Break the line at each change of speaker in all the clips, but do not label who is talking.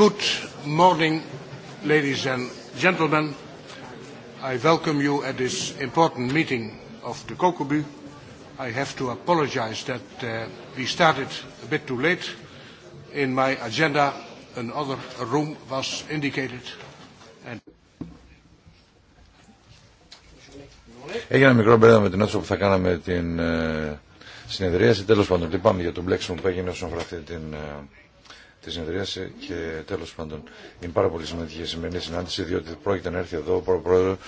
Good morning, ladies and gentlemen. I welcome you at this important meeting
of the COCOBU. I have to apologize that uh, we started a bit too late. In my agenda, another room was indicated. And... Έγινε μικρό μπέρδα με την αίθουσα που θα κάναμε την ε, συνεδρίαση. Τέλος πάντων, λυπάμαι για τον μπλέξιμο που έγινε όσον αφορά αυτή την τη συνεδρίαση και τέλο πάντων είναι πάρα πολύ σημαντική η σημερινή συνάντηση, διότι πρόκειται να έρθει εδώ ο πρόεδρο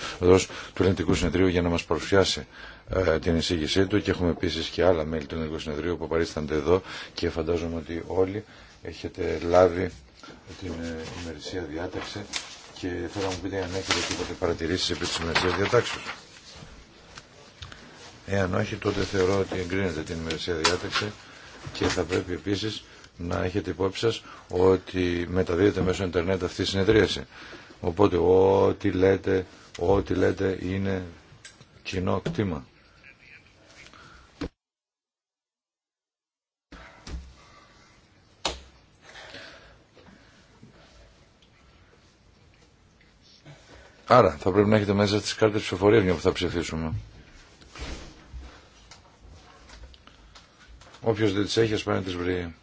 του Ελληνικού Συνεδρίου για να μα παρουσιάσει ε, την εισήγησή του και έχουμε επίση και άλλα μέλη του Ελληνικού Συνεδρίου που παρίστανται εδώ και φαντάζομαι ότι όλοι έχετε λάβει την ε, ημερησία διάταξη και θέλω να μου πείτε αν έχετε τίποτε παρατηρήσει επί τη ημερησία διατάξεω. Εάν όχι, τότε θεωρώ ότι εγκρίνεται την ημερησία διάταξη και θα πρέπει επίσης να έχετε υπόψη σας ότι μεταδίδεται μέσω ίντερνετ αυτή η συνεδρίαση. Οπότε ό,τι λέτε, ό,τι λέτε είναι κοινό κτήμα. Άρα θα πρέπει να έχετε μέσα στις κάρτες ψηφοφορίας μια που θα ψηφίσουμε. Όποιος δεν τις έχει ας πάει τις βρει.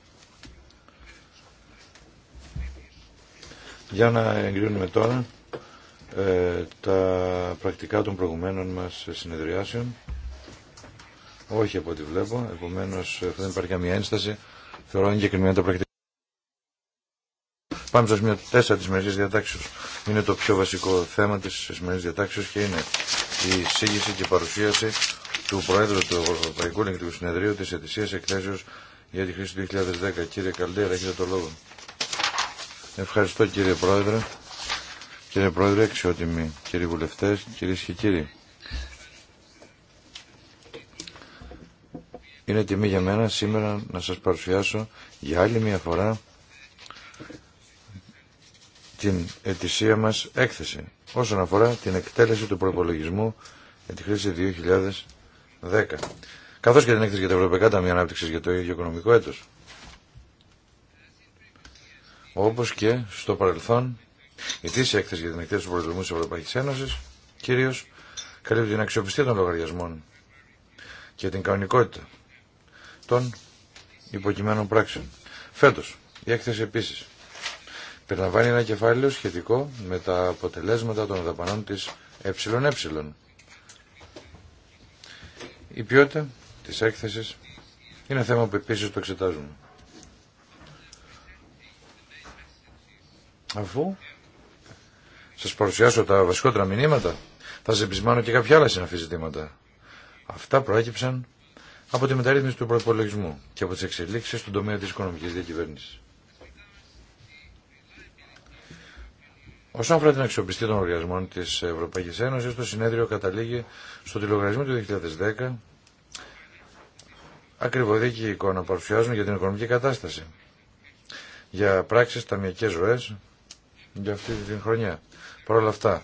για να εγκρίνουμε τώρα ε, τα πρακτικά των προηγουμένων μας συνεδριάσεων. Όχι από ό,τι βλέπω, επομένως ε, δεν υπάρχει καμία ένσταση. Θεωρώ εγκεκριμένα τα πρακτικά. Πάμε στο σημείο 4 της μερικής διατάξεως. Είναι το πιο βασικό θέμα της σημερινής διατάξεως και είναι η σύγκριση και παρουσίαση του Προέδρου του Ευρωπαϊκού Νεκτικού Συνεδρίου της ετησίας εκθέσεως για τη χρήση του 2010. Κύριε Καλτέρα, έχετε το λόγο. Ευχαριστώ κύριε Πρόεδρε. Κύριε Πρόεδρε, αξιότιμοι κύριοι βουλευτές, κυρίες και κύριοι. Είναι τιμή για μένα σήμερα να σας παρουσιάσω για άλλη μια φορά την ετησία μας έκθεση όσον αφορά την εκτέλεση του προπολογισμού για τη χρήση 2010. Καθώς και την έκθεση για τα Ευρωπαϊκά Ταμεία Ανάπτυξης για το ίδιο οικονομικό έτος όπως και στο παρελθόν η τύση έκθεση για την εκτέλεση του προβλημού της Ευρωπαϊκής Ένωσης κυρίως καλύπτει την αξιοπιστία των λογαριασμών και την κανονικότητα των υποκειμένων πράξεων. Φέτος, η έκθεση επίσης περιλαμβάνει ένα κεφάλαιο σχετικό με τα αποτελέσματα των δαπανών της ΕΕ. Η ποιότητα της έκθεσης είναι θέμα που επίσης το εξετάζουμε. Αφού σα παρουσιάσω τα βασικότερα μηνύματα, θα σα επισημάνω και κάποια άλλα συναφή ζητήματα. Αυτά προέκυψαν από τη μεταρρύθμιση του προπολογισμού και από τι εξελίξει στον τομέα τη οικονομική διακυβέρνηση. Όσον αφορά την αξιοπιστία των οργανισμών τη Ευρωπαϊκή Ένωση, το συνέδριο καταλήγει στο τηλεογραφισμό του 2010. Ακριβωδίκη εικόνα παρουσιάζουν για την οικονομική κατάσταση. Για πράξει, ταμιακέ ζωέ για αυτή την χρονιά. Παρ' όλα αυτά,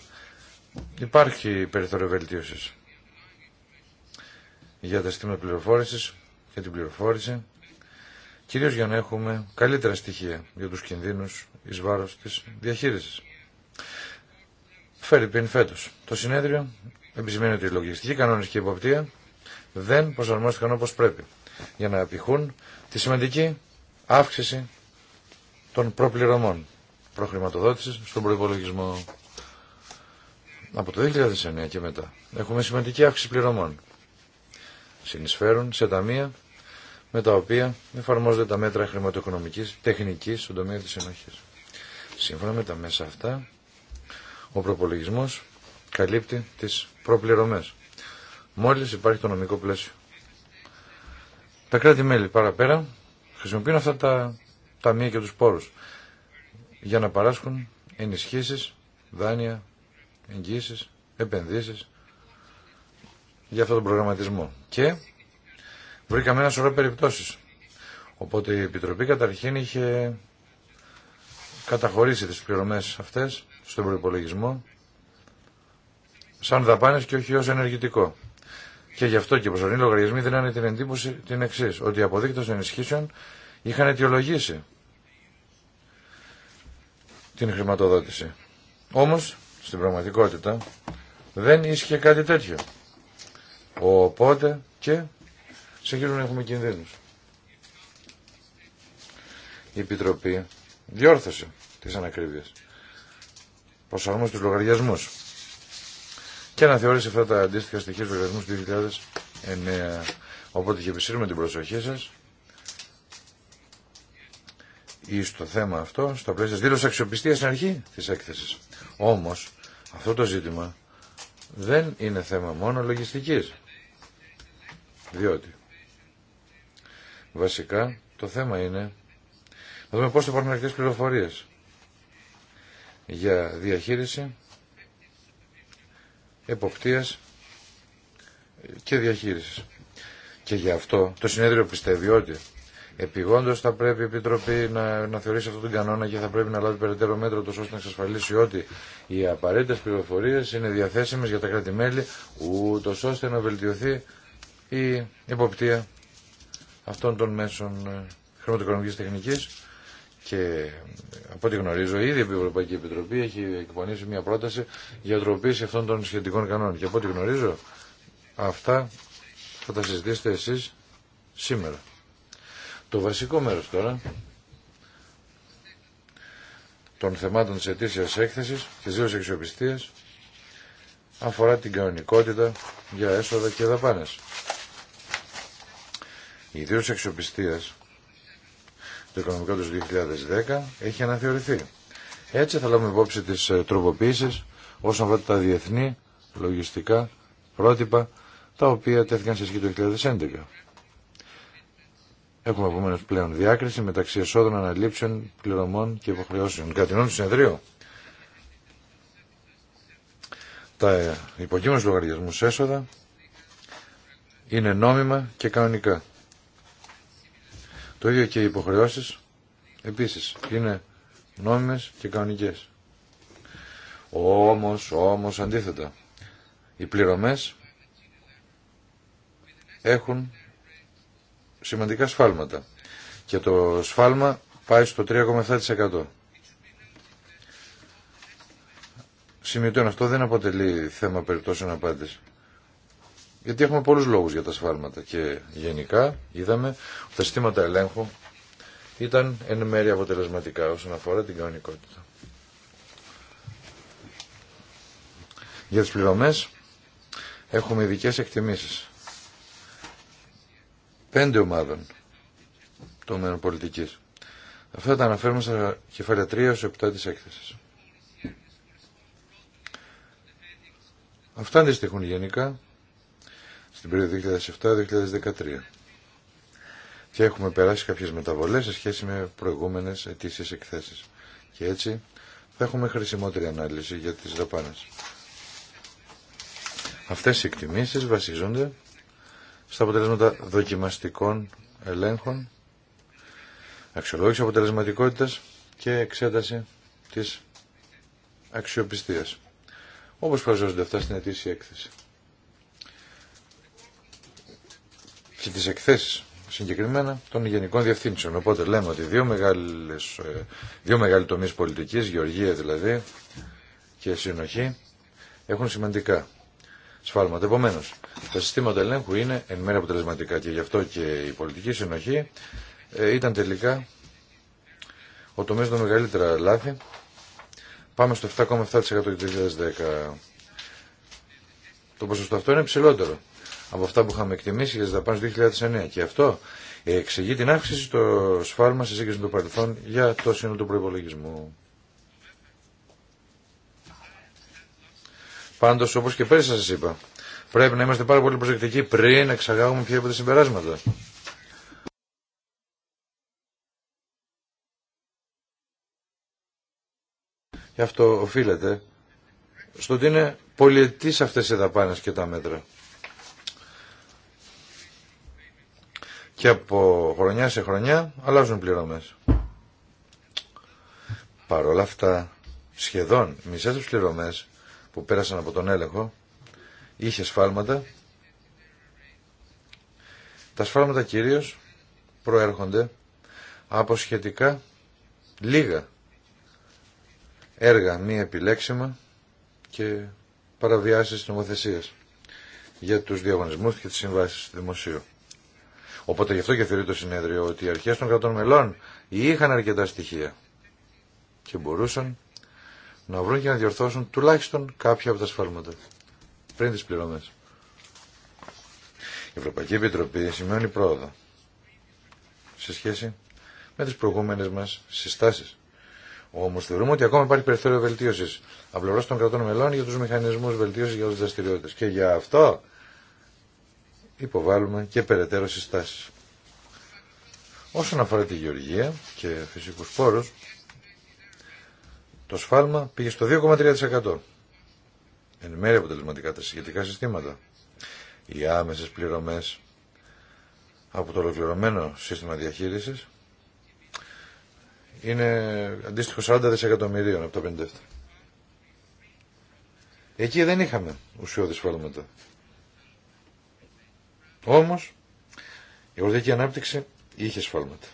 υπάρχει περιθώριο βελτίωση για τα στήματα πληροφόρηση και την πληροφόρηση, κυρίω για να έχουμε καλύτερα στοιχεία για τους κινδύνου ει βάρο τη διαχείρισης. Φέρει πριν Το συνέδριο επισημαίνει ότι οι λογιστικοί κανόνες και η υποπτία δεν προσαρμόστηκαν όπω πρέπει για να επιχούν τη σημαντική αύξηση των προπληρωμών. Προχρηματοδότηση στον προπολογισμό Από το 2009 και μετά έχουμε σημαντική αύξηση πληρωμών. Συνεισφέρουν σε ταμεία με τα οποία εφαρμόζονται τα μέτρα χρηματοοικονομικής τεχνική στον τομέα τη συνοχή. Σύμφωνα με τα μέσα αυτά, ο προπολογισμό καλύπτει τι προπληρωμέ. Μόλι υπάρχει το νομικό πλαίσιο. Τα κράτη-μέλη παραπέρα χρησιμοποιούν αυτά τα ταμεία και του πόρου για να παράσχουν ενισχύσεις, δάνεια, εγγύσεις, επενδύσεις για αυτόν τον προγραμματισμό. Και βρήκαμε ένα σωρό περιπτώσεις. Οπότε η Επιτροπή καταρχήν είχε καταχωρήσει τις πληρωμές αυτές στον προπολογισμό σαν δαπάνες και όχι ως ενεργητικό. Και γι' αυτό και οι προσωρινοί λογαριασμοί δίνανε την εντύπωση την εξή, ότι οι αποδείκτες των ενισχύσεων είχαν αιτιολογήσει την χρηματοδότηση. Όμως, στην πραγματικότητα, δεν ίσχυε κάτι τέτοιο. Οπότε και σε να έχουμε κινδύνους. Η Επιτροπή διόρθωσε τις ανακρίβειες. Προσαρμόσε τους λογαριασμούς. Και αναθεώρησε αυτά τα αντίστοιχα στοιχεία του λογαριασμού του 2009. Οπότε και επισύρουμε την προσοχή σας ή στο θέμα αυτό, στα πλαίσια της δήλωσης αξιοπιστίας στην αρχή τη έκθεση. Όμως, αυτό το ζήτημα δεν είναι θέμα μόνο λογιστικής. Διότι, βασικά, το θέμα είναι να δούμε πώ θα υπάρχουν αρκετέ πληροφορίε για διαχείριση, εποπτείας και διαχείρισης. Και γι' αυτό το συνέδριο πιστεύει ότι Επιγόντω θα πρέπει η Επιτροπή να, να θεωρήσει αυτόν τον κανόνα και θα πρέπει να λάβει περαιτέρω μέτρο τόσο ώστε να εξασφαλίσει ότι οι απαραίτητε πληροφορίε είναι διαθέσιμε για τα κράτη-μέλη, ούτω ώστε να βελτιωθεί η υποπτία αυτών των μέσων ε, χρηματοοικονομική τεχνική. Και ε, από ό,τι γνωρίζω, ήδη η Ευρωπαϊκή Επιτροπή έχει εκπονήσει μια πρόταση για τροποποίηση αυτών των σχετικών κανόνων. Και από ό,τι γνωρίζω, αυτά θα τα συζητήσετε εσεί σήμερα. Το βασικό μέρος τώρα των θεμάτων της ετήσιας έκθεσης και δύο εξοπιστίας αφορά την κανονικότητα για έσοδα και δαπάνες. Η ιδίωση εξοπιστίας το οικονομικό του 2010 έχει αναθεωρηθεί. Έτσι θα λάβουμε υπόψη τις ε, τροποποίησεις όσον αφορά τα διεθνή λογιστικά πρότυπα τα οποία τέθηκαν σε σχέση το 2011. Έχουμε επομένω πλέον διάκριση μεταξύ εσόδων, αναλήψεων, πληρωμών και υποχρεώσεων. Κατηνών του συνεδρίου. Τα υποκείμενα λογαριασμού έσοδα είναι νόμιμα και κανονικά. Το ίδιο και οι υποχρεώσει επίσης είναι νόμιμες και κανονικές. Όμως, όμως αντίθετα, οι πληρωμές έχουν σημαντικά σφάλματα. Και το σφάλμα πάει στο 3,7%. Σημειωτών, αυτό δεν αποτελεί θέμα περιπτώσεων απάντηση. Γιατί έχουμε πολλούς λόγους για τα σφάλματα και γενικά είδαμε ότι τα συστήματα ελέγχου ήταν εν μέρει αποτελεσματικά όσον αφορά την κανονικότητα. Για τις πληρωμές έχουμε ειδικέ εκτιμήσεις πέντε ομάδων τομέων πολιτικής. Αυτά τα αναφέρουμε στα κεφάλαια 3 έως 7 της έκθεσης. Αυτά αντιστοιχούν γενικά στην περίοδο 2007-2013. Και έχουμε περάσει κάποιες μεταβολές σε σχέση με προηγούμενες αιτήσεις εκθέσεις. Και έτσι θα έχουμε χρησιμότερη ανάλυση για τις δαπάνες. Αυτές οι εκτιμήσεις βασίζονται στα αποτελέσματα δοκιμαστικών ελέγχων, αξιολόγηση αποτελεσματικότητας και εξέταση της αξιοπιστίας. Όπως παρουσιάζονται αυτά στην ετήσια έκθεση. Και τις εκθέσεις συγκεκριμένα των γενικών διευθύνσεων. Οπότε λέμε ότι δύο, μεγάλες, ε, δύο μεγάλοι τομείς πολιτικής, γεωργία δηλαδή και συνοχή, έχουν σημαντικά σφάλματα. Επομένω, τα συστήματα ελέγχου είναι εν μέρει αποτελεσματικά και γι' αυτό και η πολιτική συνοχή ε, ήταν τελικά ο τομέας των μεγαλύτερα λάθη. Πάμε στο 7,7% του 2010. Το ποσοστό αυτό είναι ψηλότερο από αυτά που είχαμε εκτιμήσει για τι δαπάνε του 2009 και αυτό εξηγεί την αύξηση στο σφάλμα σε σύγκριση με το παρελθόν για το σύνολο του προπολογισμού. Πάντως όπως και πέρυσι σας είπα, πρέπει να είμαστε πάρα πολύ προσεκτικοί πριν εξαγάγουμε πια από τα συμπεράσματα. Γι' αυτό οφείλεται στο ότι είναι πολιετής αυτές οι δαπάνε και τα μέτρα. Και από χρονιά σε χρονιά αλλάζουν πληρωμές. Παρ' όλα αυτά, σχεδόν μισές του πληρωμές που πέρασαν από τον έλεγχο είχε σφάλματα. Τα σφάλματα κυρίως προέρχονται από σχετικά λίγα έργα μη επιλέξιμα και παραβιάσεις νομοθεσίας για τους διαγωνισμούς και τις συμβάσεις του δημοσίου. Οπότε γι' αυτό και θεωρεί το συνέδριο ότι οι αρχές των κρατών μελών είχαν αρκετά στοιχεία και μπορούσαν να βρουν και να διορθώσουν τουλάχιστον κάποια από τα σφάλματα πριν τις πληρωμές. Η Ευρωπαϊκή Επιτροπή σημαίνει πρόοδο σε σχέση με τις προηγούμενες μας συστάσεις. Όμω θεωρούμε ότι ακόμα υπάρχει περιθώριο βελτίωση από των κρατών μελών για του μηχανισμού βελτίωση για τι δραστηριότητε. Και για αυτό υποβάλλουμε και περαιτέρω συστάσει. Όσον αφορά τη γεωργία και φυσικού πόρου, το σφάλμα πήγε στο 2,3%. Εν μέρει αποτελεσματικά τα συγκεκριτικά συστήματα. Οι άμεσες πληρωμές από το ολοκληρωμένο σύστημα διαχείρισης είναι αντίστοιχο 40 δισεκατομμυρίων από τα 57. Εκεί δεν είχαμε ουσιώδη σφάλματα. Όμως, η ορδική ανάπτυξη είχε σφάλματα.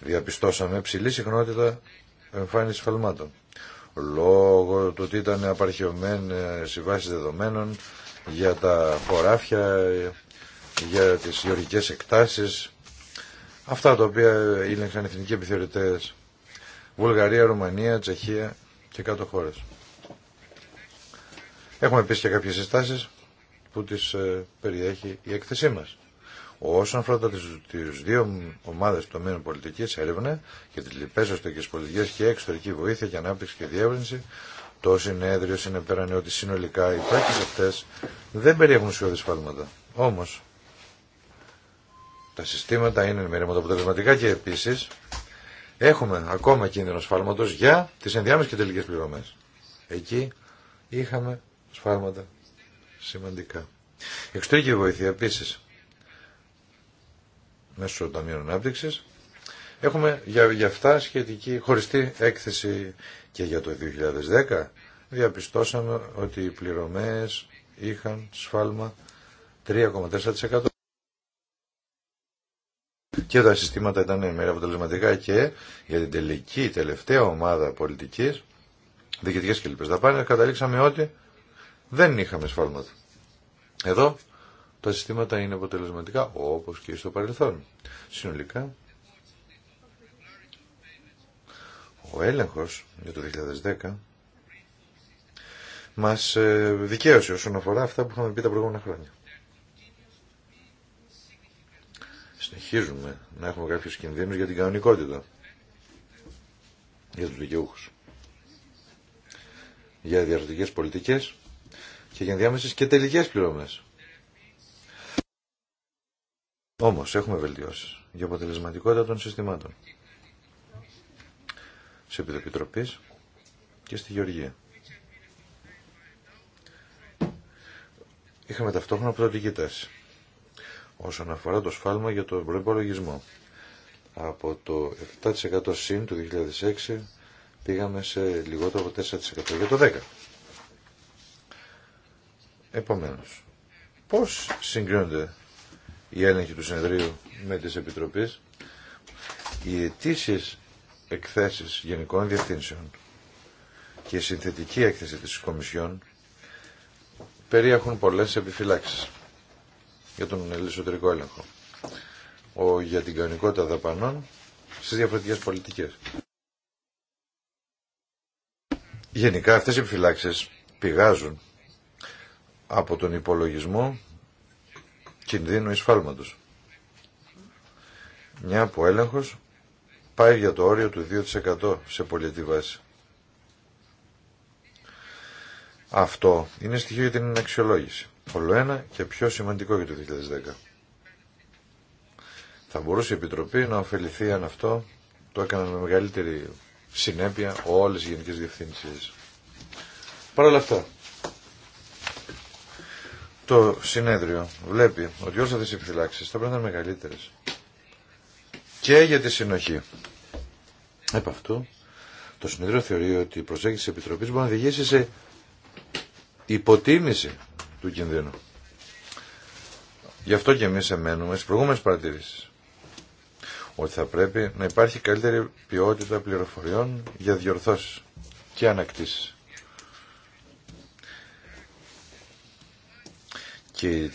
Διαπιστώσαμε ψηλή συχνότητα εμφάνιση φαλμάτων Λόγω του ότι ήταν απαρχαιωμένες οι βάσεις δεδομένων για τα χωράφια, για τις γεωργικές εκτάσεις, αυτά τα οποία ήλεγχαν εθνικοί επιθεωρητές, Βουλγαρία, Ρουμανία, Τσεχία και κάτω χώρες. Έχουμε επίσης και κάποιες συστάσεις που τις ε, περιέχει η έκθεσή μας. Όσον αφορά τι δύο ομάδε του τομέα πολιτική έρευνα και τι λοιπέ εσωτερικέ πολιτικέ και εξωτερική βοήθεια και ανάπτυξη και διεύρυνση, το συνέδριο συνεπέρανε ότι συνολικά οι πράξει αυτέ δεν περιέχουν σιώδη σφάλματα. Όμω, τα συστήματα είναι μερίμοτα αποτελεσματικά και επίση έχουμε ακόμα κίνδυνο σφάλματο για τι ενδιάμεσε και τελικέ πληρωμέ. Εκεί είχαμε σφάλματα σημαντικά. εξωτερική βοήθεια επίση μέσω Ταμείου Ανάπτυξη. Έχουμε για, για αυτά σχετική χωριστή έκθεση και για το 2010 διαπιστώσαμε ότι οι πληρωμέ είχαν σφάλμα 3,4% και τα συστήματα ήταν μέρα αποτελεσματικά και για την τελική, τελευταία ομάδα πολιτικής, διοικητικέ και λοιπέ δαπάνε, καταλήξαμε ότι δεν είχαμε σφάλματα. Εδώ τα συστήματα είναι αποτελεσματικά όπως και στο παρελθόν. Συνολικά, ο έλεγχος για το 2010 μας ε, δικαίωσε όσον αφορά αυτά που είχαμε πει τα προηγούμενα χρόνια. Συνεχίζουμε να έχουμε κάποιους κινδύνους για την κανονικότητα, για τους δικαιούχους, για διαρθρωτικές πολιτικές και για ενδιάμεσες και τελικές πληρωμές. Όμω έχουμε βελτιώσει για αποτελεσματικότητα των συστημάτων. Σε επιτροπής και στη Γεωργία. Είχαμε ταυτόχρονα πρωτοτική τάση όσον αφορά το σφάλμα για τον προπολογισμό. Από το 7% συν του 2006 πήγαμε σε λιγότερο από 4% για το 10%. Επομένως, πώς συγκρίνονται η έλεγχη του συνεδρίου με τις επιτροπές, οι αιτήσει εκθέσεις γενικών διευθύνσεων και η συνθετική έκθεση της Κομισιόν περιέχουν πολλές επιφυλάξεις για τον εσωτερικό έλεγχο ο, για την κανονικότητα δαπανών στις διαφορετικές πολιτικές. Γενικά αυτές οι επιφυλάξεις πηγάζουν από τον υπολογισμό κινδύνου εισφάλματος. Μια που έλεγχος πάει για το όριο του 2% σε πολιτική βάση. Αυτό είναι στοιχείο για την αξιολόγηση. Όλο ένα και πιο σημαντικό για το 2010. Θα μπορούσε η Επιτροπή να ωφεληθεί αν αυτό το έκαναν με μεγαλύτερη συνέπεια όλες οι γενικές διευθύνσεις. Παρ' όλα αυτά, το συνέδριο βλέπει ότι όλες αυτές οι επιφυλάξεις θα πρέπει να είναι μεγαλύτερες και για τη συνοχή. Επ' αυτού, το συνέδριο θεωρεί ότι η προσέγγιση της Επιτροπής μπορεί να οδηγήσει σε υποτίμηση του κινδύνου. Γι' αυτό και εμείς εμένουμε στις προηγούμενες παρατηρήσεις ότι θα πρέπει να υπάρχει καλύτερη ποιότητα πληροφοριών για διορθώσεις και ανακτήσεις. και οι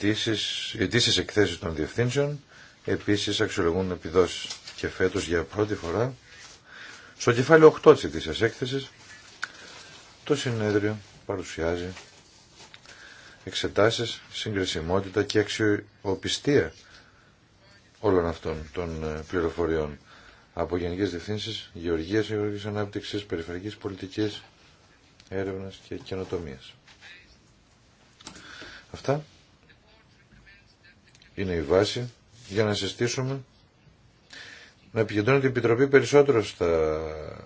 αιτήσει εκθέσει των διευθύνσεων επίσης αξιολογούν επιδόσει και φέτο για πρώτη φορά στο κεφάλαιο 8 της έκθεση, το συνέδριο παρουσιάζει εξετάσεις, συγκρισιμότητα και αξιοπιστία όλων αυτών των ε, πληροφοριών από Γενικές Διευθύνσεις, Γεωργίας, Γεωργικής Ανάπτυξης, Περιφερειακής Πολιτικής, Έρευνας και Καινοτομίας. Αυτά είναι η βάση για να συστήσουμε να επικεντρώνει την Επιτροπή περισσότερο στα,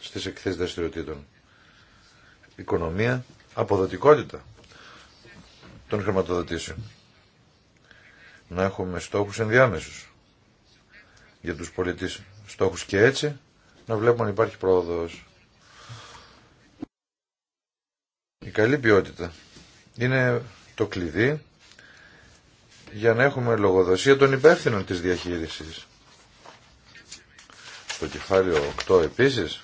στις εκθέσεις δραστηριοτήτων. Οικονομία, αποδοτικότητα των χρηματοδοτήσεων. Να έχουμε στόχους ενδιάμεσους για τους πολιτείς στόχους και έτσι να βλέπουμε αν υπάρχει πρόοδος. Η καλή ποιότητα είναι το κλειδί για να έχουμε λογοδοσία των υπεύθυνων της διαχείρισης. Στο κεφάλαιο 8 επίσης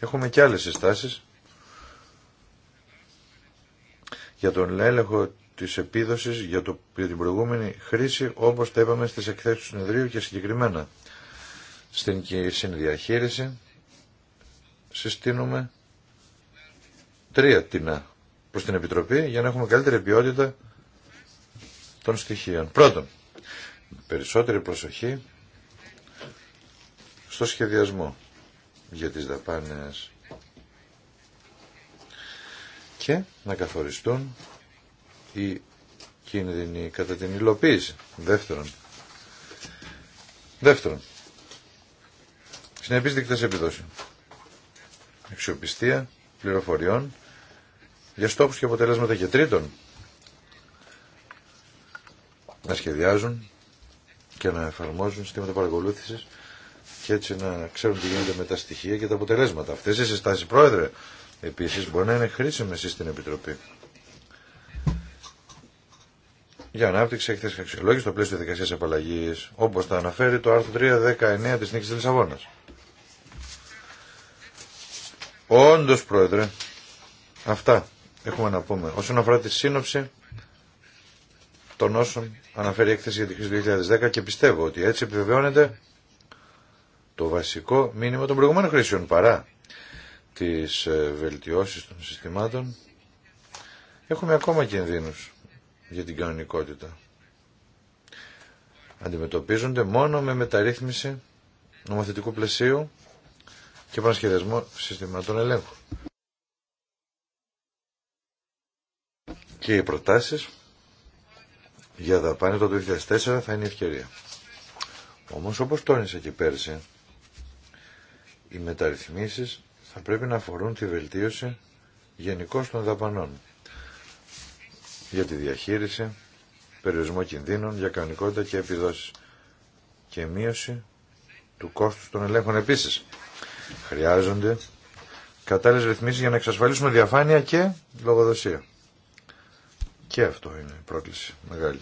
έχουμε και άλλες συστάσεις για τον έλεγχο της επίδοσης για, το, για την προηγούμενη χρήση όπως τα είπαμε στις εκθέσεις του συνεδρίου και συγκεκριμένα στην συνδιαχείριση συστήνουμε τρία τεινά προς την Επιτροπή για να έχουμε καλύτερη ποιότητα των στοιχείων. Πρώτον, περισσότερη προσοχή στο σχεδιασμό για τις δαπάνες και να καθοριστούν οι κίνδυνοι κατά την υλοποίηση. Δεύτερον, δεύτερον συνεπείς δείκτες επιδόσεων, αξιοπιστία πληροφοριών για στόχους και αποτελέσματα και τρίτον, να σχεδιάζουν και να εφαρμόζουν συστήματα παρακολούθηση και έτσι να ξέρουν τι γίνεται με τα στοιχεία και τα αποτελέσματα. Αυτέ οι συστάσει, Πρόεδρε, Επίση μπορεί να είναι εσεί στην Επιτροπή. Για ανάπτυξη έκθεση αξιολόγηση στο πλαίσιο δικασία απαλλαγή, όπω τα αναφέρει το άρθρο 319 τη νίκη τη Λισαβόνα. Όντω, Πρόεδρε, αυτά έχουμε να πούμε. Όσον αφορά τη σύνοψη των όσων αναφέρει η έκθεση για τη χρήση 2010 και πιστεύω ότι έτσι επιβεβαιώνεται το βασικό μήνυμα των προηγουμένων χρήσεων παρά τις ε, βελτιώσεις των συστημάτων έχουμε ακόμα κινδύνους για την κανονικότητα. Αντιμετωπίζονται μόνο με μεταρρύθμιση νομοθετικού πλαισίου και επανασχεδιασμό συστημάτων ελέγχου. Και οι προτάσεις για δαπάνη το 2004 θα είναι η ευκαιρία. Όμως όπως τόνισα και πέρσι, οι μεταρρυθμίσεις θα πρέπει να αφορούν τη βελτίωση γενικώ των δαπανών για τη διαχείριση, περιορισμό κινδύνων, για κανονικότητα και επιδόσεις και μείωση του κόστους των ελέγχων επίσης. Χρειάζονται κατάλληλες ρυθμίσεις για να εξασφαλίσουμε διαφάνεια και λογοδοσία. Και αυτό είναι η πρόκληση μεγάλη.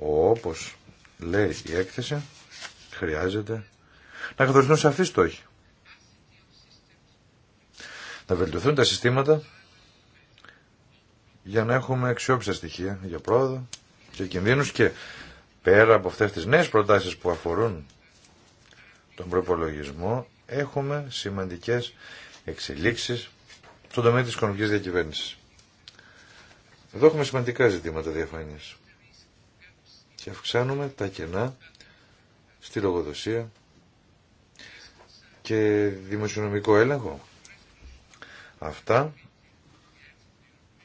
Όπως λέει η έκθεση, χρειάζεται να καθοριστούν σαφείς στόχοι. Να βελτιωθούν τα συστήματα για να έχουμε αξιόπιστα στοιχεία για πρόοδο και κινδύνους και πέρα από αυτές τις νέες προτάσεις που αφορούν τον προπολογισμό έχουμε σημαντικές εξελίξεις στον τομέα της οικονομικής διακυβέρνησης. Εδώ έχουμε σημαντικά ζητήματα διαφάνειας και αυξάνουμε τα κενά στη λογοδοσία και δημοσιονομικό έλεγχο. Αυτά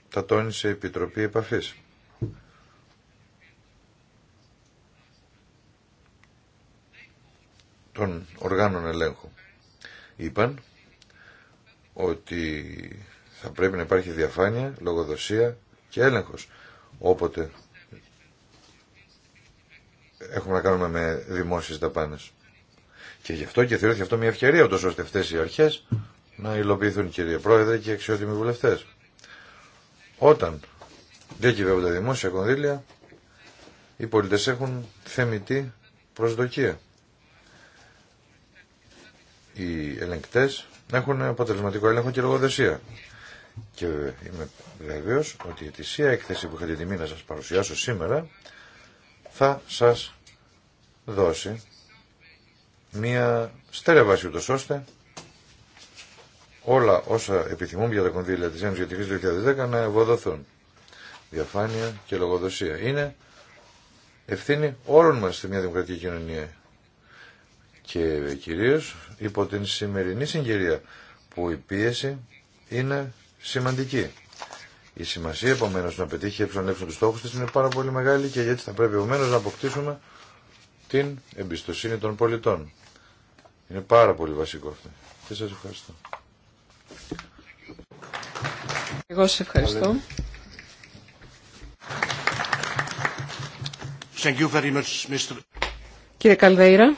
τα τόνισε η Επιτροπή Επαφής. των οργάνων ελέγχου. Είπαν ότι θα πρέπει να υπάρχει διαφάνεια, λογοδοσία και έλεγχος όποτε έχουμε να κάνουμε με δημόσιες δαπάνες. Και γι' αυτό και θεωρείται αυτό μια ευκαιρία, ούτως ώστε αυτέ οι αρχέ να υλοποιηθούν κύριε Πρόεδρε και αξιότιμοι βουλευτές. Όταν διακυβεύονται δημόσια κονδύλια, οι πολίτες έχουν θεμητή προσδοκία. Οι ελεγκτές έχουν αποτελεσματικό έλεγχο και λογοδεσία. Και είμαι βέβαιος ότι η ετησία έκθεση που είχα την τιμή να σα παρουσιάσω σήμερα θα σας δώσει μία στέρεα βάση ούτως ώστε όλα όσα επιθυμούν για τα κονδύλια της Ένωσης για τη Χρήση του 2010 να ευοδοθούν. Διαφάνεια και λογοδοσία. Είναι ευθύνη όλων μας στη μια δημοκρατική κοινωνία και κυρίως υπό την σημερινή συγκυρία που η πίεση είναι σημαντική. Η σημασία επομένω να πετύχει έψον του στόχου τη είναι πάρα πολύ μεγάλη και έτσι θα πρέπει επομένω να αποκτήσουμε την εμπιστοσύνη των πολιτών. Είναι πάρα πολύ βασικό αυτό. Και σα ευχαριστώ.
Εγώ σας ευχαριστώ. Κύριε Καλδέιρα,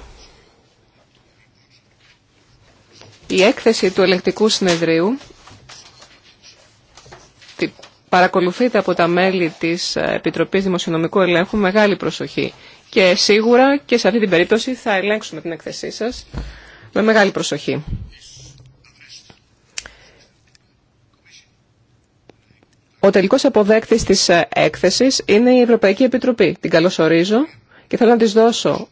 η έκθεση του ελεκτικού συνεδρίου παρακολουθείτε από τα μέλη της ε, Επιτροπής Δημοσιονομικού Ελέγχου μεγάλη προσοχή. Και σίγουρα και σε αυτή την περίπτωση θα ελέγξουμε την εκθεσή σας με μεγάλη προσοχή. Ο τελικός αποδέκτης της ε, έκθεσης είναι η Ευρωπαϊκή Επιτροπή. Την καλωσορίζω και θέλω να της δώσω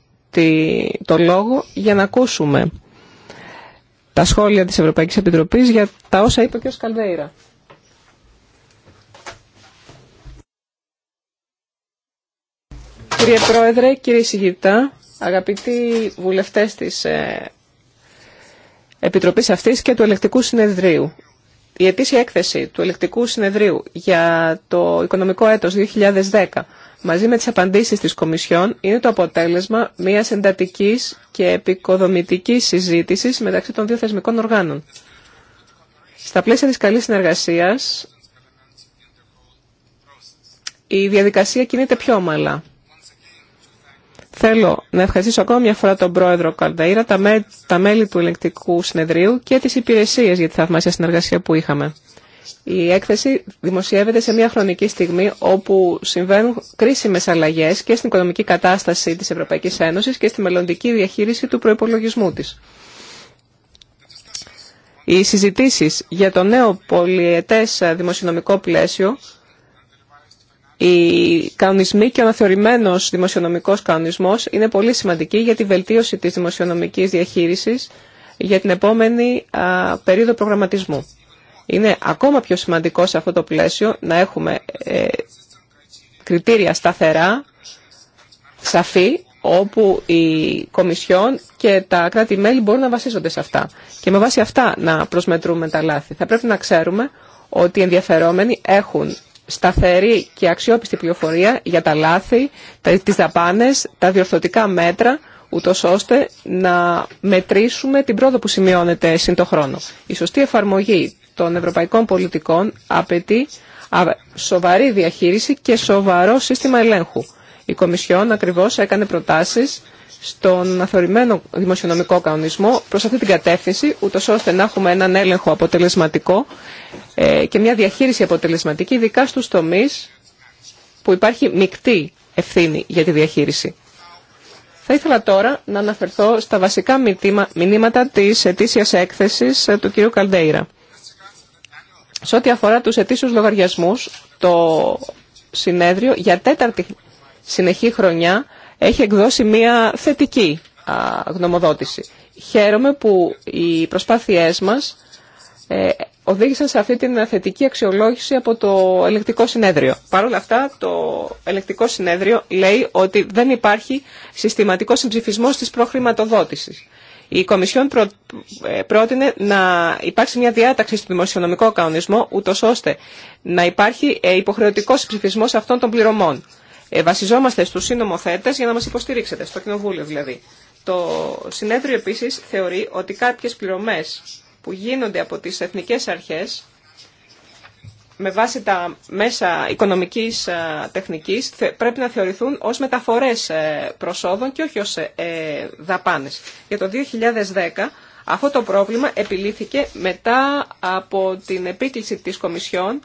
το λόγο για να ακούσουμε τα σχόλια της Ευρωπαϊκής Επιτροπής για τα όσα είπε ο κ. Σκαλδέιρα. Κύριε Πρόεδρε, κύριε Συγητά, αγαπητοί βουλευτές της ε, Επιτροπής αυτής και του Ελεκτικού Συνεδρίου. Η ετήσια έκθεση του Ελεκτικού Συνεδρίου για το οικονομικό έτος 2010 μαζί με τις απαντήσεις της Κομισιόν είναι το αποτέλεσμα μιας εντατικής και επικοδομητικής συζήτησης μεταξύ των δύο θεσμικών οργάνων. Στα πλαίσια της καλής συνεργασίας η διαδικασία κινείται πιο ομαλά. Θέλω να ευχαριστήσω ακόμα μια φορά τον πρόεδρο Καλνταΐρα, τα, μέλη, του ελεγκτικού συνεδρίου και τις υπηρεσίες για τη θαυμάσια συνεργασία που είχαμε. Η έκθεση δημοσιεύεται σε μια χρονική στιγμή όπου συμβαίνουν κρίσιμες αλλαγές και στην οικονομική κατάσταση της Ευρωπαϊκής Ένωσης και στη μελλοντική διαχείριση του προϋπολογισμού της. Οι συζητήσεις για το νέο πολιετές δημοσιονομικό πλαίσιο οι κανονισμοί και ο αναθεωρημένος δημοσιονομικός κανονισμός είναι πολύ σημαντικοί για τη βελτίωση της δημοσιονομικής διαχείρισης για την επόμενη περίοδο προγραμματισμού. Είναι ακόμα πιο σημαντικό σε αυτό το πλαίσιο να έχουμε ε, κριτήρια σταθερά, σαφή, όπου οι Κομισιόν και τα κράτη-μέλη μπορούν να βασίζονται σε αυτά. Και με βάση αυτά να προσμετρούμε τα λάθη. Θα πρέπει να ξέρουμε ότι οι ενδιαφερόμενοι έχουν σταθερή και αξιόπιστη πληροφορία για τα λάθη, τις δαπάνες, τα διορθωτικά μέτρα, ούτω ώστε να μετρήσουμε την πρόοδο που σημειώνεται συν το χρόνο. Η σωστή εφαρμογή των ευρωπαϊκών πολιτικών απαιτεί σοβαρή διαχείριση και σοβαρό σύστημα ελέγχου. Η Κομισιόν ακριβώς έκανε προτάσεις στον αθωρημένο δημοσιονομικό κανονισμό προς αυτή την κατεύθυνση, ούτω ώστε να έχουμε έναν έλεγχο αποτελεσματικό ε, και μια διαχείριση αποτελεσματική, ειδικά στους τομείς που υπάρχει μεικτή ευθύνη για τη διαχείριση. Θα ήθελα τώρα να αναφερθώ στα βασικά μηνύματα της ετήσιας έκθεσης ε, του κ. Καλντέιρα. Σε ό,τι αφορά τους ετήσιους λογαριασμούς, το συνέδριο για τέταρτη συνεχή χρονιά έχει εκδώσει μια θετική γνωμοδότηση. Χαίρομαι που οι προσπάθειές μας ε, οδήγησαν σε αυτή την θετική αξιολόγηση από το ελεκτικό συνέδριο. Παρ' όλα αυτά, το ελεκτικό συνέδριο λέει ότι δεν υπάρχει συστηματικός συμψηφισμός της προχρηματοδότησης. Η Κομισιόν ε, πρότεινε να υπάρξει μια διάταξη στο δημοσιονομικό κανονισμό, ούτως ώστε να υπάρχει ε, υποχρεωτικός συμψηφισμός αυτών των πληρωμών. Ε, βασιζόμαστε στους συνομοθέτες για να μας υποστηρίξετε, στο Κοινοβούλιο δηλαδή. Το συνέδριο επίσης θεωρεί ότι κάποιες πληρωμές που γίνονται από τις εθνικές αρχές με βάση τα μέσα οικονομικής ε, τεχνικής πρέπει να θεωρηθούν ως μεταφορές ε, προσόδων και όχι ως δαπάνες. Για το 2010 αυτό το πρόβλημα επιλύθηκε μετά από την επίκληση της Κομισιόν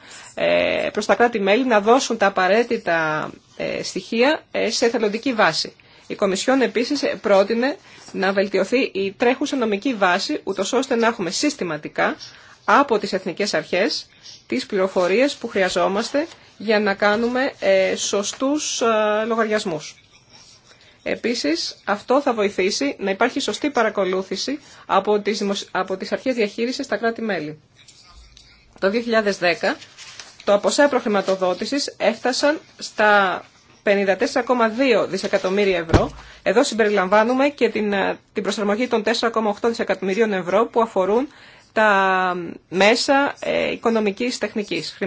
προς τα κράτη-μέλη να δώσουν τα απαραίτητα ε, στοιχεία ε, σε εθελοντική βάση. Η Κομισιόν επίσης ε, πρότεινε να βελτιωθεί η τρέχουσα νομική βάση, ούτω ώστε να έχουμε συστηματικά από τις εθνικές αρχές τις πληροφορίες που χρειαζόμαστε για να κάνουμε σωστούς λογαριασμούς. Επίσης, αυτό θα βοηθήσει να υπάρχει σωστή παρακολούθηση από τις, από τις αρχές διαχείρισης στα κράτη-μέλη. Το 2010 το ποσά προχρηματοδότησης έφτασαν στα 54,2 δισεκατομμύρια ευρώ. Εδώ συμπεριλαμβάνουμε και την, ε, την προσαρμογή των 4,8 δισεκατομμυρίων ευρώ που αφορούν τα μέσα ε, οικονομικής τεχνικής,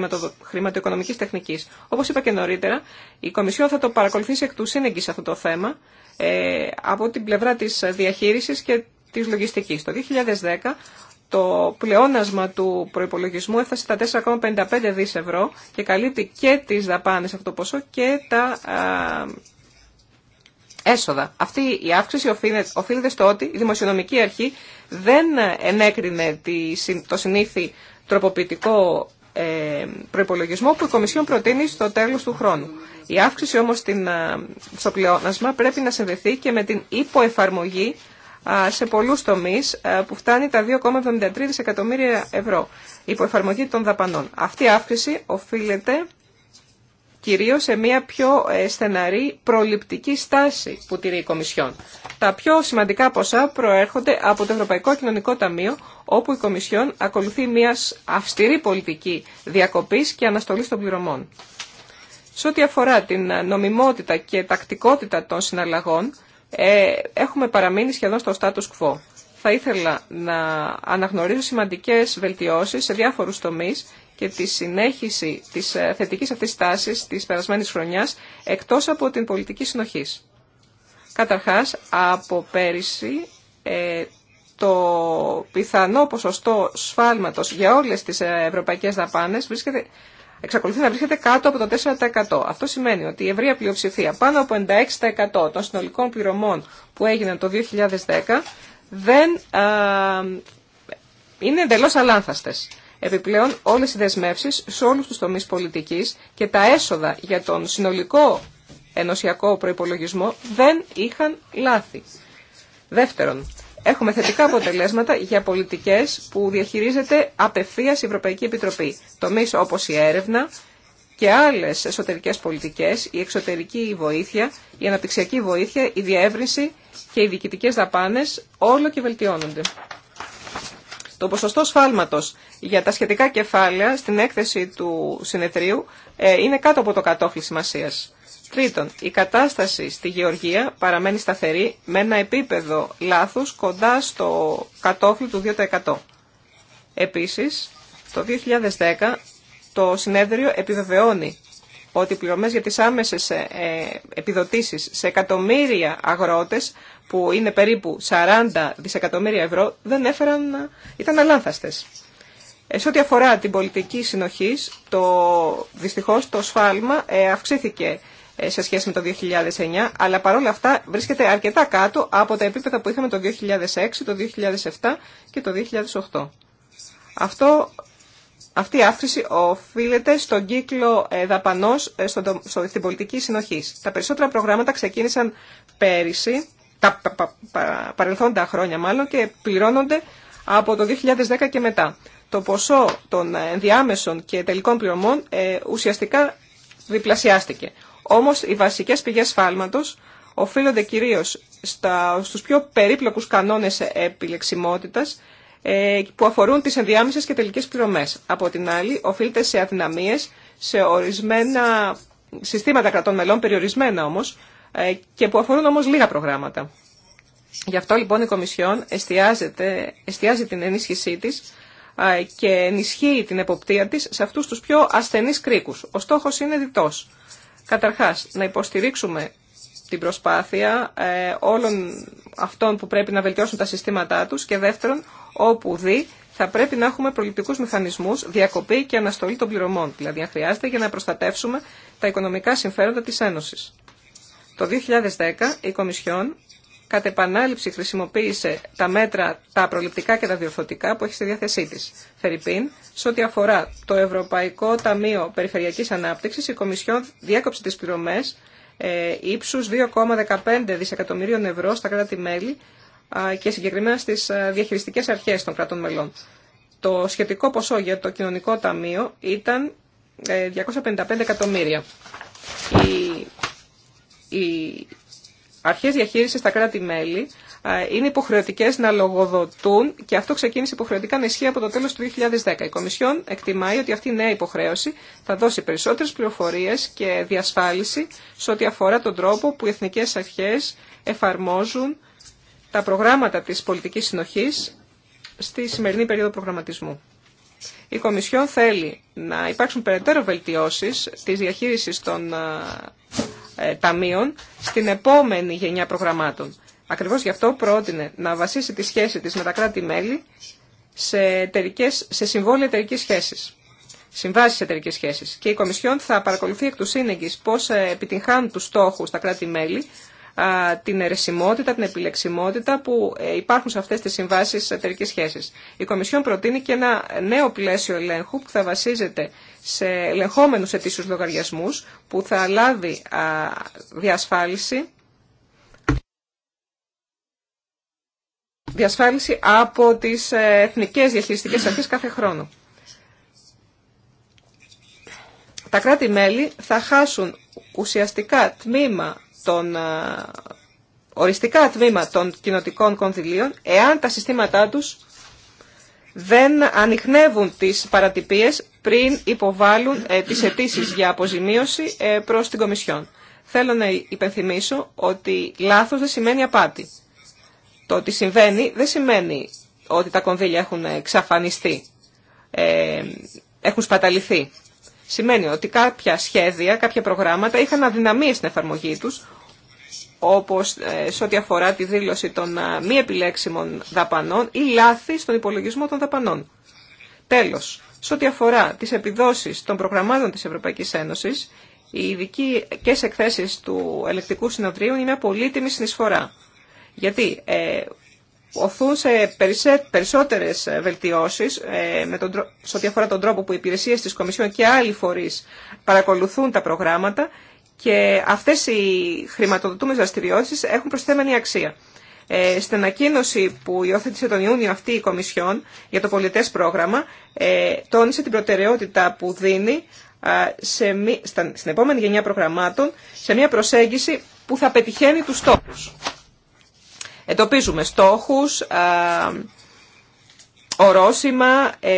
χρηματοοικονομικής τεχνικής. Όπως είπα και νωρίτερα, η Κομισιόν θα το παρακολουθήσει εκ του σύνεγγυς αυτό το θέμα ε, από την πλευρά της διαχείρισης και της λογιστικής. Το 2010 το πλεόνασμα του προϋπολογισμού έφτασε τα 4,55 δις ευρώ και καλύπτει και τις δαπάνες αυτό το ποσό και τα έσοδα. Αυτή η αύξηση οφείλεται στο ότι η Δημοσιονομική Αρχή δεν ενέκρινε το συνήθι τροποποιητικό ε, προϋπολογισμό που η Κομισιόν προτείνει στο τέλος του χρόνου. Η αύξηση όμως στο πλεόνασμα πρέπει να συνδεθεί και με την υποεφαρμογή σε πολλούς τομείς που φτάνει τα 2,73 δισεκατομμύρια ευρώ υπό εφαρμογή των δαπανών. Αυτή η αύξηση οφείλεται κυρίως σε μια πιο ε, στεναρή προληπτική στάση που τηρεί η Κομισιόν. Τα πιο σημαντικά ποσά προέρχονται από το Ευρωπαϊκό Κοινωνικό Ταμείο, όπου η Κομισιόν ακολουθεί μια αυστηρή πολιτική διακοπής και αναστολής των πληρωμών. Σε ό,τι αφορά την νομιμότητα και τακτικότητα των συναλλαγών, ε, έχουμε παραμείνει σχεδόν στο status quo. Θα ήθελα να αναγνωρίσω σημαντικές βελτιώσεις σε διάφορους τομείς και τη συνέχιση της ε, θετικής αυτής τάσης της περασμένης χρονιάς εκτός από την πολιτική συνοχής. Καταρχάς, από πέρυσι ε, το πιθανό ποσοστό σφάλματος για όλες τις ε, ευρωπαϊκές δαπάνες βρίσκεται εξακολουθεί να βρίσκεται κάτω από το 4%. Αυτό σημαίνει ότι η ευρεία πλειοψηφία πάνω από 96% των συνολικών πληρωμών που έγιναν το 2010 δεν είναι εντελώ αλάνθαστες. Επιπλέον, όλες οι δεσμεύσεις σε όλους τους τομείς πολιτικής και τα έσοδα για τον συνολικό ενωσιακό προϋπολογισμό δεν είχαν λάθη. Δεύτερον, έχουμε θετικά αποτελέσματα για πολιτικές που διαχειρίζεται απευθείας η Ευρωπαϊκή Επιτροπή. Τομείς όπως η έρευνα και άλλες εσωτερικές πολιτικές, η εξωτερική βοήθεια, η αναπτυξιακή βοήθεια, η διεύρυνση και οι διοικητικές δαπάνες όλο και βελτιώνονται. Το ποσοστό σφάλματος για τα σχετικά κεφάλαια στην έκθεση του συνεδρίου ε, είναι κάτω από το κατόφλι σημασίας. Τρίτον, η κατάσταση στη γεωργία παραμένει σταθερή με ένα επίπεδο λάθους κοντά στο κατόφλι του 2%. Επίσης, το 2010 το συνέδριο επιβεβαιώνει ότι οι πληρωμές για τις άμεσες ε, επιδοτήσεις σε εκατομμύρια αγρότες που είναι περίπου 40 δισεκατομμύρια ευρώ δεν έφεραν, ήταν αλάνθαστες. Ε, σε ό,τι αφορά την πολιτική συνοχής, το, δυστυχώς το σφάλμα ε, αυξήθηκε ε, σε σχέση με το 2009, αλλά παρόλα αυτά βρίσκεται αρκετά κάτω από τα επίπεδα που είχαμε το 2006, το 2007 και το 2008. Αυτό, αυτή η αύξηση οφείλεται στον κύκλο ε, δαπανό ε, στην πολιτική συνοχή. Τα περισσότερα προγράμματα ξεκίνησαν πέρυσι, τα παρελθόντα χρόνια μάλλον, και πληρώνονται από το 2010 και μετά. Το ποσό των διάμεσων και τελικών πληρωμών ουσιαστικά διπλασιάστηκε. Όμως οι βασικές πηγές φάλματος οφείλονται κυρίως στα, στους πιο περίπλοκους κανόνες επιλεξιμότητας ε, που αφορούν τις ενδιάμεσες και τελικές πληρωμές. Από την άλλη, οφείλεται σε αδυναμίες, σε ορισμένα συστήματα κρατών μελών, περιορισμένα όμως, ε, και που αφορούν όμως λίγα προγράμματα. Γι' αυτό λοιπόν η Κομισιόν εστιάζει την ενίσχυσή της ε, και ενισχύει την εποπτεία της σε αυτούς τους πιο ασθενείς κρίκους. Ο στόχος είναι διτός. Καταρχάς, να υποστηρίξουμε την προσπάθεια ε, όλων αυτών που πρέπει να βελτιώσουν τα συστήματά τους και δεύτερον, όπου δει, θα πρέπει να έχουμε προληπτικούς μηχανισμούς διακοπή και αναστολή των πληρωμών, δηλαδή αν χρειάζεται για να προστατεύσουμε τα οικονομικά συμφέροντα της Ένωσης. Το 2010 η Κομισιόν κατ' επανάληψη χρησιμοποίησε τα μέτρα, τα προληπτικά και τα διορθωτικά που έχει στη διάθεσή τη. Φερρυπίν, σε ό,τι αφορά το Ευρωπαϊκό Ταμείο Περιφερειακής Ανάπτυξης, η Κομισιόν διέκοψε τις πληρωμές ε, ύψους 2,15 δισεκατομμυρίων ευρώ στα κράτη-μέλη και συγκεκριμένα στις διαχειριστικέ αρχές των κρατών μελών. Το σχετικό ποσό για το Κοινωνικό Ταμείο ήταν 255 ε, εκατομμύρια. Η, Αρχέ διαχείρισης στα κράτη-μέλη είναι υποχρεωτικές να λογοδοτούν και αυτό ξεκίνησε υποχρεωτικά να ισχύει από το τέλος του 2010. Η Κομισιόν εκτιμάει ότι αυτή η νέα υποχρέωση θα δώσει περισσότερες πληροφορίε και διασφάλιση σε ό,τι αφορά τον τρόπο που οι εθνικές αρχές εφαρμόζουν τα προγράμματα της πολιτική συνοχή στη σημερινή περίοδο προγραμματισμού. Η Κομισιόν θέλει να υπάρξουν περαιτέρω βελτιώσει τη διαχείριση των ε, ταμείων στην επόμενη γενιά προγραμμάτων. Ακριβώς γι' αυτό πρότεινε να βασίσει τη σχέση της με τα κράτη-μέλη σε, σε συμβόλαια εταιρική σχέση, Συμβάσει εταιρικέ σχέσει. Και η Κομισιόν θα παρακολουθεί εκ του σύνεγγυ πώ ε, επιτυγχάνουν του στόχου τα κράτη-μέλη την αιρεσιμότητα, την επιλεξιμότητα που ε, υπάρχουν σε αυτές τις συμβάσεις εταιρικής σχέσης. Η Κομισιόν προτείνει και ένα νέο πλαίσιο ελέγχου που θα βασίζεται σε ελεγχόμενους ετήσιους λογαριασμούς που θα λάβει διασφάλιση διασφάλιση από τις ε, εθνικές διαχειριστικές αρχές κάθε χρόνο. Τα κράτη-μέλη θα χάσουν ουσιαστικά τμήμα των ε, οριστικά τμήμα των κοινοτικών κονδυλίων, εάν τα συστήματά τους δεν ανοιχνεύουν τις παρατυπίες πριν υποβάλουν ε, τις αιτήσει για αποζημίωση ε, προς την Κομισιόν. Θέλω να υπενθυμίσω ότι λάθος δεν σημαίνει απάτη. Το ότι συμβαίνει δεν σημαίνει ότι τα κονδύλια έχουν εξαφανιστεί, έχουν σπαταληθεί. Σημαίνει ότι κάποια σχέδια, κάποια προγράμματα είχαν αδυναμίες στην εφαρμογή τους, όπως ε, σε ό,τι αφορά τη δήλωση των ε, μη επιλέξιμων δαπανών ή λάθη στον υπολογισμό των δαπανών. Τέλος, σε ό,τι αφορά τις επιδόσεις των προγραμμάτων της Ευρωπαϊκής Ένωσης, οι ειδικοί και σε εκθέσεις του ελεκτικού συνοδρίου είναι μια πολύτιμη συνεισφορά. Γιατί ε, οθούν σε περισσότερε ε, βελτιώσει ε, με σε ό,τι αφορά τον τρόπο που οι υπηρεσίε τη Κομισιόν και άλλοι φορεί παρακολουθούν τα προγράμματα και αυτέ οι χρηματοδοτούμες δραστηριότητες έχουν προσθέμενη αξία. Ε, στην ανακοίνωση που υιοθέτησε τον Ιούνιο αυτή η Κομισιόν για το πολιτέ πρόγραμμα ε, τόνισε την προτεραιότητα που δίνει σε, στην επόμενη γενιά προγραμμάτων σε μια προσέγγιση που θα πετυχαίνει τους στόχους. Εντοπίζουμε στόχους, ε, ορόσημα, ε,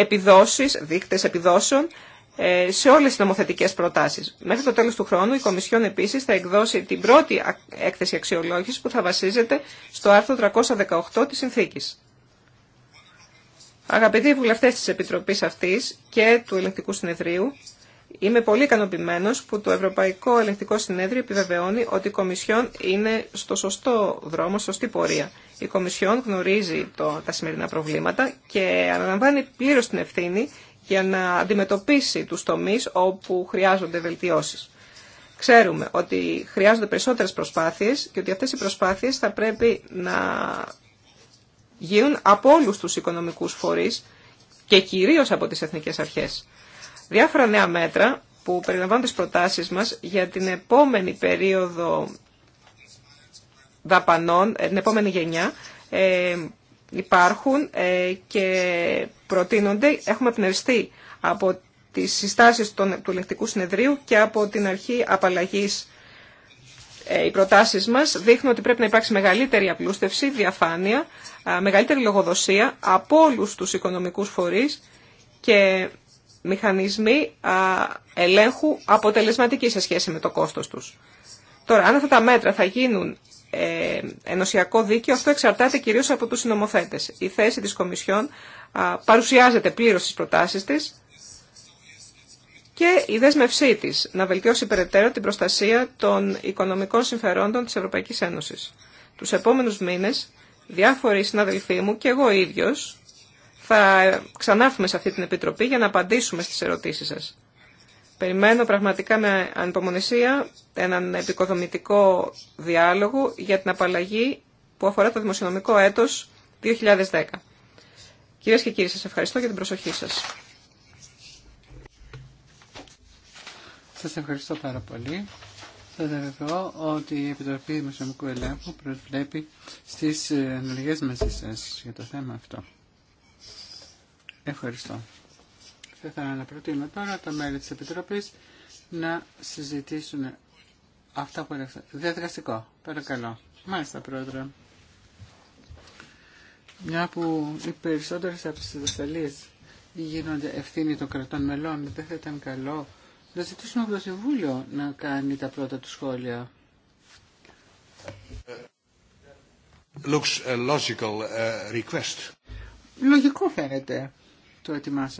επιδόσεις, δείκτες επιδόσεων ε, σε όλες τις νομοθετικές προτάσεις. Μέχρι το τέλος του χρόνου η Κομισιόν επίσης θα εκδώσει την πρώτη έκθεση αξιολόγησης που θα βασίζεται στο άρθρο 318 της Συνθήκης. Αγαπητοί βουλευτές της Επιτροπής αυτής και του Ελεκτικού Συνεδρίου, Είμαι πολύ ικανοποιημένο που το Ευρωπαϊκό Ελεκτικό Συνέδριο επιβεβαιώνει ότι η Κομισιόν είναι στο σωστό δρόμο, σωστή πορεία. Η Κομισιόν γνωρίζει το, τα σημερινά προβλήματα και αναλαμβάνει πλήρω την ευθύνη για να αντιμετωπίσει του τομεί όπου χρειάζονται βελτιώσει. Ξέρουμε ότι χρειάζονται περισσότερε προσπάθειε και ότι αυτέ οι προσπάθειε θα πρέπει να γίνουν από όλου του οικονομικού φορεί και κυρίω από τι εθνικέ αρχέ διάφορα νέα μέτρα που περιλαμβάνουν τις προτάσεις μας για την επόμενη περίοδο δαπανών, ε, την επόμενη γενιά, ε, υπάρχουν ε, και προτείνονται, έχουμε πνευστεί από τις συστάσεις του ελεκτικού συνεδρίου και από την αρχή απαλλαγής οι προτάσεις μας δείχνουν ότι πρέπει να υπάρξει μεγαλύτερη απλούστευση, διαφάνεια, μεγαλύτερη λογοδοσία από όλους τους οικονομικούς φορείς και μηχανισμοί ελέγχου αποτελεσματικοί σε σχέση με το κόστος τους. Τώρα, αν αυτά τα μέτρα θα γίνουν ε, ενωσιακό δίκαιο, αυτό εξαρτάται κυρίως από τους συνομοθέτες. Η θέση της Κομισιόν παρουσιάζεται πλήρως στις προτάσεις της και η δέσμευσή της να βελτιώσει περαιτέρω την προστασία των οικονομικών συμφερόντων της Ευρωπαϊκής Ένωσης. Τους επόμενους μήνες, διάφοροι συναδελφοί μου και εγώ ίδιος θα ξανάρθουμε σε αυτή την Επιτροπή για να απαντήσουμε στις ερωτήσεις σας. Περιμένω πραγματικά με ανυπομονησία έναν επικοδομητικό διάλογο για την απαλλαγή που αφορά το δημοσιονομικό έτος 2010. Κυρίες και κύριοι, σας ευχαριστώ για την προσοχή σας. Σας ευχαριστώ πάρα πολύ. Θα
βεβαιώ ότι η Επιτροπή Δημοσιονομικού Ελέγχου προσβλέπει στις μαζί σας για το θέμα αυτό. Ευχαριστώ. Θα ήθελα να προτείνω τώρα τα μέλη της Επιτροπής να συζητήσουν αυτά που έλεγχαν. Διαδραστικό, παρακαλώ. Μάλιστα, Πρόεδρε. Μια που οι περισσότερες από τις διδασκαλίες γίνονται ευθύνη των κρατών μελών, δεν θα ήταν καλό να ζητήσουμε από το Συμβούλιο να κάνει τα πρώτα του σχόλια.
Looks a logical uh, request.
Λογικό φαίνεται το έτοιμά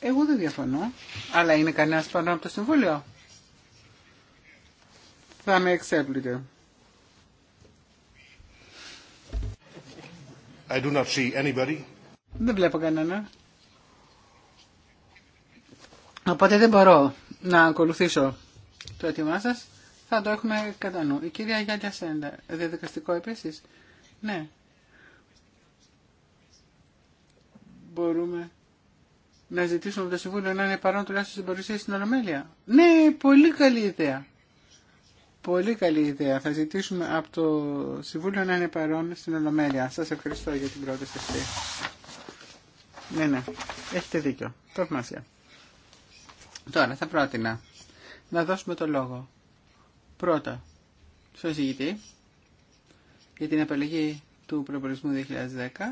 Εγώ δεν διαφωνώ, αλλά είναι κανένα πάνω από το Συμβούλιο. Θα με εξέπλητε. I do not see anybody. Δεν βλέπω κανένα. Οπότε δεν μπορώ να ακολουθήσω το έτοιμά σα. Θα το έχουμε κατά νου. Η κυρία Γιάννη Σέντα, διαδικαστικό επίση. Ναι. μπορούμε να ζητήσουμε από το Συμβούλιο να είναι παρόν τουλάχιστον στην παρουσία στην Ολομέλεια. Ναι, πολύ καλή ιδέα. Πολύ καλή ιδέα. Θα ζητήσουμε από το Συμβούλιο να είναι παρόν στην Ολομέλεια. Σας ευχαριστώ για την πρόταση αυτή. Ναι, ναι. Έχετε δίκιο. Τορμασία. Τώρα θα πρότεινα να δώσουμε το λόγο. Πρώτα, στον εισηγητή για την απαλλαγή του προπολισμού 2010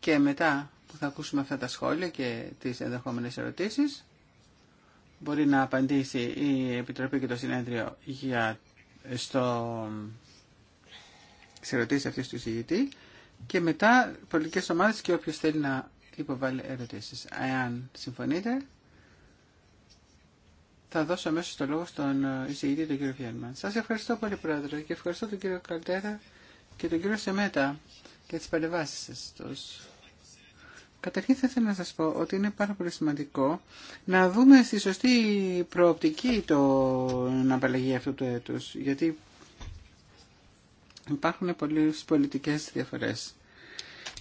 και μετά που θα ακούσουμε αυτά τα σχόλια και τις ενδεχόμενες ερωτήσεις μπορεί να απαντήσει η Επιτροπή και το Συνέδριο για στο τις ερωτήσεις αυτής του εισηγητή και μετά πολιτικές ομάδες και όποιος θέλει να υποβάλει ερωτήσεις. Αν συμφωνείτε θα δώσω αμέσως το λόγο στον εισηγητή τον κύριο Φιέλμαν. Σας ευχαριστώ πολύ πρόεδρε και ευχαριστώ τον κύριο Καλτέρα και τον κύριο Σεμέτα και τις παρεμβάσεις τους. Καταρχήν θα ήθελα να σας πω ότι είναι πάρα πολύ σημαντικό να δούμε στη σωστή προοπτική να απαλλαγή αυτού του έτους, γιατί υπάρχουν πολλές πολιτικές διαφορές.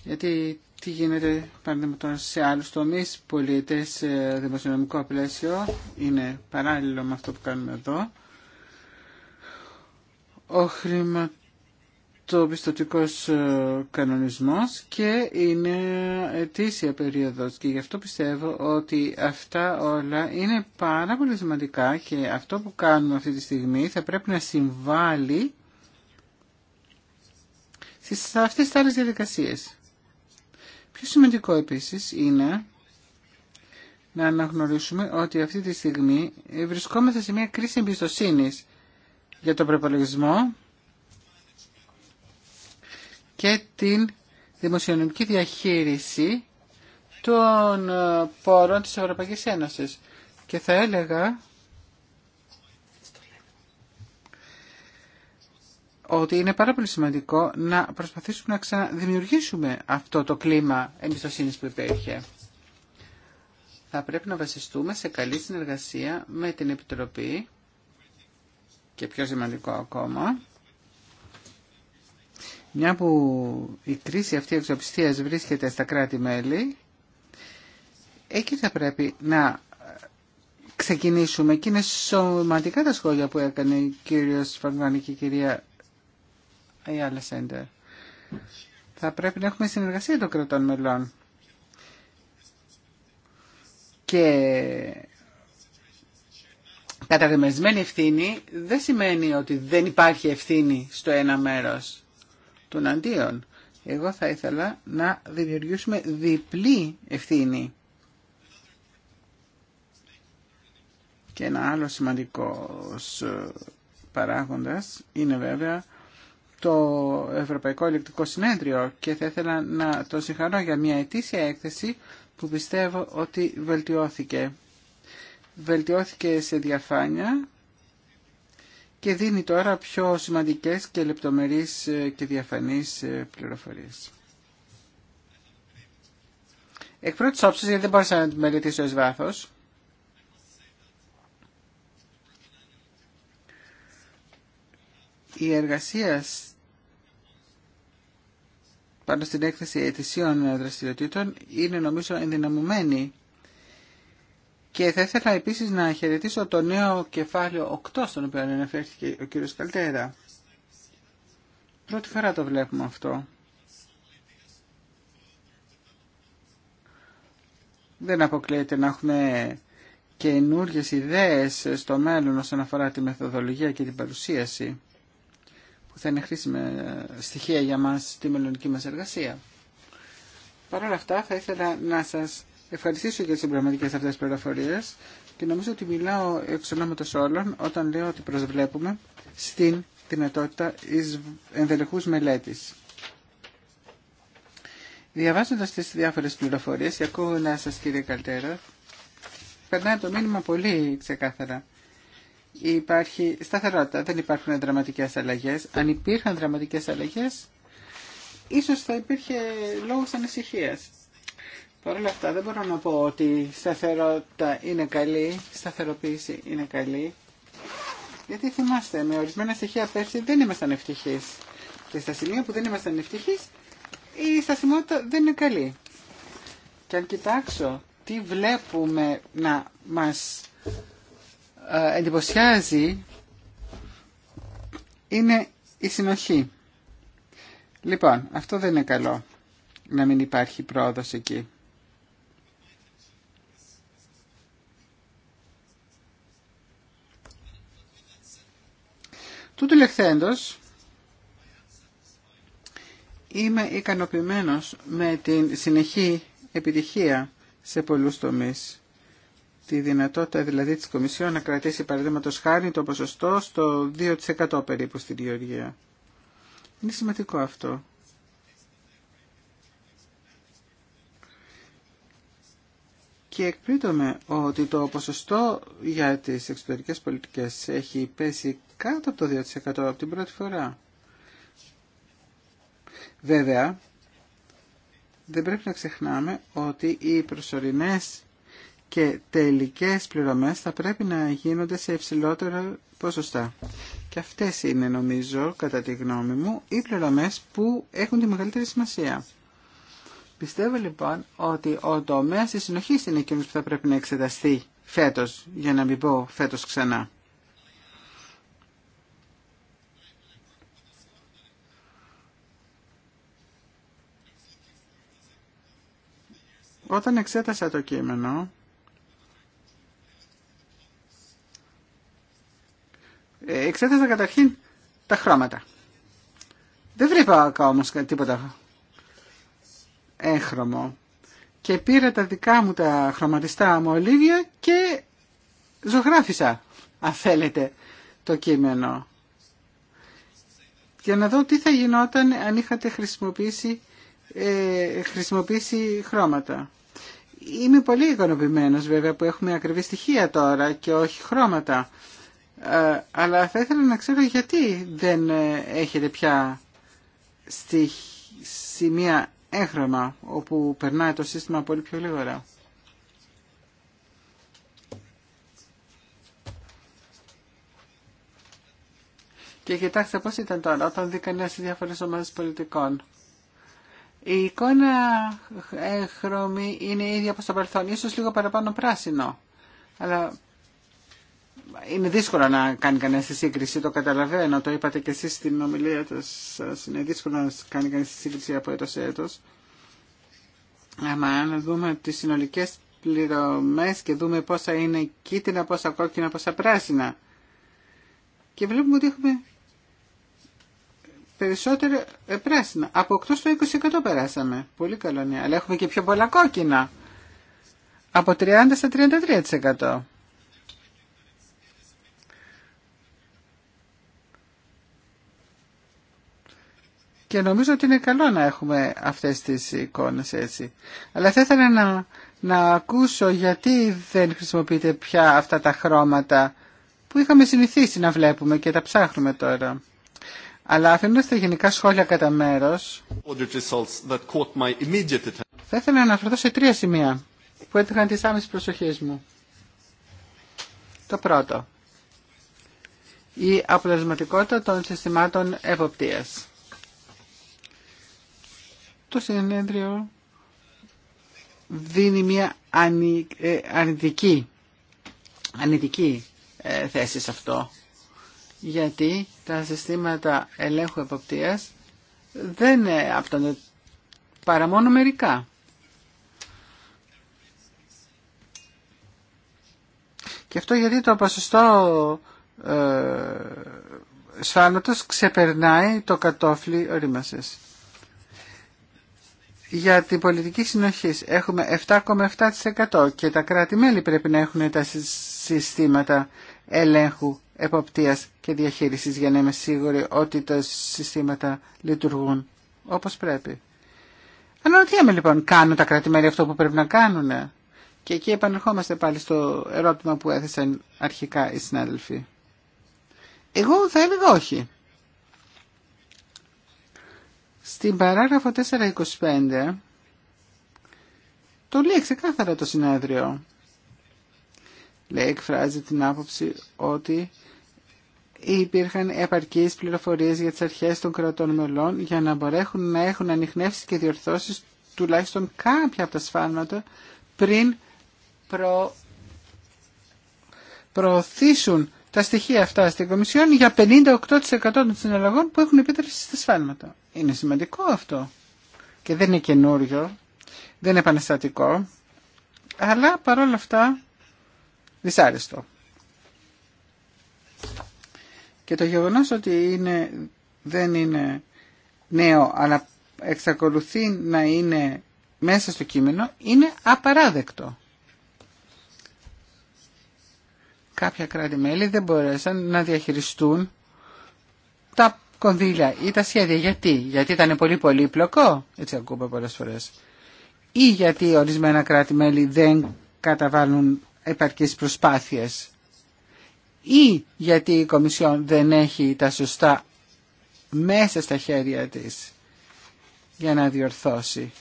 Γιατί τι γίνεται παραδείγματος σε άλλους τομείς, πολίτες, ε, δημοσιονομικό πλαίσιο, είναι παράλληλο με αυτό που κάνουμε εδώ. Ο το πιστοτικός ε, κανονισμός και είναι ετήσια περίοδος και γι' αυτό πιστεύω ότι αυτά όλα είναι πάρα πολύ σημαντικά και αυτό που κάνουμε αυτή τη στιγμή θα πρέπει να συμβάλλει σε αυτές τις άλλες διαδικασίες. Πιο σημαντικό επίσης είναι να αναγνωρίσουμε ότι αυτή τη στιγμή βρισκόμαστε σε μια κρίση εμπιστοσύνης για τον προπολογισμό και την δημοσιονομική διαχείριση των ε, πόρων της Ευρωπαϊκής Ένωσης. Και θα έλεγα ότι είναι πάρα πολύ σημαντικό να προσπαθήσουμε να ξαναδημιουργήσουμε αυτό το κλίμα εμπιστοσύνη που υπήρχε. Θα πρέπει να βασιστούμε σε καλή συνεργασία με την Επιτροπή και πιο σημαντικό ακόμα, μια που η κρίση αυτή εξοπιστίας βρίσκεται στα κράτη-μέλη, εκεί θα πρέπει να ξεκινήσουμε και είναι σωματικά τα σχόλια που έκανε ο κύριος Φαγκάνη και η κυρία Αιάλα Σέντερ. Θα πρέπει να έχουμε συνεργασία των κρατών μελών. Και καταδεμεσμένη ευθύνη δεν σημαίνει ότι δεν υπάρχει ευθύνη στο ένα μέρος των αντίον. Εγώ θα ήθελα να δημιουργήσουμε διπλή ευθύνη. Και ένα άλλο σημαντικό ε, παράγοντας είναι βέβαια το Ευρωπαϊκό Ελεκτικό Συνέδριο και θα ήθελα να το συγχαρώ για μια ετήσια έκθεση που πιστεύω ότι βελτιώθηκε. Βελτιώθηκε σε διαφάνεια και δίνει τώρα πιο σημαντικές και λεπτομερείς ε, και διαφανείς ε, πληροφορίες. Εκ πρώτης όψης, γιατί δεν μπορούσα να τη μελετήσω εις βάθος, η εργασία πάνω στην έκθεση αιτησίων δραστηριοτήτων είναι νομίζω ενδυναμωμένη και θα ήθελα επίση να χαιρετήσω το νέο κεφάλαιο 8 στον οποίο αναφέρθηκε ο κύριος Καλτέρα. Πρώτη φορά το βλέπουμε αυτό. Δεν αποκλείεται να έχουμε καινούριε ιδέες στο μέλλον όσον αφορά τη μεθοδολογία και την παρουσίαση που θα είναι χρήσιμα στοιχεία για μας στη μελλοντική μας εργασία. Παρ' όλα αυτά θα ήθελα να σας ευχαριστήσω για τι συμπληρωματικές αυτέ πληροφορίε και νομίζω ότι μιλάω εξ ονόματο όλων όταν λέω ότι προσβλέπουμε στην δυνατότητα ενδελεχού μελέτη. Διαβάζοντα τι διάφορε πληροφορίε και να σα κύριε Καλτέρα, περνάει το μήνυμα πολύ ξεκάθαρα. Υπάρχει σταθερότητα, δεν υπάρχουν δραματικέ αλλαγέ. Αν υπήρχαν δραματικέ αλλαγέ, ίσω θα υπήρχε λόγο ανησυχία. Παρ' όλα αυτά δεν μπορώ να πω ότι η σταθερότητα είναι καλή, η σταθεροποίηση είναι καλή. Γιατί θυμάστε, με ορισμένα στοιχεία πέρσι δεν ήμασταν ευτυχεί. Και στα σημεία που δεν ήμασταν ευτυχεί, η στασιμότητα δεν είναι καλή. Και αν κοιτάξω τι βλέπουμε να μας ε, εντυπωσιάζει, είναι η συνοχή. Λοιπόν, αυτό δεν είναι καλό να μην υπάρχει πρόοδος εκεί. Τούτου λεχθέντος είμαι ικανοποιημένος με την συνεχή επιτυχία σε πολλούς τομείς. Τη δυνατότητα δηλαδή της Κομισιόν να κρατήσει παραδείγματο χάρη το ποσοστό στο 2% περίπου στην Γεωργία. Είναι σημαντικό αυτό. Και εκπλήττομαι ότι το ποσοστό για τις εξωτερικές πολιτικές έχει πέσει κάτω από το 2% από την πρώτη φορά. Βέβαια, δεν πρέπει να ξεχνάμε ότι οι προσωρινές και τελικές πληρωμές θα πρέπει να γίνονται σε υψηλότερα ποσοστά. Και αυτές είναι νομίζω, κατά τη γνώμη μου, οι πληρωμές που έχουν τη μεγαλύτερη σημασία. Πιστεύω λοιπόν ότι ο τομέας της συνοχής είναι εκείνος που θα πρέπει να εξεταστεί φέτος, για να μην πω φέτος ξανά. Όταν εξέτασα το κείμενο, ε, εξέτασα καταρχήν τα χρώματα. Δεν βρήκα ακόμα τίποτα έγχρωμο. Και πήρα τα δικά μου τα χρωματιστά μου και ζωγράφισα, αν θέλετε, το κείμενο. Για να δω τι θα γινόταν αν είχατε χρησιμοποιήσει ε, χρησιμοποιήσει χρώματα. Είμαι πολύ ικανοποιημένος βέβαια που έχουμε ακριβή στοιχεία τώρα και όχι χρώματα. Ε, αλλά θα ήθελα να ξέρω γιατί δεν ε, έχετε πια στη σημεία έγχρωμα όπου περνάει το σύστημα πολύ πιο γρήγορα. Και κοιτάξτε πώς ήταν τώρα όταν δει κανένας σε διάφορες ομάδες πολιτικών. Η εικόνα χρώμη είναι ίδια από το παρελθόν, ίσως λίγο παραπάνω πράσινο. Αλλά είναι δύσκολο να κάνει κανένα τη σύγκριση, το καταλαβαίνω, το είπατε και εσείς στην ομιλία σας, είναι δύσκολο να κάνει κανένα τη σύγκριση από έτος σε έτος. Αλλά αν δούμε τις συνολικές πληρωμές και δούμε πόσα είναι κίτρινα, πόσα κόκκινα, πόσα πράσινα. Και βλέπουμε ότι έχουμε Περισσότερο ε, πράσινα. Από 8% στο 20% περάσαμε. Πολύ καλό νέο. Αλλά έχουμε και πιο πολλά κόκκινα. Από 30% στα 33%. Και νομίζω ότι είναι καλό να έχουμε αυτές τις εικόνες έτσι. Αλλά θα ήθελα να, να ακούσω γιατί δεν χρησιμοποιείται πια αυτά τα χρώματα που είχαμε συνηθίσει να βλέπουμε και τα ψάχνουμε τώρα. Αλλά αφήνοντα τα γενικά σχόλια κατά μέρο, θα ήθελα να αναφερθώ σε τρία σημεία που έτυχαν τι άμεσες προσοχή μου. Το πρώτο, η αποτελεσματικότητα των συστημάτων εποπτείας. Το συνέδριο δίνει μια ανη, ε, ανητική, ε, θέση σε αυτό. Γιατί τα συστήματα ελέγχου εποπτείας δεν άπτονται παρά μόνο μερικά. Και αυτό γιατί το ποσοστό ε, σφάλματος ξεπερνάει το κατόφλι ορίμασης. Για την πολιτική συνοχή έχουμε 7,7% και τα κράτη-μέλη πρέπει να έχουν τα συστήματα ελέγχου εποπτείας και διαχείρισης για να είμαι σίγουρη ότι τα συστήματα λειτουργούν όπως πρέπει. Αναρωτιέμαι λοιπόν, κάνουν τα κρατημέρια αυτό που πρέπει να κάνουν. Και εκεί επανερχόμαστε πάλι στο ερώτημα που έθεσαν αρχικά οι συνάδελφοι. Εγώ θα έλεγα όχι. Στην παράγραφο 425 το λέει ξεκάθαρα το συνέδριο. Λέει εκφράζει την άποψη ότι υπήρχαν επαρκείς πληροφορίες για τις αρχές των κρατών μελών για να μπορέσουν να έχουν ανοιχνεύσει και διορθώσεις τουλάχιστον κάποια από τα σφάλματα πριν προ... προωθήσουν τα στοιχεία αυτά στην Κομισιόν για 58% των συναλλαγών που έχουν επίτευξη στα σφάλματα. Είναι σημαντικό αυτό και δεν είναι καινούριο, δεν είναι επαναστατικό, αλλά παρόλα αυτά δυσάρεστο. Και το γεγονός ότι είναι, δεν είναι νέο, αλλά εξακολουθεί να είναι μέσα στο κείμενο, είναι απαράδεκτο. Κάποια κράτη-μέλη δεν μπορέσαν να διαχειριστούν τα κονδύλια ή τα σχέδια. Γιατί, γιατί ήταν πολύ πολύ πολύπλοκο, έτσι ακούμε πολλές φορές. Ή γιατί ορισμένα κράτη-μέλη δεν καταβάλουν επαρκείς προσπάθειες ή γιατί η Κομισιόν δεν έχει τα σωστά μέσα στα χέρια της για να διορθώσει.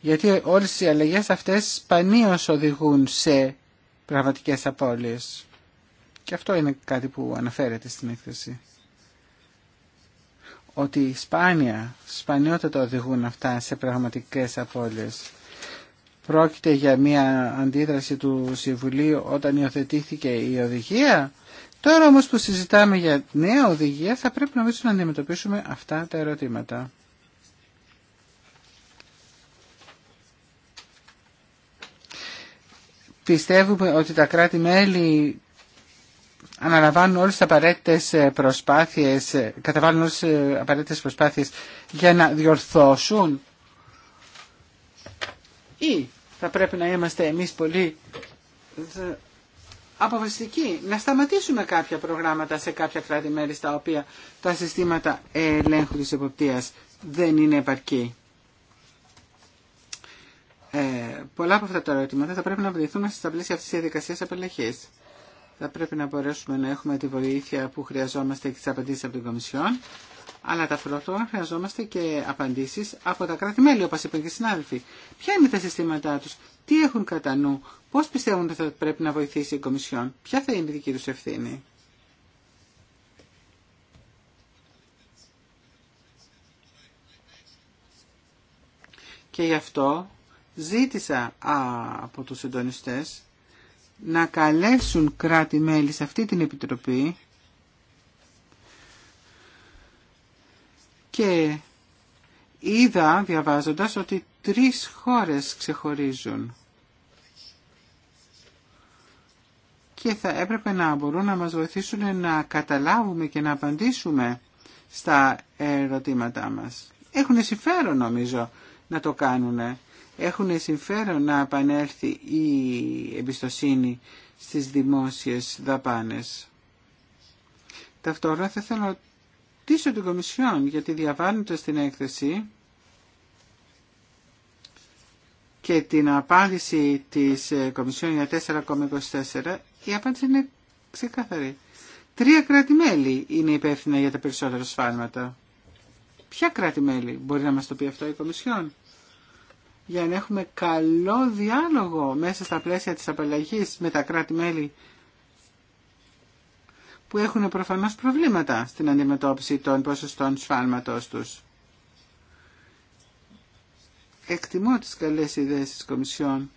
Γιατί όλες οι αλλαγές αυτές σπανίως οδηγούν σε πραγματικές απώλειες. Και αυτό είναι κάτι που αναφέρεται στην έκθεση. Ότι σπάνια, σπανιότατα οδηγούν αυτά σε πραγματικές απώλειες. Πρόκειται για μια αντίδραση του Συμβουλίου όταν υιοθετήθηκε η οδηγία. Τώρα όμως που συζητάμε για νέα οδηγία θα πρέπει νομίζω να αντιμετωπίσουμε αυτά τα ερωτήματα. Πιστεύουμε ότι τα κράτη-μέλη αναλαμβάνουν όλες τις απαραίτητες προσπάθειες, καταβάλουν όλες τις απαραίτητες προσπάθειες για να διορθώσουν ή θα πρέπει να είμαστε εμείς πολύ ε, αποφασιστικοί, να σταματήσουμε κάποια προγράμματα σε κάποια κράτη-μέρη στα οποία τα συστήματα ελέγχου της εποπτείας δεν είναι επαρκή. Ε, πολλά από αυτά τα ερωτήματα θα πρέπει να βρεθούν στα πλαίσια αυτής της διαδικασίας απελαχής. Θα πρέπει να μπορέσουμε να έχουμε τη βοήθεια που χρειαζόμαστε και τις απαντήσεις από την Κομισιόν αλλά ταυτόχρονα χρειαζόμαστε και απαντήσεις από τα κράτη-μέλη, όπω είπαν και οι συνάδελφοι. Ποια είναι τα συστήματά του, τι έχουν κατά νου, πώς πιστεύουν ότι θα πρέπει να βοηθήσει η Κομισιόν, ποια θα είναι η δική του ευθύνη. Και γι' αυτό ζήτησα από τους συντονιστές να καλέσουν κράτη-μέλη σε αυτή την Επιτροπή και είδα διαβάζοντας ότι τρεις χώρες ξεχωρίζουν και θα έπρεπε να μπορούν να μας βοηθήσουν να καταλάβουμε και να απαντήσουμε στα ερωτήματά μας. Έχουν συμφέρον νομίζω να το κάνουν. Έχουν συμφέρον να επανέλθει η εμπιστοσύνη στις δημόσιες δαπάνες. Ταυτόχρονα θα θέλω Τίσιο την Κομισιόν, γιατί διαβάνονται στην έκθεση και την απάντηση της ε, Κομισιόν για 4,24, η απάντηση είναι ξεκάθαρη. Τρία κράτη-μέλη είναι υπεύθυνα για τα περισσότερα σφάλματα. Ποια κράτη-μέλη μπορεί να μας το πει αυτό η Κομισιόν. Για να έχουμε καλό διάλογο μέσα στα πλαίσια της απαλλαγής με τα κράτη-μέλη που έχουν προφανώς προβλήματα στην αντιμετώπιση των ποσοστών σφάλματος τους. Εκτιμώ τις καλές ιδέες της Κομισιόν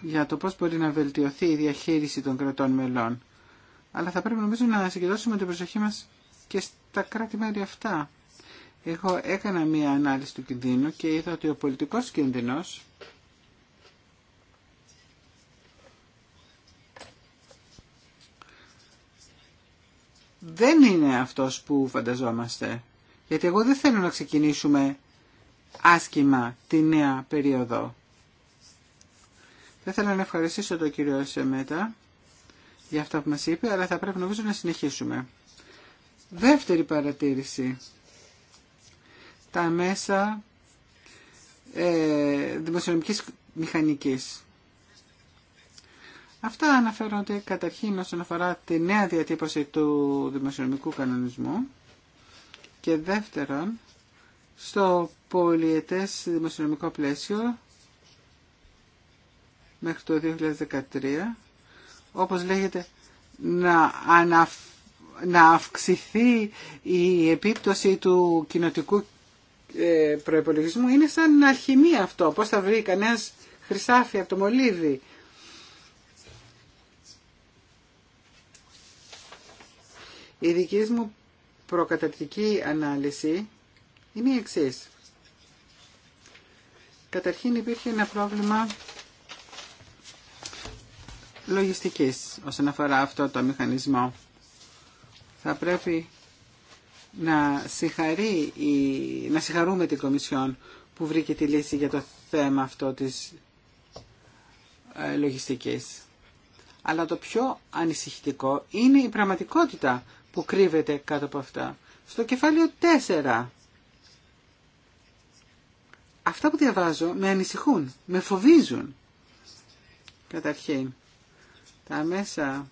για το πώς μπορεί να βελτιωθεί η διαχείριση των κρατών μελών. Αλλά θα πρέπει νομίζω να συγκεντρώσουμε την προσοχή μας και στα κράτη-μέρη αυτά. Εγώ έκανα μία ανάλυση του κινδύνου και είδα ότι ο πολιτικός κίνδυνος δεν είναι αυτός που φανταζόμαστε. Γιατί εγώ δεν θέλω να ξεκινήσουμε άσκημα τη νέα περίοδο. Θα ήθελα να ευχαριστήσω τον κύριο Σεμέτα για αυτό που μας είπε, αλλά θα πρέπει νομίζω να συνεχίσουμε. Δεύτερη παρατήρηση. Τα μέσα ε, δημοσιονομικής μηχανικής. Αυτά αναφέρονται καταρχήν όσον αφορά τη νέα διατύπωση του δημοσιονομικού κανονισμού και δεύτερον στο πολιετές δημοσιονομικό πλαίσιο μέχρι το 2013 όπως λέγεται να, να αυξηθεί η επίπτωση του κοινοτικού ε, προϋπολογισμού είναι σαν αρχημία αυτό πώς θα βρει κανένας χρυσάφι από το μολύβι Η δική μου προκαταρκτική ανάλυση είναι η εξή. Καταρχήν υπήρχε ένα πρόβλημα λογιστικής όσον αφορά αυτό το μηχανισμό. Θα πρέπει να, συγχαρεί να συγχαρούμε την Κομισιόν που βρήκε τη λύση για το θέμα αυτό της ε, λογιστικής. Αλλά το πιο ανησυχητικό είναι η πραγματικότητα που κρύβεται κάτω από αυτά. Στο κεφάλαιο 4. Αυτά που διαβάζω με ανησυχούν, με φοβίζουν. Καταρχήν, τα μέσα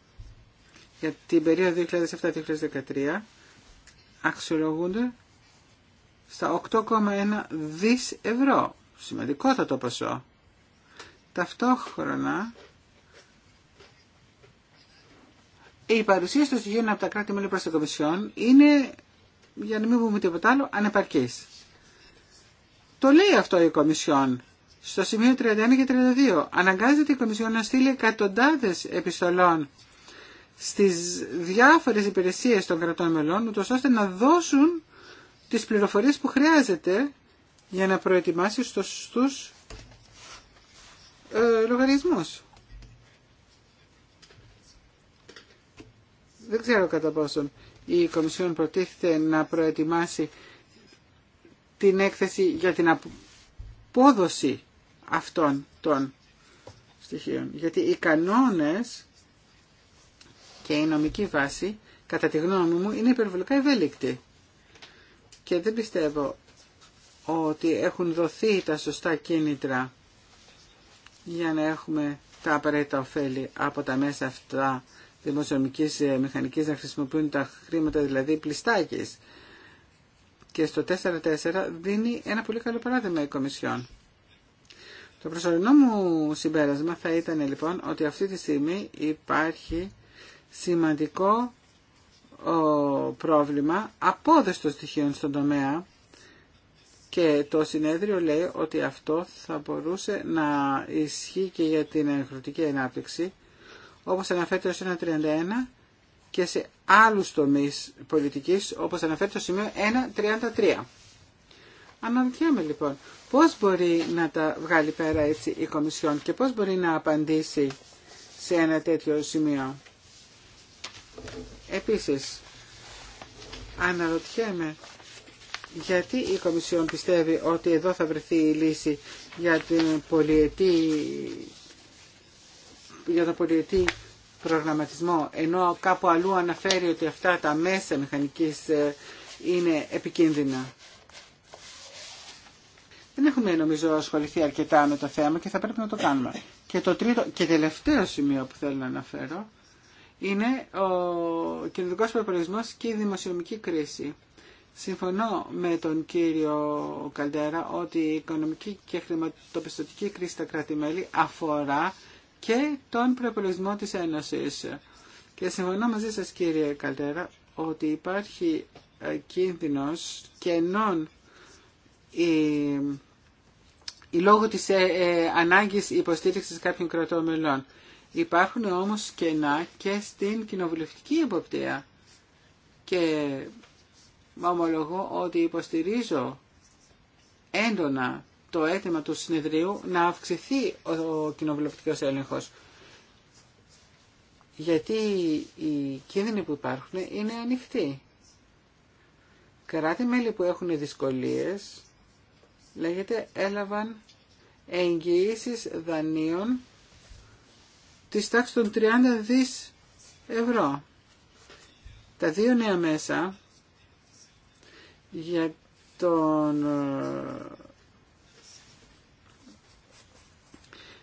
για την περίοδο 2007-2013 αξιολογούνται στα 8,1 δις ευρώ. Σημαντικότατο ποσό. Ταυτόχρονα η παρουσία των στοιχείων από τα κράτη-μέλη προ την Κομισιόν είναι, για να μην πούμε τίποτα άλλο, ανεπαρκή. Το λέει αυτό η Κομισιόν στο σημείο 31 και 32. Αναγκάζεται η Κομισιόν να στείλει εκατοντάδε επιστολών στι διάφορε υπηρεσίε των κρατών μελών, ούτω ώστε να δώσουν τι πληροφορίε που χρειάζεται για να προετοιμάσει στους, ε, Δεν ξέρω κατά πόσον η Κομισιόν προτίθεται να προετοιμάσει την έκθεση για την απόδοση αυτών των στοιχείων. Γιατί οι κανόνες και η νομική βάση, κατά τη γνώμη μου, είναι υπερβολικά ευέλικτοι. Και δεν πιστεύω ότι έχουν δοθεί τα σωστά κίνητρα για να έχουμε τα απαραίτητα ωφέλη από τα μέσα αυτά δημοσιονομικές ε, μηχανικές να χρησιμοποιούν τα χρήματα δηλαδή πλιστάκες. Και στο 4-4 δίνει ένα πολύ καλό παράδειγμα η Κομισιόν. Το προσωρινό μου συμπέρασμα θα ήταν λοιπόν ότι αυτή τη στιγμή υπάρχει σημαντικό πρόβλημα απόδεστος στοιχείων στον τομέα και το συνέδριο λέει ότι αυτό θα μπορούσε να ισχύει και για την αγροτική ανάπτυξη όπως αναφέρεται στο 1.31 και σε άλλους τομείς πολιτικής όπως αναφέρεται στο σημείο 1.33. Αναρωτιέμαι λοιπόν πώς μπορεί να τα βγάλει πέρα έτσι η Κομισιόν και πώς μπορεί να απαντήσει σε ένα τέτοιο σημείο. Επίσης, αναρωτιέμαι γιατί η Κομισιόν πιστεύει ότι εδώ θα βρεθεί η λύση για την πολιετή για το πολιετή προγραμματισμό, ενώ κάπου αλλού αναφέρει ότι αυτά τα μέσα μηχανικής ε, είναι επικίνδυνα. Δεν έχουμε νομίζω ασχοληθεί αρκετά με το θέμα και θα πρέπει να το κάνουμε. Και το τρίτο και τελευταίο σημείο που θέλω να αναφέρω είναι ο κοινωνικό προπολογισμό και η δημοσιονομική κρίση. Συμφωνώ με τον κύριο Καλτέρα ότι η οικονομική και χρηματοπιστωτική κρίση στα κράτη-μέλη αφορά και τον προπολογισμό της Ένωσης. Και συμφωνώ μαζί σας κύριε Καλτέρα ότι υπάρχει ε, κίνδυνος κενών η, η λόγω της ε, ε, ανάγκης υποστήριξης κάποιων κρατών μελών. Υπάρχουν όμως κενά και στην κοινοβουλευτική εποπτεία. Και ομολογώ ότι υποστηρίζω έντονα το αίτημα του συνεδρίου να αυξηθεί ο κοινοβουλευτικός έλεγχος. Γιατί οι κίνδυνοι που υπάρχουν είναι ανοιχτοί. Κράτη-μέλη που έχουν δυσκολίες, λέγεται, έλαβαν εγγυήσεις δανείων της τάξης των 30 δις ευρώ. Τα δύο νέα μέσα για τον ε,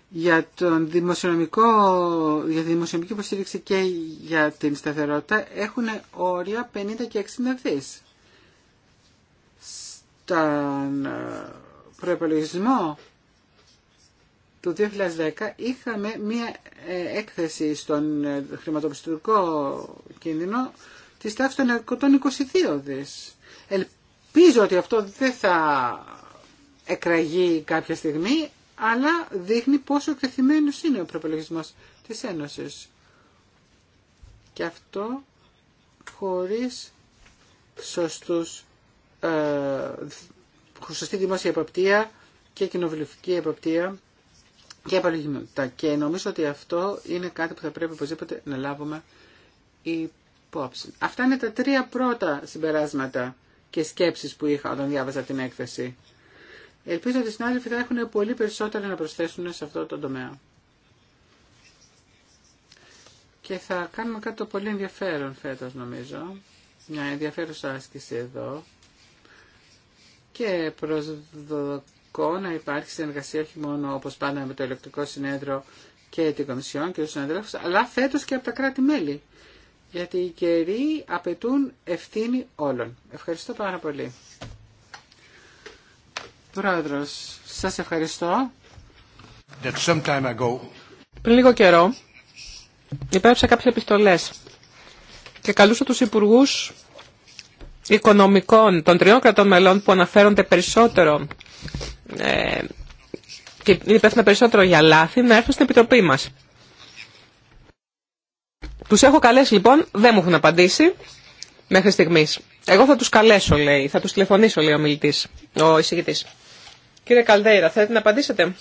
για, τον δημοσιονομικό, για τη δημοσιονομική υποστήριξη και για την σταθερότητα έχουν όρια 50 και 60 δις. Στον ε, προπολογισμό του 2010 είχαμε μία ε, έκθεση στον ε, χρηματοπιστωτικό κίνδυνο της τάξης των 122 δις. Ελπίζω ότι αυτό δεν θα εκραγεί κάποια στιγμή, αλλά δείχνει πόσο εκτεθειμένο είναι ο προπολογισμό της Ένωσης. Και αυτό χωρίς σωστούς, ε, σωστή δημόσια υποπτία και κοινοβουλευτική υποπτία και απαλληλογήματα. Και νομίζω ότι αυτό είναι κάτι που θα πρέπει οπωσδήποτε να λάβουμε υπόψη. Αυτά είναι τα τρία πρώτα συμπεράσματα και σκέψεις που είχα όταν διάβαζα την έκθεση. Ελπίζω ότι οι συνάδελφοι θα έχουν πολύ περισσότερα να προσθέσουν σε αυτό το τομέα. Και θα κάνουμε κάτι το πολύ ενδιαφέρον φέτος νομίζω. Μια ενδιαφέρουσα άσκηση εδώ. Και προσδοκώ να υπάρχει συνεργασία όχι μόνο όπως πάντα με το ηλεκτρικό συνέδριο και την Κομισιόν και τους συναδέλφους, αλλά φέτος και από τα κράτη-μέλη. Γιατί οι καιροί απαιτούν ευθύνη όλων. Ευχαριστώ πάρα πολύ. Πρόεδρος, σας ευχαριστώ. ago... Πριν λίγο καιρό
υπέραψα κάποιες επιστολές και καλούσα τους υπουργούς οικονομικών των τριών κρατών μελών που αναφέρονται περισσότερο ε, και είναι περισσότερο για λάθη να έρθουν στην Επιτροπή μας. Τους έχω καλέσει λοιπόν, δεν μου έχουν απαντήσει μέχρι στιγμής. Εγώ θα τους καλέσω λέει, θα τους τηλεφωνήσω λέει ο μιλητής, ο εισηγητής. Κύριε Καλδέιρα, θέλετε να απαντήσετε.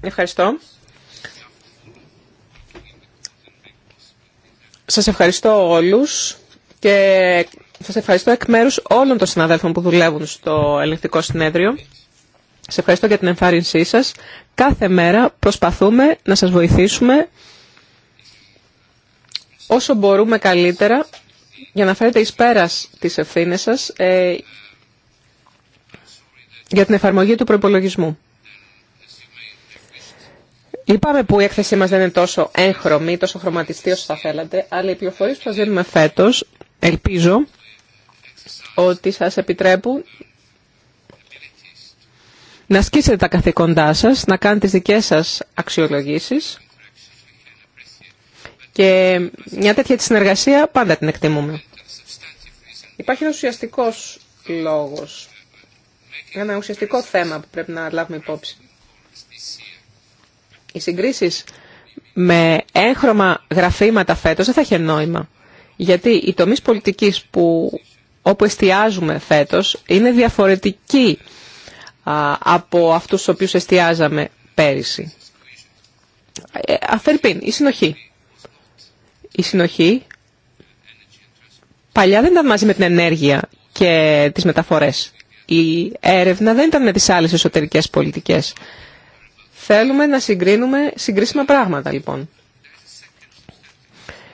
Ευχαριστώ. Σας ευχαριστώ όλους και σας ευχαριστώ εκ μέρους όλων των συναδέλφων που δουλεύουν στο ελεγκτικό συνέδριο. Σας ευχαριστώ για την εμφάνιση σας. Κάθε μέρα προσπαθούμε να σας βοηθήσουμε όσο μπορούμε καλύτερα για να φέρετε εις πέρας τις ευθύνες σας ε, για την εφαρμογή του προϋπολογισμού. Είπαμε που η έκθεσή μας δεν είναι τόσο έγχρωμη, τόσο χρωματιστή όσο θα θέλατε, αλλά οι πληροφορίες που σας δίνουμε φέτος, ελπίζω, ότι σας επιτρέπουν να σκίσετε τα καθήκοντά σας, να κάνετε τις δικές σας αξιολογήσεις και μια τέτοια συνεργασία πάντα την εκτιμούμε. Υπάρχει ένα ουσιαστικό λόγο, ένα ουσιαστικό θέμα που πρέπει να λάβουμε υπόψη. Οι συγκρίσει με έγχρωμα γραφήματα φέτο δεν θα είχε νόημα. Γιατί οι τομείς πολιτικής που, όπου εστιάζουμε φέτος είναι διαφορετικοί από αυτούς στους οποίους εστιάζαμε πέρυσι. Ε, αφερπίν, η συνοχή. Η συνοχή παλιά δεν ήταν μαζί με την ενέργεια και τις μεταφορές. Η έρευνα δεν ήταν με τις άλλες εσωτερικές πολιτικές. Θέλουμε να συγκρίνουμε συγκρίσιμα πράγματα, λοιπόν.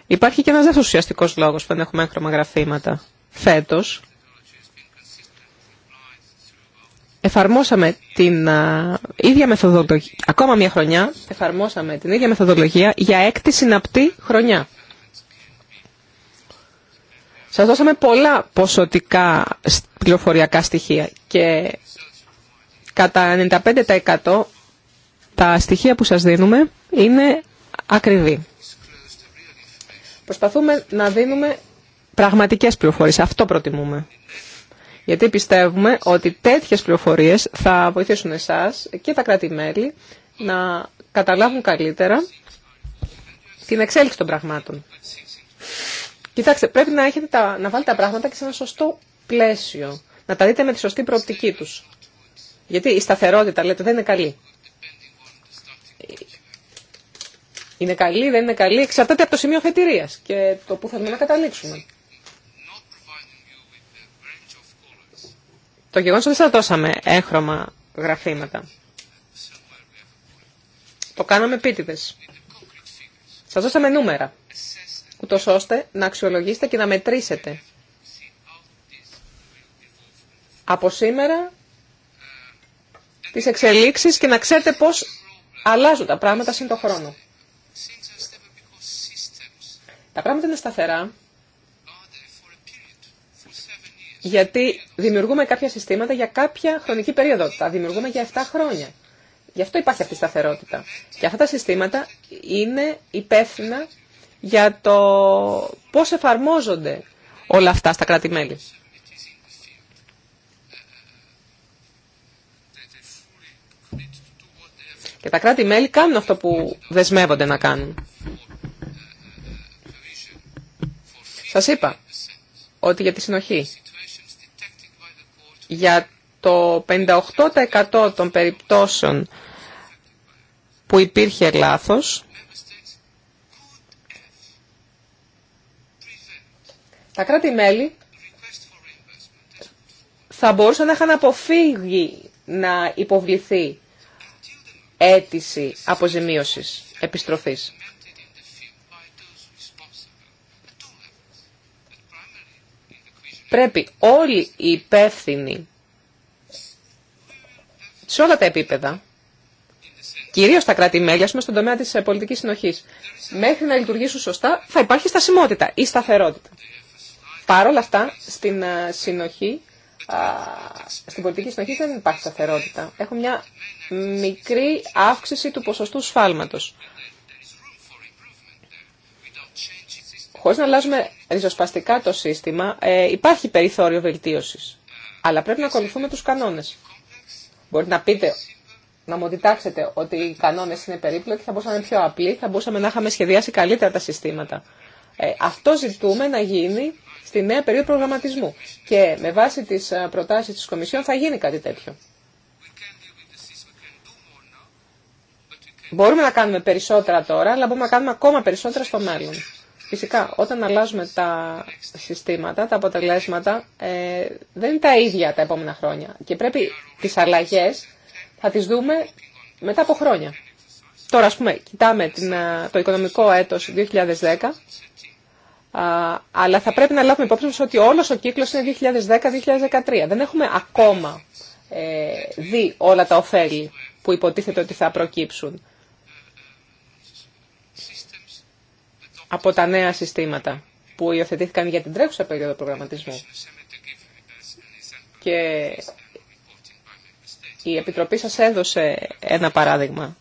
Υπάρχει και ένας δεύτερος ουσιαστικός λόγος που δεν έχουμε χρωμαγραφήματα. γραφήματα. Φέτος, εφαρμόσαμε την ίδια μεθοδολογία, ακόμα μια χρονιά, εφαρμόσαμε την ίδια μεθοδολογία για έκτη συναπτή χρονιά. Σας δώσαμε πολλά ποσοτικά πληροφοριακά στοιχεία και κατά 95% τα στοιχεία που σας δίνουμε είναι ακριβή. Προσπαθούμε να δίνουμε πραγματικές πληροφορίες. Αυτό προτιμούμε. Γιατί πιστεύουμε ότι τέτοιες πληροφορίες θα βοηθήσουν εσάς και τα κράτη-μέλη να καταλάβουν καλύτερα την εξέλιξη των πραγμάτων. Κοιτάξτε, πρέπει να, έχετε τα, να βάλετε τα πράγματα και σε ένα σωστό πλαίσιο. Να τα δείτε με τη σωστή προοπτική τους. Γιατί η σταθερότητα, λέτε, δεν είναι καλή. Είναι καλή, δεν είναι καλή, εξαρτάται από το σημείο θετηρία και το που θέλουμε να καταλήξουμε. Το γεγονό ότι δεν δώσαμε έγχρωμα γραφήματα. Το κάναμε επίτηδε. Σα δώσαμε νούμερα ούτω ώστε να αξιολογήσετε και να μετρήσετε. Από σήμερα τις εξελίξεις και να ξέρετε πώς αλλάζουν τα πράγματα σύν το χρόνο. Τα πράγματα είναι σταθερά γιατί δημιουργούμε κάποια συστήματα για κάποια χρονική περίοδο. Τα δημιουργούμε για 7 χρόνια. Γι' αυτό υπάρχει αυτή η σταθερότητα. Και αυτά τα συστήματα είναι υπεύθυνα για το πώς εφαρμόζονται όλα αυτά στα κράτη-μέλη. Και τα κράτη-μέλη κάνουν αυτό που δεσμεύονται να κάνουν. Σας είπα ότι για τη συνοχή, για το 58% των περιπτώσεων που υπήρχε λάθος, τα κράτη-μέλη θα μπορούσαν να είχαν αποφύγει να υποβληθεί αίτηση αποζημίωσης, επιστροφής. Πρέπει όλοι οι υπεύθυνοι σε όλα τα επίπεδα, κυρίω τα κράτη-μέλη, πούμε στον τομέα τη πολιτική συνοχή, μέχρι να λειτουργήσουν σωστά, θα υπάρχει στασιμότητα ή σταθερότητα. Παρ' όλα αυτά, στην, ε, συνοχή, στην πολιτική συνοχή δεν υπάρχει σταθερότητα. Έχουμε μια μικρή αύξηση του ποσοστού σφάλματος. Χωρίς να αλλάζουμε ριζοσπαστικά το σύστημα, ε, υπάρχει περιθώριο βελτίωσης. Αλλά πρέπει να ακολουθούμε τους κανόνες. Μπορείτε να πείτε, να μου διτάξετε ότι οι κανόνες είναι περίπλοκοι, θα μπορούσαμε να είναι πιο απλοί, θα μπορούσαμε να είχαμε σχεδιάσει καλύτερα τα συστήματα. Ε, αυτό ζητούμε να γίνει στη νέα περίοδο προγραμματισμού. Και με βάση τις ε, προτάσεις της Κομισιόν θα γίνει κάτι τέτοιο. Μπορούμε να κάνουμε περισσότερα τώρα, αλλά μπορούμε να κάνουμε ακόμα περισσότερα στο μέλλον. Φυσικά, όταν αλλάζουμε τα συστήματα, τα αποτελέσματα, ε, δεν είναι τα ίδια τα επόμενα χρόνια. Και πρέπει τις αλλαγές θα τις δούμε μετά από χρόνια. Τώρα, ας πούμε, κοιτάμε ε, το οικονομικό έτος αλλά θα πρέπει να λάβουμε υπόψη μας ότι όλος ο κύκλος είναι 2010-2013. Δεν έχουμε ακόμα ε, δει όλα τα ωφέλη που υποτίθεται ότι θα προκύψουν από τα νέα συστήματα που υιοθετήθηκαν για την τρέχουσα περίοδο προγραμματισμού. Και η Επιτροπή σας έδωσε ένα παράδειγμα.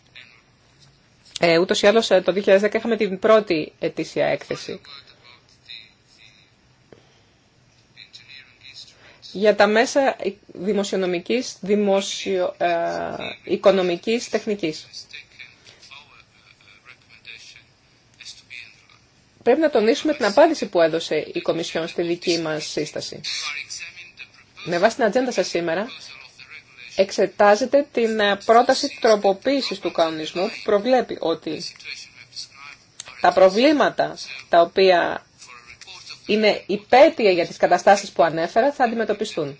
Ε, ούτως ή άλλως ε, το 2010 είχαμε την πρώτη ετήσια έκθεση για τα μέσα δημοσιονομικής, δημοσιο, ε, οικονομικής, τεχνικής. Πρέπει να τονίσουμε την απάντηση που έδωσε η Κομισιόν στη δική μας σύσταση. Με βάση την ατζέντα σας σήμερα, εξετάζεται την ε, πρόταση τροποποίησης του κανονισμού που προβλέπει ότι τα προβλήματα τα οποία είναι υπέτεια για τις καταστάσεις που ανέφερα, θα αντιμετωπιστούν.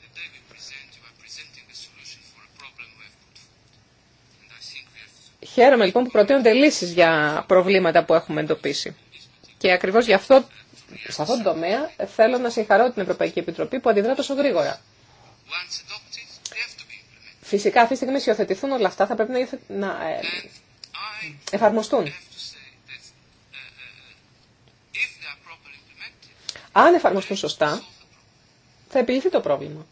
Χαίρομαι λοιπόν που προτείνονται λύσεις για προβλήματα που έχουμε εντοπίσει. Και ακριβώς γι' αυτό, σε αυτόν τον τομέα, θέλω να συγχαρώ την Ευρωπαϊκή Επιτροπή που αντιδρά τόσο γρήγορα. Φυσικά αυτή τη στιγμή σιωθετηθούν όλα αυτά, θα πρέπει να ε, εφαρμοστούν. αν εφαρμοστούν σωστά, θα επιληθεί το πρόβλημα.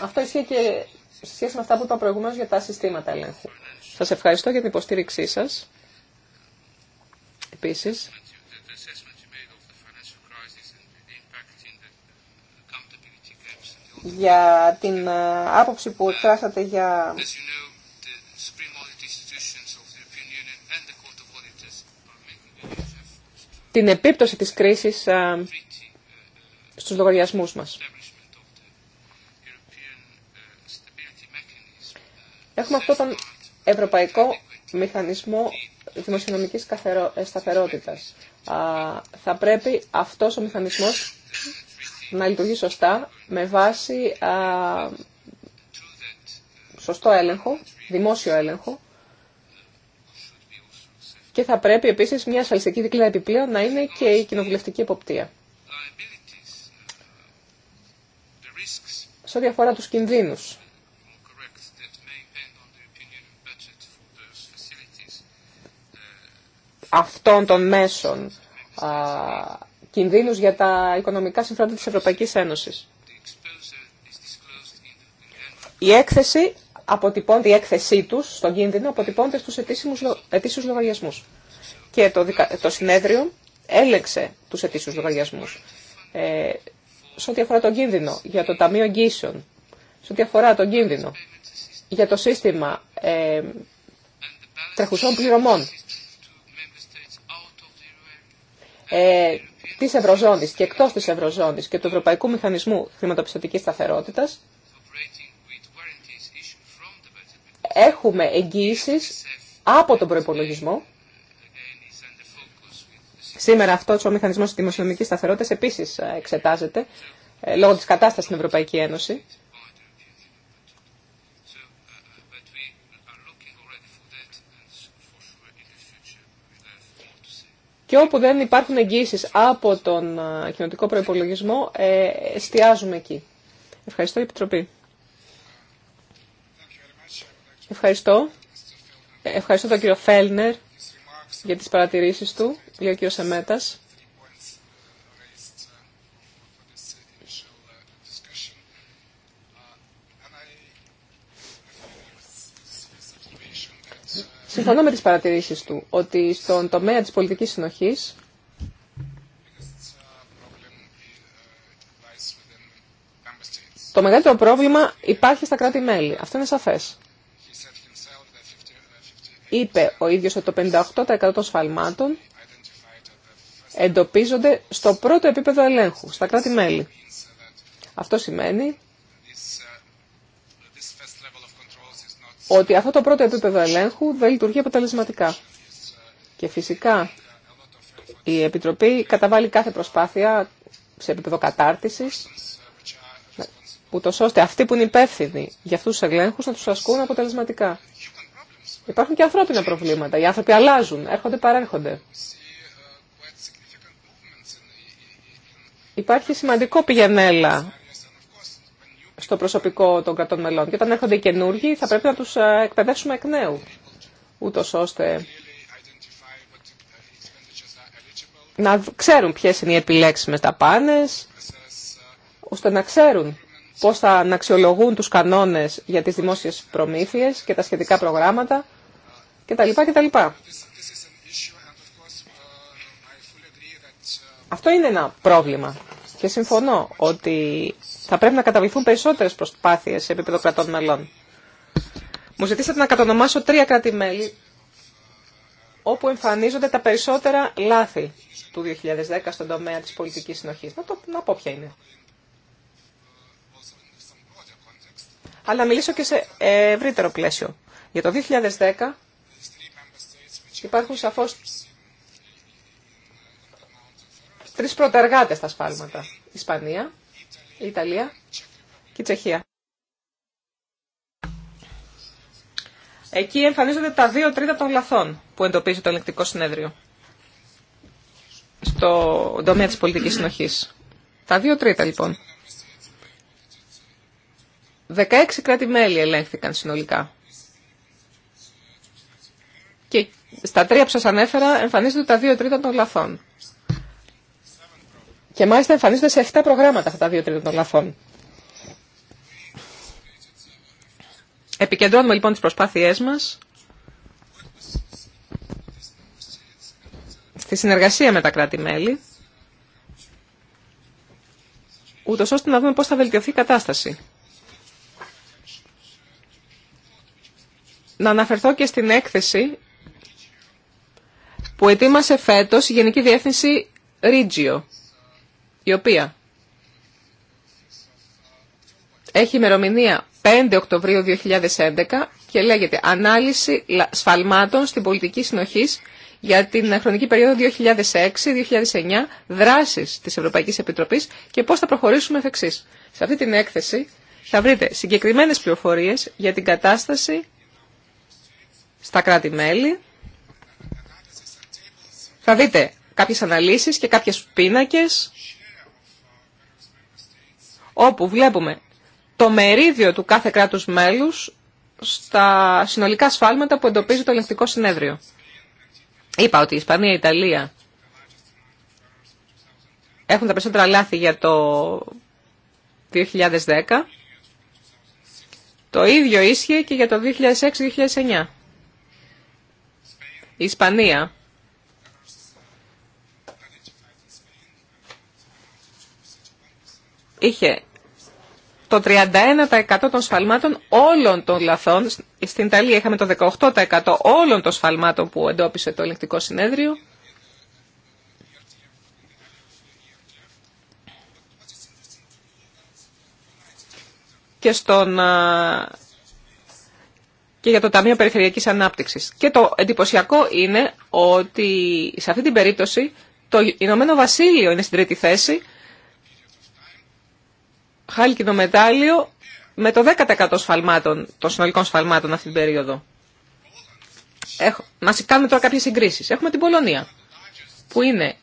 Αυτό ισχύει και σε σχέση με αυτά που είπα προηγουμένως για τα συστήματα ελέγχου. Σας ευχαριστώ για την υποστήριξή σας. Επίσης, για την ε, άποψη που εκφράσατε για την επίπτωση της κρίσης στους λογαριασμούς μας. Έχουμε αυτόν τον ευρωπαϊκό μηχανισμό δημοσιονομικής ε, σταθερότητας. Θα πρέπει αυτός ο μηχανισμός να λειτουργεί σωστά με βάση σωστό έλεγχο, δημόσιο έλεγχο και θα πρέπει επίσης μια ασφαλιστική δίκλα επιπλέον να είναι και η κοινοβουλευτική εποπτεία. Σε ό,τι αφορά τους κινδύνους. αυτών των μέσων α, κινδύνους για τα οικονομικά συμφέροντα της Ευρωπαϊκής Ένωσης. Η έκθεση αποτυπώνεται η έκθεσή του στον κίνδυνο, αποτυπώνεται στου ετήσιους λογαριασμού. Και το, το συνέδριο έλεξε τους ετήσιου λογαριασμού, Ε, σε ό,τι αφορά τον κίνδυνο για το Ταμείο Εγγύσεων, σε ό,τι αφορά τον κίνδυνο για το σύστημα ε, τρεχουσών πληρωμών ε, της Ευρωζώνης και εκτός της Ευρωζώνης και του Ευρωπαϊκού Μηχανισμού Χρηματοπιστωτικής Σταθερότητας, έχουμε εγγύησεις από τον προϋπολογισμό. Σήμερα αυτό ο μηχανισμός της δημοσιονομικής σταθερότητας επίσης εξετάζεται ε, λόγω της κατάστασης στην Ευρωπαϊκή Ένωση. Και όπου δεν υπάρχουν εγγύησεις από τον ε, κοινοτικό προϋπολογισμό, ε, εστιάζουμε εκεί. Ευχαριστώ, Επιτροπή. Ευχαριστώ. Ευχαριστώ τον κύριο Φέλνερ για τις παρατηρήσεις του, για ο κύριο Σεμέτας. Συμφωνώ με τις παρατηρήσεις του ότι στον τομέα της πολιτικής συνοχής το μεγαλύτερο πρόβλημα υπάρχει στα κράτη-μέλη. Αυτό είναι σαφές είπε ο ίδιος ότι το 58% των σφαλμάτων εντοπίζονται στο πρώτο επίπεδο ελέγχου, στα κράτη-μέλη. Αυτό σημαίνει ότι αυτό το πρώτο επίπεδο ελέγχου δεν λειτουργεί αποτελεσματικά. Και φυσικά η Επιτροπή καταβάλει κάθε προσπάθεια σε επίπεδο κατάρτισης, ούτως ώστε αυτοί που είναι υπεύθυνοι για αυτούς τους ελέγχους να τους ασκούν αποτελεσματικά. Υπάρχουν και ανθρώπινα προβλήματα. Οι άνθρωποι αλλάζουν, έρχονται, παρέρχονται. Υπάρχει σημαντικό πηγενέλα στο προσωπικό των κρατών μελών. Και όταν έρχονται οι καινούργοι θα πρέπει να τους ε, εκπαιδεύσουμε εκ νέου, ούτω ώστε να ξέρουν ποιες είναι οι επιλέξιμες πάνες, ώστε να ξέρουν πώς θα αναξιολογούν τους κανόνες για τις δημόσιες προμήθειες και τα σχετικά προγράμματα, κτλ. κτλ. Αυτό είναι ένα πρόβλημα και συμφωνώ ότι θα πρέπει να καταβληθούν περισσότερες προσπάθειες σε επίπεδο κρατών μελών. Μου ζητήσατε να κατονομάσω τρία κράτη-μέλη όπου εμφανίζονται τα περισσότερα λάθη του 2010 στον τομέα της πολιτικής συνοχής. Να, το, να πω ποια είναι. Αλλά μιλήσω και σε ευρύτερο πλαίσιο. Για το 2010 Υπάρχουν σαφώ τρεις πρωτεργάτες στα σφάλματα. Ισπανία, Ιταλία και Τσεχία. Εκεί εμφανίζονται τα δύο τρίτα των λαθών που εντοπίζει το ελεκτικό συνέδριο στο τομέα της πολιτικής συνοχής. Τα δύο τρίτα λοιπόν. 16 κράτη-μέλη ελέγχθηκαν συνολικά. Και στα τρία που σας ανέφερα εμφανίζονται τα δύο τρίτα των λαθών. Και μάλιστα εμφανίζονται σε 7 προγράμματα αυτά τα δύο τρίτα των λαθών. Επικεντρώνουμε λοιπόν τις προσπάθειές μας στη συνεργασία με τα κράτη-μέλη, ούτως ώστε να δούμε πώς θα βελτιωθεί η κατάσταση. Να αναφερθώ και στην έκθεση που ετοίμασε φέτος η Γενική Διεύθυνση Ρίτζιο, η οποία έχει ημερομηνία 5 Οκτωβρίου 2011 και λέγεται «Ανάλυση σφαλμάτων στην πολιτική συνοχής για την χρονική περίοδο 2006-2009, δράσεις της Ευρωπαϊκής Επιτροπής και πώς θα προχωρήσουμε εφ' εξής. Σε αυτή την έκθεση θα βρείτε συγκεκριμένες πληροφορίες για την κατάσταση στα κράτη-μέλη, θα δείτε κάποιες αναλύσεις και κάποιες πίνακες όπου βλέπουμε το μερίδιο του κάθε κράτους μέλους στα συνολικά σφάλματα που εντοπίζει το ελεγκτικό συνέδριο. Είπα ότι η Ισπανία, η Ιταλία έχουν τα περισσότερα λάθη για το 2010. Το ίδιο ίσχυε και για το 2006-2009. Η Ισπανία είχε το 31% των σφαλμάτων όλων των λαθών. Στην Ιταλία είχαμε το 18% όλων των σφαλμάτων που εντόπισε το ελεκτικό συνέδριο. Και, στον, και για το Ταμείο Περιφερειακής Ανάπτυξης. Και το εντυπωσιακό είναι ότι σε αυτή την περίπτωση το Ηνωμένο Βασίλειο είναι στην τρίτη θέση χάλκινο μετάλλιο με το 10% σφαλμάτων, των συνολικών σφαλμάτων αυτή την περίοδο. Έχω, να κάνουμε τώρα κάποιες συγκρίσεις. Έχουμε την Πολωνία, που είναι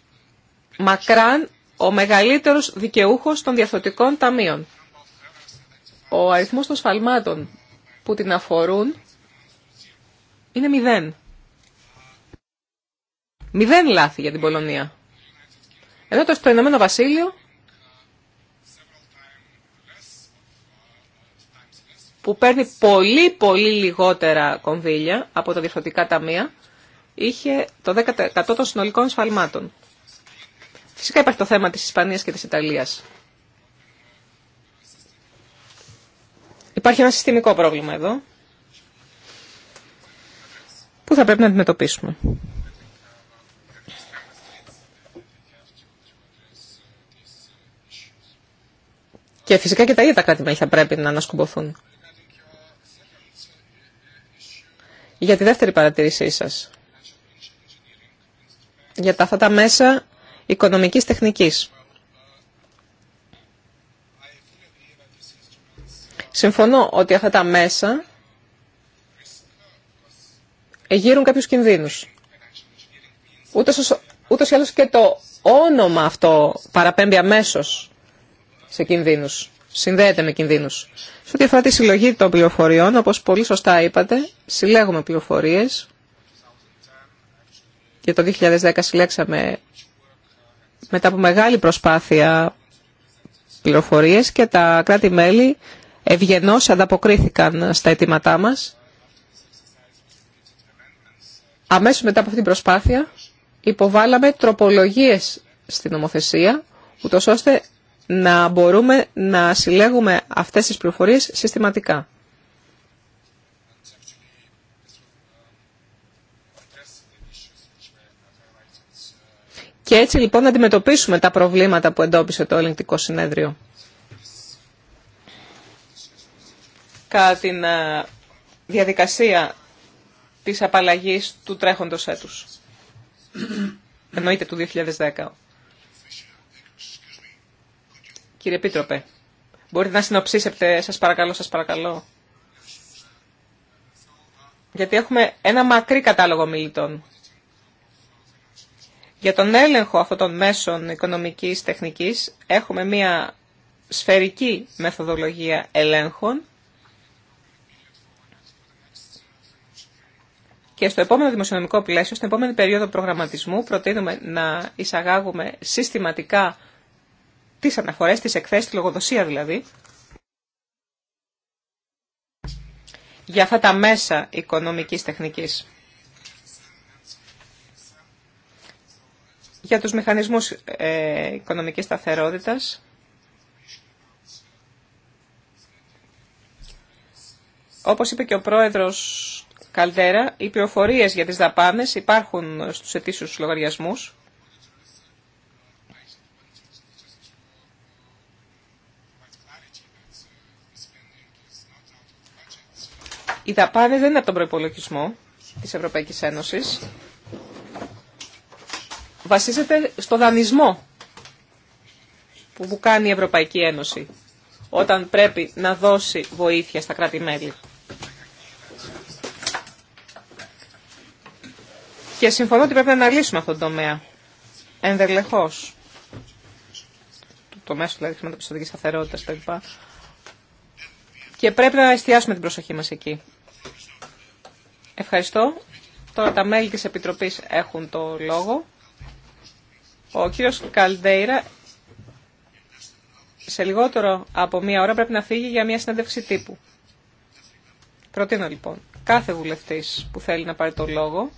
μακράν ο μεγαλύτερος δικαιούχος των διαφθορτικών ταμείων. Ο αριθμός των σφαλμάτων που την αφορούν είναι μηδέν. Μηδέν λάθη για την Πολωνία. Ενώ το Βασίλειο που παίρνει πολύ πολύ λιγότερα κονδύλια από τα διευθυντικά ταμεία, είχε το 10% των συνολικών σφαλμάτων. Φυσικά υπάρχει το θέμα της Ισπανίας και της Ιταλίας. Υπάρχει ένα συστημικό πρόβλημα εδώ που θα πρέπει να αντιμετωπίσουμε. Και φυσικά και τα ίδια τα κράτη-μέλη θα πρέπει να ανασκουμποθούν. για τη δεύτερη παρατήρησή σας. Για τα αυτά τα μέσα οικονομικής τεχνικής. Συμφωνώ ότι αυτά τα μέσα εγείρουν κάποιους κινδύνους. Ούτως, ούτως ή άλλως και το όνομα αυτό παραπέμπει αμέσως σε κινδύνους συνδέεται με κινδύνους. Σε ό,τι αφορά τη συλλογή των πληροφοριών, όπως πολύ σωστά είπατε, συλλέγουμε πληροφορίε. και το 2010 συλλέξαμε μετά από μεγάλη προσπάθεια πληροφορίε και τα κράτη-μέλη ευγενώ ανταποκρίθηκαν στα αιτήματά μας. Αμέσω μετά από αυτή την προσπάθεια υποβάλαμε τροπολογίες στην νομοθεσία, ούτω ώστε να μπορούμε να συλλέγουμε αυτές τις πληροφορίες συστηματικά. Και έτσι λοιπόν να αντιμετωπίσουμε τα προβλήματα που εντόπισε το ελληνικό συνέδριο. Κατά την ε, διαδικασία της απαλλαγής του τρέχοντος έτους. Εννοείται του 2010. Κύριε Επίτροπε, μπορείτε να συνοψίσετε, σας παρακαλώ, σας παρακαλώ. Γιατί έχουμε ένα μακρύ κατάλογο μιλητών. Για τον έλεγχο αυτών των μέσων οικονομικής τεχνικής έχουμε μία σφαιρική μεθοδολογία ελέγχων Και στο επόμενο δημοσιονομικό πλαίσιο, στην επόμενη περίοδο προγραμματισμού, προτείνουμε να εισαγάγουμε συστηματικά τις αναφορές, τις εκθέσεις, τη λογοδοσία δηλαδή, για αυτά τα μέσα οικονομικής τεχνικής. Για τους μηχανισμούς ε, οικονομικής σταθερότητας, όπως είπε και ο πρόεδρος Καλδέρα, οι πληροφορίε για τις δαπάνες υπάρχουν στους ετήσιους λογαριασμούς. Η δαπάνη δεν είναι από τον προπολογισμό της Ευρωπαϊκής Ένωσης. Βασίζεται στο δανεισμό που κάνει η Ευρωπαϊκή Ένωση όταν πρέπει να δώσει βοήθεια στα κράτη-μέλη. Και συμφωνώ ότι πρέπει να αναλύσουμε αυτόν τον τομέα. Ενδελεχώς. Το μέσο, δηλαδή χρηματοπιστωτικής σταθερότητας κλπ. Και πρέπει να εστιάσουμε την προσοχή μας εκεί. Ευχαριστώ. Τώρα τα μέλη της Επιτροπής έχουν το λόγο. Ο κύριος Καλδέιρα σε λιγότερο από μία ώρα πρέπει να φύγει για μία συνέντευξη τύπου. Προτείνω λοιπόν κάθε βουλευτής που θέλει να πάρει το λόγο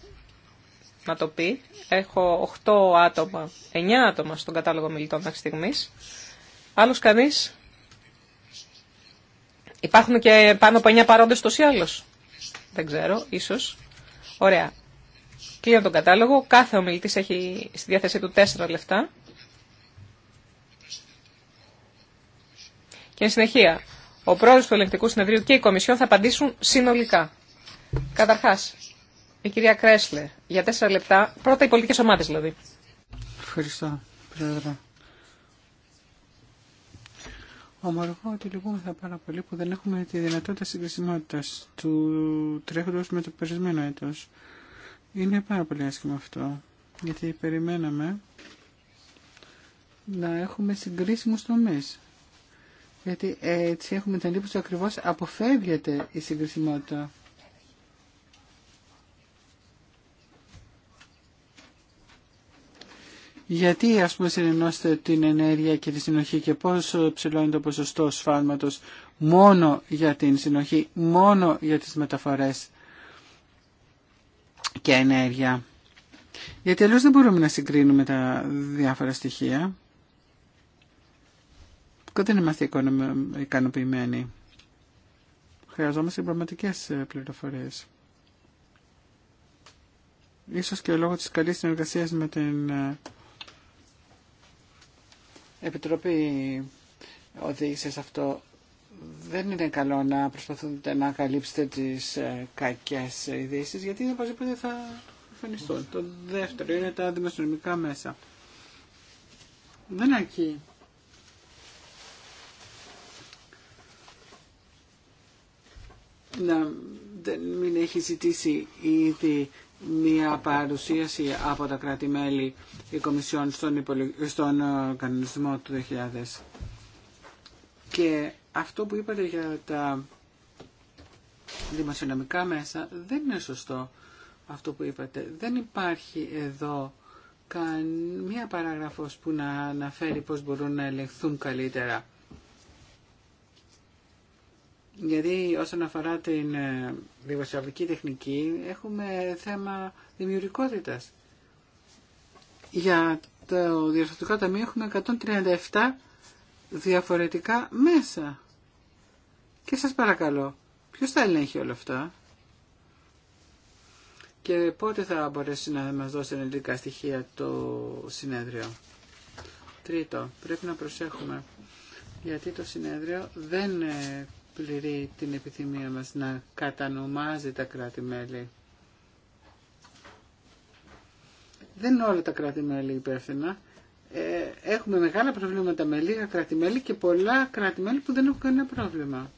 να το πει. Έχω 8 άτομα, 9 άτομα στον κατάλογο μιλητών μέχρι στιγμή. Άλλο κανείς. Υπάρχουν και πάνω από 9 παρόντε τόσο ή δεν ξέρω, ίσως. Ωραία. Κλείνω τον κατάλογο. Κάθε ομιλητή έχει στη διάθεσή του 4 λεφτά. Και εν συνεχεία, ο πρόεδρος του Ελεγκτικού Συνεδρίου και η Κομισιόν θα απαντήσουν συνολικά. Καταρχάς, η κυρία Κρέσλε, για 4 λεπτά, πρώτα οι πολιτικέ ομάδε, δηλαδή.
Ευχαριστώ, Πρόεδρε. Ομολογώ ότι λυπούμεθα πάρα πολύ που δεν έχουμε τη δυνατότητα συγκρισιμότητα του τρέχοντο με το περισμένο έτο. Είναι πάρα πολύ άσχημο αυτό. Γιατί περιμέναμε να έχουμε συγκρίσιμους τομείς. Γιατί έτσι έχουμε την εντύπωση ακριβώς αποφεύγεται η συγκρισιμότητα. Γιατί ας πούμε συνενώστε την ενέργεια και τη συνοχή και πόσο ψηλώνει το ποσοστό σφάλματος μόνο για την συνοχή, μόνο για τις μεταφορές και ενέργεια. Γιατί αλλιώς δεν μπορούμε να συγκρίνουμε τα διάφορα στοιχεία. Δεν είμαστε ικανοποιημένοι. Χρειαζόμαστε πραγματικές ε, πληροφορίες. Ίσως και λόγω της καλής συνεργασίας με την ε, Επιτροπή οδήγησε σε αυτό. Δεν είναι καλό να προσπαθούνται να καλύψετε τις ε, κακές ειδήσει, γιατί οπωσδήποτε θα εμφανιστούν. Το δεύτερο είναι τα δημοσιονομικά μέσα. Δεν αρκεί. Να μην έχει ζητήσει ήδη μια παρουσίαση από τα κράτη-μέλη η Κομισιόν στον, οργανισμό στον ε, κανονισμό του 2000. Και αυτό που είπατε για τα δημοσιονομικά μέσα δεν είναι σωστό αυτό που είπατε. Δεν υπάρχει εδώ καμία παράγραφος που να αναφέρει πώς μπορούν να ελεγχθούν καλύτερα γιατί όσον αφορά την ε, δημοσιογραφική τεχνική έχουμε θέμα δημιουργικότητας. Για το Διευθυντικό Ταμείο έχουμε 137 διαφορετικά μέσα. Και σας παρακαλώ, ποιος θα ελέγχει όλα αυτά και πότε θα μπορέσει να μας δώσει ενεργικά στοιχεία το συνέδριο. Τρίτο, πρέπει να προσέχουμε γιατί το συνέδριο δεν ε, πληρεί την επιθυμία μας να κατανομάζει τα κράτη-μέλη. Δεν όλα τα κράτη-μέλη υπεύθυνα. Ε, έχουμε μεγάλα προβλήματα με λίγα κράτη-μέλη και πολλά κράτη-μέλη που δεν έχουν κανένα πρόβλημα.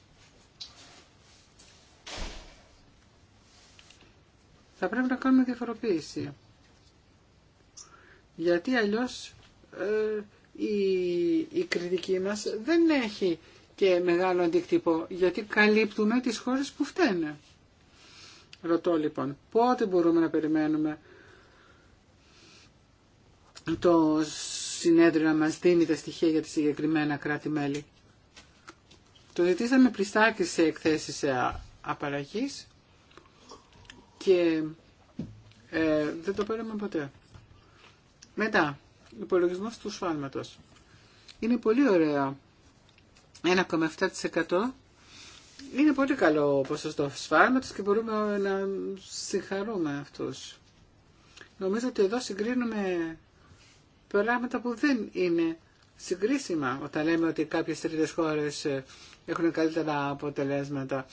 Θα πρέπει να κάνουμε διαφοροποίηση. Γιατί αλλιώς ε, η, η κριτική μας δεν έχει και μεγάλο αντίκτυπο, γιατί καλύπτουμε τις χώρες που φταίνε. Ρωτώ λοιπόν, πότε μπορούμε να περιμένουμε το συνέδριο να μας δίνει τα στοιχεία για τη συγκεκριμένα κράτη-μέλη. Το ζητήσαμε πριστάκι σε εκθέσεις ε, απαραγής και ε, δεν το παίρνουμε ποτέ. Μετά, υπολογισμός του σφάλματος. Είναι πολύ ωραία 1,7% είναι πολύ καλό ποσοστό σφάλματος και μπορούμε να συγχαρούμε αυτούς. Νομίζω ότι εδώ συγκρίνουμε πράγματα που δεν είναι συγκρίσιμα όταν λέμε ότι κάποιες τρίτες χώρες έχουν καλύτερα αποτελέσματα.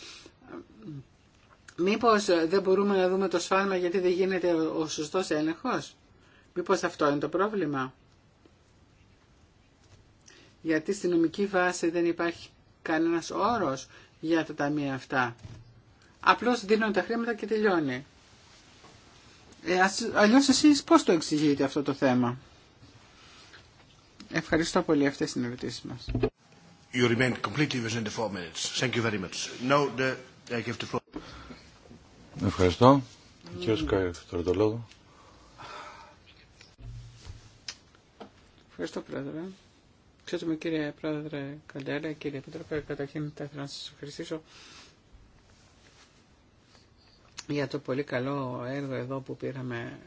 Μήπως δεν μπορούμε να δούμε το σφάλμα γιατί δεν γίνεται ο σωστός έλεγχος. Μήπως αυτό είναι το πρόβλημα γιατί στη νομική βάση δεν υπάρχει κανένας όρος για τα ταμεία αυτά. Απλώς δίνουν τα χρήματα και τελειώνει. Ε, αλλιώς εσείς πώς το εξηγείτε αυτό το θέμα. Ευχαριστώ πολύ αυτές τις ερωτήσεις μας.
You remain completely within the four minutes. Thank you very much. No, the, I give the floor.
Ευχαριστώ. Mm. Κύριος τώρα το λόγο.
Ευχαριστώ, Πρόεδρε. Ξέρουμε κύριε Πρόεδρε Καντέλα κύριε Επιτροπέ, καταρχήν θα ήθελα να σας ευχαριστήσω για το πολύ καλό έργο εδώ που πήραμε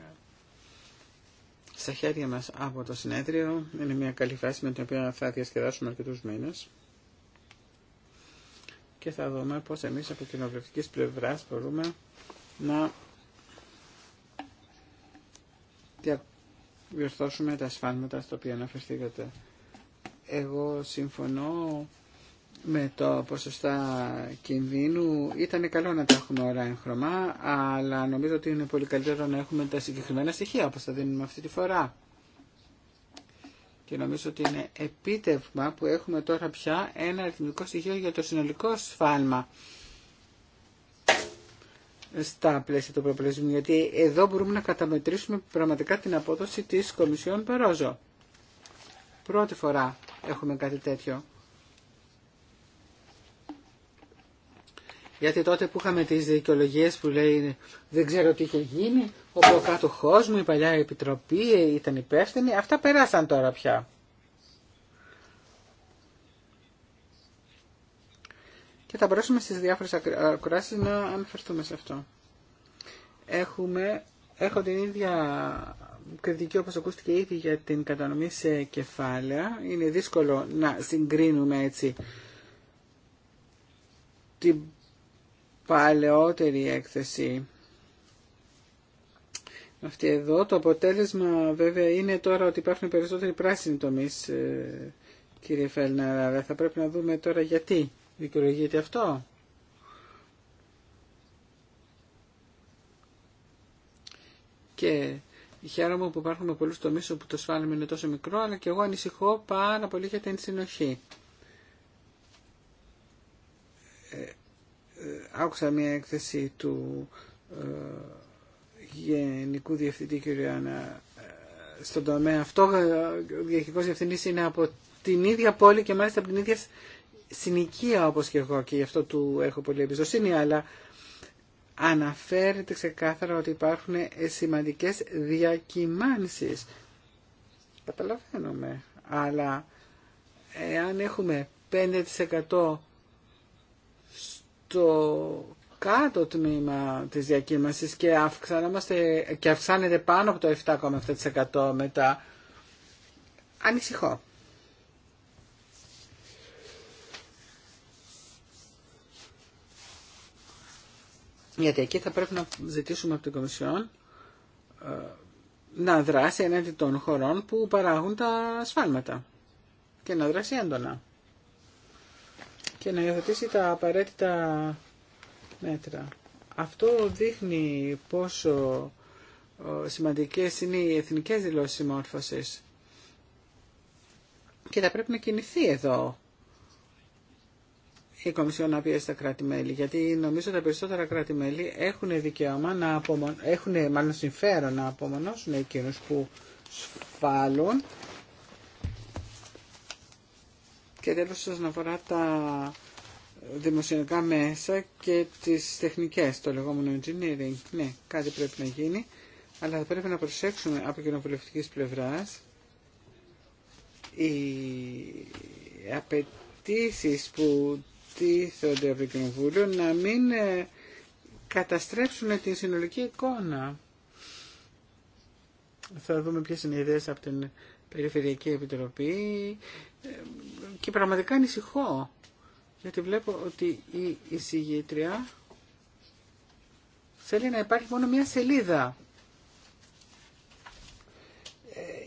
στα χέρια μας από το συνέδριο. Είναι μια καλή φάση με την οποία θα διασκεδάσουμε αρκετούς μήνες και θα δούμε πώς εμείς από κοινοβουλευτικής πλευρά μπορούμε να διορθώσουμε τα σφάλματα στα οποία αναφερθήκατε. Εγώ συμφωνώ με το ποσοστά κινδύνου. Ήταν καλό να τα έχουμε όλα χρώμα, αλλά νομίζω ότι είναι πολύ καλύτερο να έχουμε τα συγκεκριμένα στοιχεία όπως τα δίνουμε αυτή τη φορά. Και νομίζω ότι είναι επίτευγμα που έχουμε τώρα πια ένα αριθμητικό στοιχείο για το συνολικό σφάλμα στα πλαίσια του προπολογισμού, γιατί εδώ μπορούμε να καταμετρήσουμε πραγματικά την απόδοση της Κομισιόν Παρόζο. Πρώτη φορά έχουμε κάτι τέτοιο. Γιατί τότε που είχαμε τις δικαιολογίε που λέει δεν ξέρω τι είχε γίνει, ο προκάτοχός μου, η παλιά επιτροπή ήταν υπεύθυνη, αυτά περάσαν τώρα πια. Και θα μπορέσουμε στις διάφορες ακουράσεις να αναφερθούμε σε αυτό. Έχουμε, έχω την ίδια κριτική όπως ακούστηκε ήδη για την κατανομή σε κεφάλαια. Είναι δύσκολο να συγκρίνουμε έτσι την παλαιότερη έκθεση. Αυτή εδώ το αποτέλεσμα βέβαια είναι τώρα ότι υπάρχουν περισσότεροι πράσινοι τομείς ε, κύριε Φέλναρα. αλλά θα πρέπει να δούμε τώρα γιατί δικαιολογείται αυτό. Και Χαίρομαι που υπάρχουν πολλού τομεί όπου το σφάλμα είναι τόσο μικρό, αλλά και εγώ ανησυχώ πάρα πολύ για την συνοχή. Ε, ε, άκουσα μια έκθεση του ε, Γενικού Διευθυντή κ. Άννα ε, στον τομέα αυτό. Ο Διευθυντικός Διευθυντής είναι από την ίδια πόλη και μάλιστα από την ίδια συνοικία όπως και εγώ και γι' αυτό του έχω πολύ εμπιστοσύνη αλλά αναφέρεται ξεκάθαρα ότι υπάρχουν σημαντικές διακυμάνσεις. Καταλαβαίνουμε, αλλά εάν έχουμε 5% στο κάτω τμήμα της διακύμανσης και, και αυξάνεται πάνω από το 7,7% μετά, ανησυχώ. Γιατί εκεί θα πρέπει να ζητήσουμε από την Κομισιόν ε, να δράσει εναντί των χωρών που παράγουν τα σφάλματα και να δράσει έντονα και να υιοθετήσει τα απαραίτητα μέτρα. Αυτό δείχνει πόσο ε, σημαντικές είναι οι εθνικές δηλώσεις συμμόρφωσης. Και θα πρέπει να κινηθεί εδώ η Κομισιόν να πιέσει τα κράτη-μέλη, γιατί νομίζω τα περισσότερα κράτη-μέλη έχουν δικαίωμα να απομον... έχουν μάλλον συμφέρον να απομονώσουν εκείνους που σφάλουν. Και τέλος όσον αφορά τα δημοσιονομικά μέσα και τις τεχνικές, το λεγόμενο engineering. Ναι, κάτι πρέπει να γίνει, αλλά θα πρέπει να προσέξουμε από κοινοβουλευτικής πλευράς οι απαιτήσει που αυτή από το Κοινοβούλιο να μην ε, καταστρέψουν την συνολική εικόνα. Θα δούμε ποιες είναι οι ιδέες από την Περιφερειακή Επιτροπή ε, και πραγματικά ανησυχώ γιατί βλέπω ότι η εισηγήτρια θέλει να υπάρχει μόνο μία σελίδα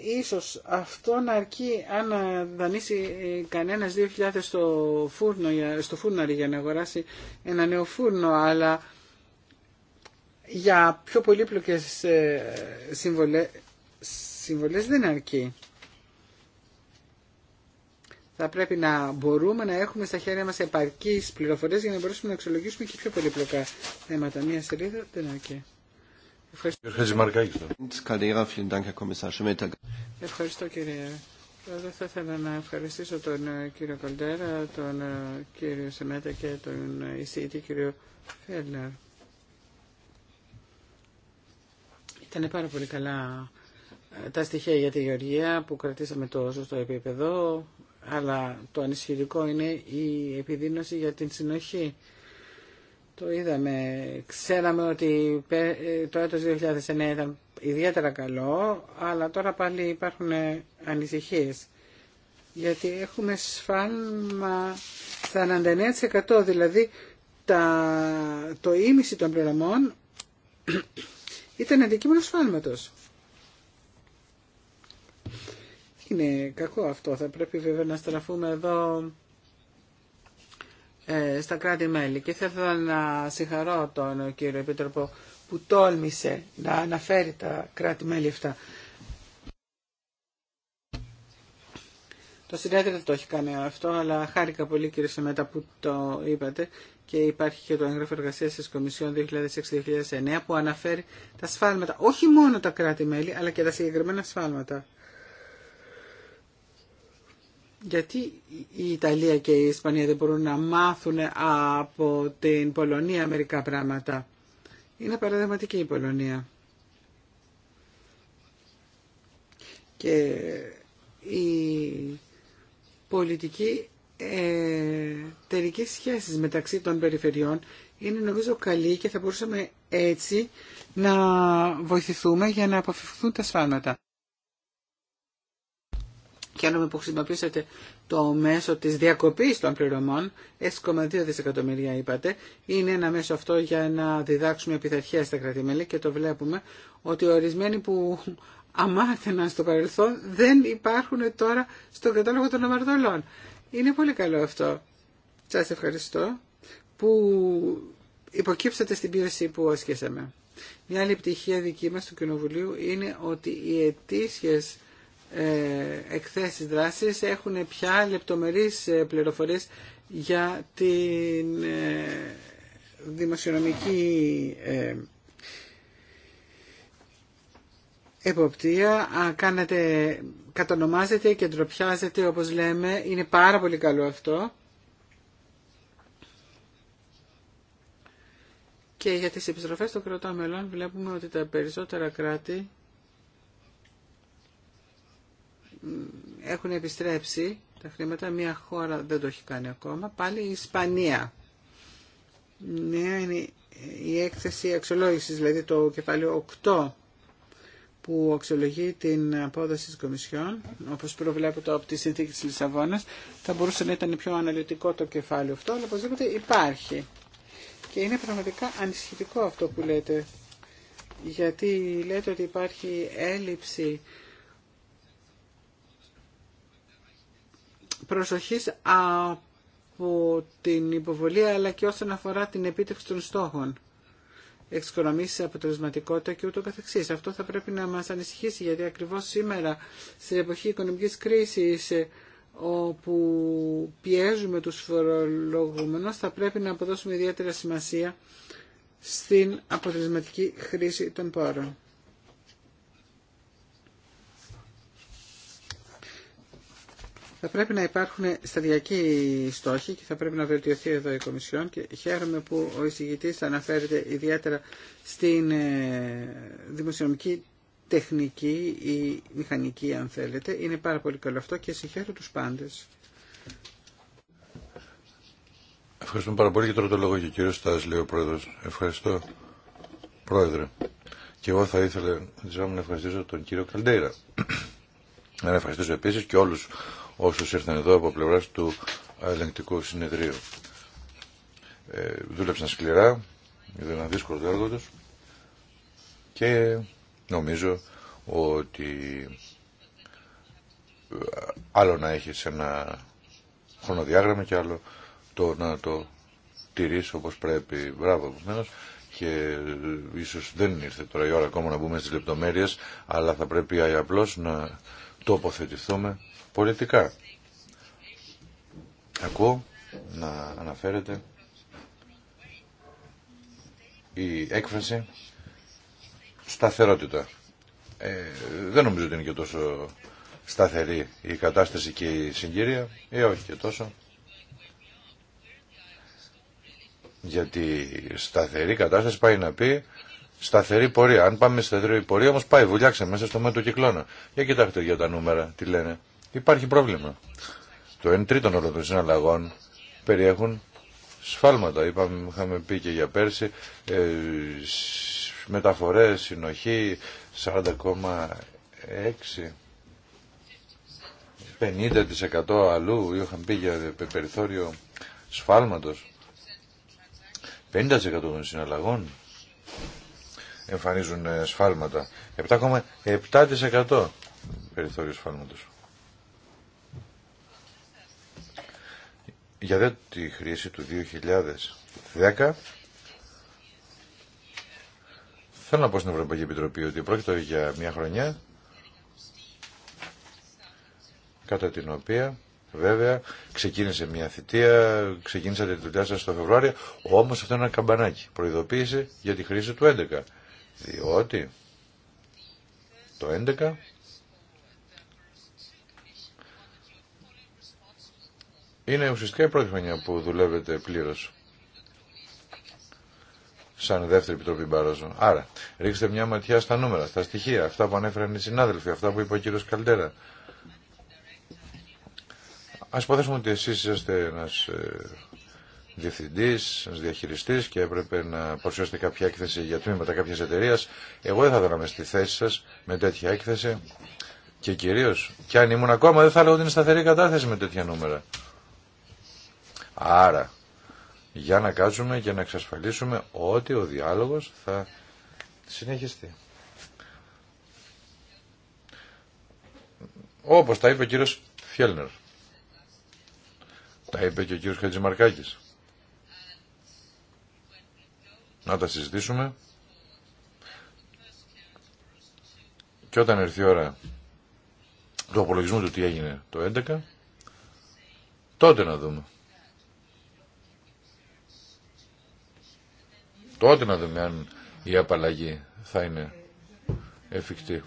ίσως αυτό να αρκεί αν δανείσει κανένας 2.000 στο, φούρνο, στο φούρναρι για να αγοράσει ένα νέο φούρνο, αλλά για πιο πολύπλοκες ε, συμβολές, δεν αρκεί. Θα πρέπει να μπορούμε να έχουμε στα χέρια μας επαρκείς πληροφορίες για να μπορέσουμε να αξιολογήσουμε και πιο πολύπλοκα θέματα. Μία σελίδα δεν αρκεί. Ευχαριστώ. Ευχαριστώ κύριε Πρόεδρε. Θα ήθελα να ευχαριστήσω τον ε, κύριο Κοντέρα, τον ε, κύριο Σεμέτα και τον ε, εισηγητή κύριο Φέλνερ. Ήταν πάρα πολύ καλά τα στοιχεία για τη Γεωργία που κρατήσαμε το σωστό επίπεδο, αλλά το ανισχυρικό είναι η επιδείνωση για την συνοχή. Το είδαμε. Ξέραμε ότι το έτος 2009 ήταν ιδιαίτερα καλό, αλλά τώρα πάλι υπάρχουν ανησυχίες. Γιατί έχουμε σφάλμα στα 99%, δηλαδή τα, το ίμιση των πληρωμών ήταν αντικείμενο σφάλματος. Είναι κακό αυτό, θα πρέπει βέβαια να στραφούμε εδώ ε, στα κράτη-μέλη. Και θα ήθελα να συγχαρώ τον κύριο Επίτροπο που τόλμησε να αναφέρει τα κράτη-μέλη αυτά. Το συνέδριο δεν το έχει κάνει αυτό, αλλά χάρηκα πολύ κύριε Σεμέτα που το είπατε και υπάρχει και το έγγραφο εργασία τη Κομισιόν 2006-2009 που αναφέρει τα σφάλματα, όχι μόνο τα κράτη-μέλη, αλλά και τα συγκεκριμένα σφάλματα. Γιατί η Ιταλία και η Ισπανία δεν μπορούν να μάθουν από την Πολωνία μερικά πράγματα. Είναι παραδειγματική η Πολωνία. Και η πολιτική ε, εταιρική σχέσεις μεταξύ των περιφερειών είναι νομίζω καλή και θα μπορούσαμε έτσι να βοηθηθούμε για να αποφευχθούν τα σφάλματα χαίρομαι που χρησιμοποιήσατε το μέσο της διακοπής των πληρωμών, 6,2 δισεκατομμυρία είπατε, είναι ένα μέσο αυτό για να διδάξουμε πειθαρχία στα κρατημέλη και το βλέπουμε ότι ορισμένοι που αμάθαιναν στο παρελθόν δεν υπάρχουν τώρα στον κατάλογο των αμαρτωλών. Είναι πολύ καλό αυτό. Σας ευχαριστώ που υποκύψατε στην πίεση που ασκήσαμε. Μια άλλη πτυχία δική μας του Κοινοβουλίου είναι ότι οι αιτήσει ε, εκθέσεις δράσης έχουν πια λεπτομερείς ε, πληροφορίες για την ε, δημοσιονομική εποπτεία. κάνετε, κατονομάζετε και ντροπιάζετε όπως λέμε. Είναι πάρα πολύ καλό αυτό. Και για τις επιστροφές των κρατών μελών βλέπουμε ότι τα περισσότερα κράτη έχουν επιστρέψει τα χρήματα, μια χώρα δεν το έχει κάνει ακόμα, πάλι η Ισπανία. Νέα είναι η έκθεση αξιολόγησης, δηλαδή το κεφάλαιο 8 που αξιολογεί την απόδοση της Κομισιόν, όπως προβλέπεται από τη συνθήκη της Λισαβόνας, θα μπορούσε να ήταν πιο αναλυτικό το κεφάλαιο αυτό, αλλά οπωσδήποτε υπάρχει. Και είναι πραγματικά ανησυχητικό αυτό που λέτε, γιατί λέτε ότι υπάρχει έλλειψη προσοχής από την υποβολή αλλά και όσον αφορά την επίτευξη των στόχων εξοικονομήσεις, αποτελεσματικότητα και ούτω καθεξής. Αυτό θα πρέπει να μας ανησυχήσει γιατί ακριβώς σήμερα στην εποχή οικονομικής κρίσης όπου πιέζουμε τους φορολογούμενους θα πρέπει να αποδώσουμε ιδιαίτερη σημασία στην αποτελεσματική χρήση των πόρων. Θα πρέπει να υπάρχουν σταδιακοί στόχοι και θα πρέπει να βελτιωθεί εδώ η Κομισιόν και χαίρομαι που ο εισηγητής αναφέρεται ιδιαίτερα στην ε, δημοσιονομική τεχνική ή μηχανική αν θέλετε. Είναι πάρα πολύ καλό αυτό και συγχαίρω τους πάντες.
Ευχαριστούμε πάρα πολύ και τώρα το λόγο και ο κύριος Στάζ, λέει ο Πρόεδρος. Ευχαριστώ, Πρόεδρε. Και εγώ θα ήθελα να ευχαριστήσω τον κύριο Καλντέιρα. Να ευχαριστήσω επίσης και όλους όσους ήρθαν εδώ από πλευράς του ελεγκτικού συνεδρίου. Ε, δούλεψαν σκληρά, ήταν ένα δύσκολο το έργο τους και νομίζω ότι ε, άλλο να έχει ένα χρονοδιάγραμμα και άλλο το να το τηρείς όπως πρέπει. Μπράβο επομένως και ε, ίσως δεν ήρθε τώρα η ώρα ακόμα να μπούμε στις λεπτομέρειες αλλά θα πρέπει απλώς να τοποθετηθούμε πολιτικά. Ακούω να αναφέρεται η έκφραση σταθερότητα. Ε, δεν νομίζω ότι είναι και τόσο σταθερή η κατάσταση και η συγκυρία, ή όχι και τόσο. Γιατί σταθερή κατάσταση πάει να πει σταθερή πορεία. Αν πάμε σταθερή πορεία όμως πάει, βουλιάξε μέσα στο μέτρο κυκλώνα. Για κοιτάξτε για τα νούμερα, τι λένε υπάρχει πρόβλημα. Το 1 τρίτο όλων των συναλλαγών περιέχουν σφάλματα. Είπαμε, είχαμε πει και για πέρσι, ε, μεταφορές, συνοχή, 40,6%. 50% αλλού είχαμε πει για περιθώριο σφάλματος 50% των συναλλαγών εμφανίζουν ε, σφάλματα 7,7% περιθώριο σφάλματος Για δε τη χρήση του 2010 θέλω να πω στην Ευρωπαϊκή Επιτροπή ότι πρόκειται για μια χρονιά κατά την οποία βέβαια ξεκίνησε μια θητεία, ξεκίνησατε τη δουλειά σας το Φεβρουάριο, όμως αυτό είναι ένα καμπανάκι, προειδοποίηση για τη χρήση του 11. Διότι το 11 Είναι ουσιαστικά η πρώτη χρονιά που δουλεύετε πλήρω σαν δεύτερη επιτροπή Μπαρόζο. Άρα, ρίξτε μια ματιά στα νούμερα, στα στοιχεία, αυτά που ανέφεραν οι συνάδελφοι, αυτά που είπε ο κύριο Καλτέρα. Α υποθέσουμε ότι εσεί είσαστε ένα ε, διευθυντή, ένα διαχειριστή και έπρεπε να παρουσιάσετε κάποια έκθεση για τμήματα κάποια εταιρεία. Εγώ δεν θα ήθελα στη θέση σα με τέτοια έκθεση και κυρίω, κι αν ήμουν ακόμα, δεν θα λέω ότι είναι σταθερή κατάθεση με τέτοια νούμερα. Άρα, για να κάτσουμε και να εξασφαλίσουμε ότι ο διάλογος θα συνεχιστεί. Όπως τα είπε ο κύριος Φιέλνερ. Τα είπε και ο κύριος Χατζημαρκάκης. Να τα συζητήσουμε. Και όταν έρθει η ώρα του απολογισμού του τι έγινε το 11, τότε να δούμε. τότε να δούμε αν η απαλλαγή θα είναι εφικτή.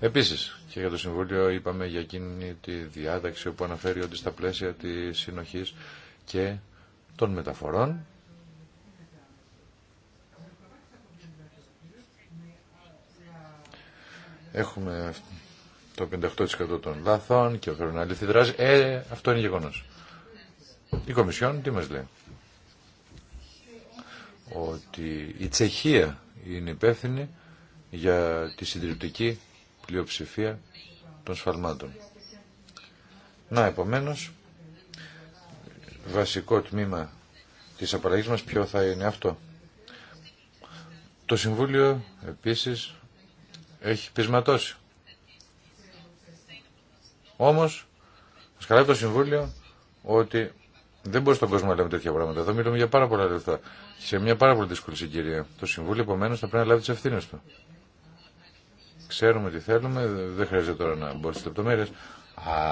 Επίσης, και για το Συμβούλιο είπαμε για εκείνη τη διάταξη όπου αναφέρει ότι στα πλαίσια της συνοχής και των μεταφορών έχουμε το 58% των λάθων και ο χρόνο δράση. Ε, αυτό είναι γεγονός. Η Κομισιόν τι μας λέει ότι η Τσεχία είναι υπεύθυνη για τη συντηρητική πλειοψηφία των σφαλμάτων. Να, επομένως, βασικό τμήμα της απαραίτητης μας ποιο θα είναι αυτό. Το Συμβούλιο επίσης έχει πεισματώσει. Όμως, μας το Συμβούλιο ότι δεν μπορεί στον κόσμο να λέμε τέτοια πράγματα. Εδώ μιλούμε για πάρα πολλά λεφτά. Σε μια πάρα πολύ δύσκολη συγκυρία. Το Συμβούλιο, επομένω, θα πρέπει να λάβει τι ευθύνε του. Ξέρουμε τι θέλουμε, δεν χρειάζεται τώρα να μπω στι λεπτομέρειε.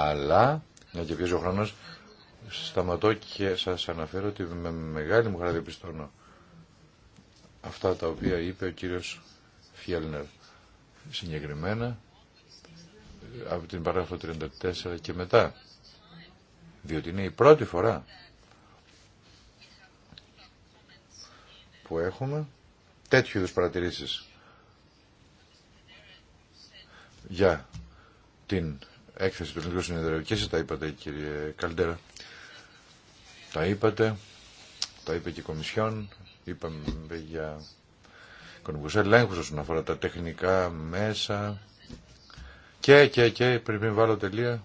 Αλλά, μια και πιέζει ο χρόνο, σταματώ και σα αναφέρω ότι με μεγάλη μου χαρά διαπιστώνω αυτά τα οποία είπε ο κύριο Φιέλνερ. Συγκεκριμένα, από την παράγραφο 34 και μετά. Διότι είναι η πρώτη φορά που έχουμε τέτοιου είδου παρατηρήσεις για την έκθεση του Ελληνικού Συνεδρίου και εσύ τα είπατε κύριε Καλντέρα τα είπατε τα είπε και η Κομισιόν είπαμε για οικονομικούς ελέγχους όσον αφορά τα τεχνικά μέσα και και και πριν βάλω τελεία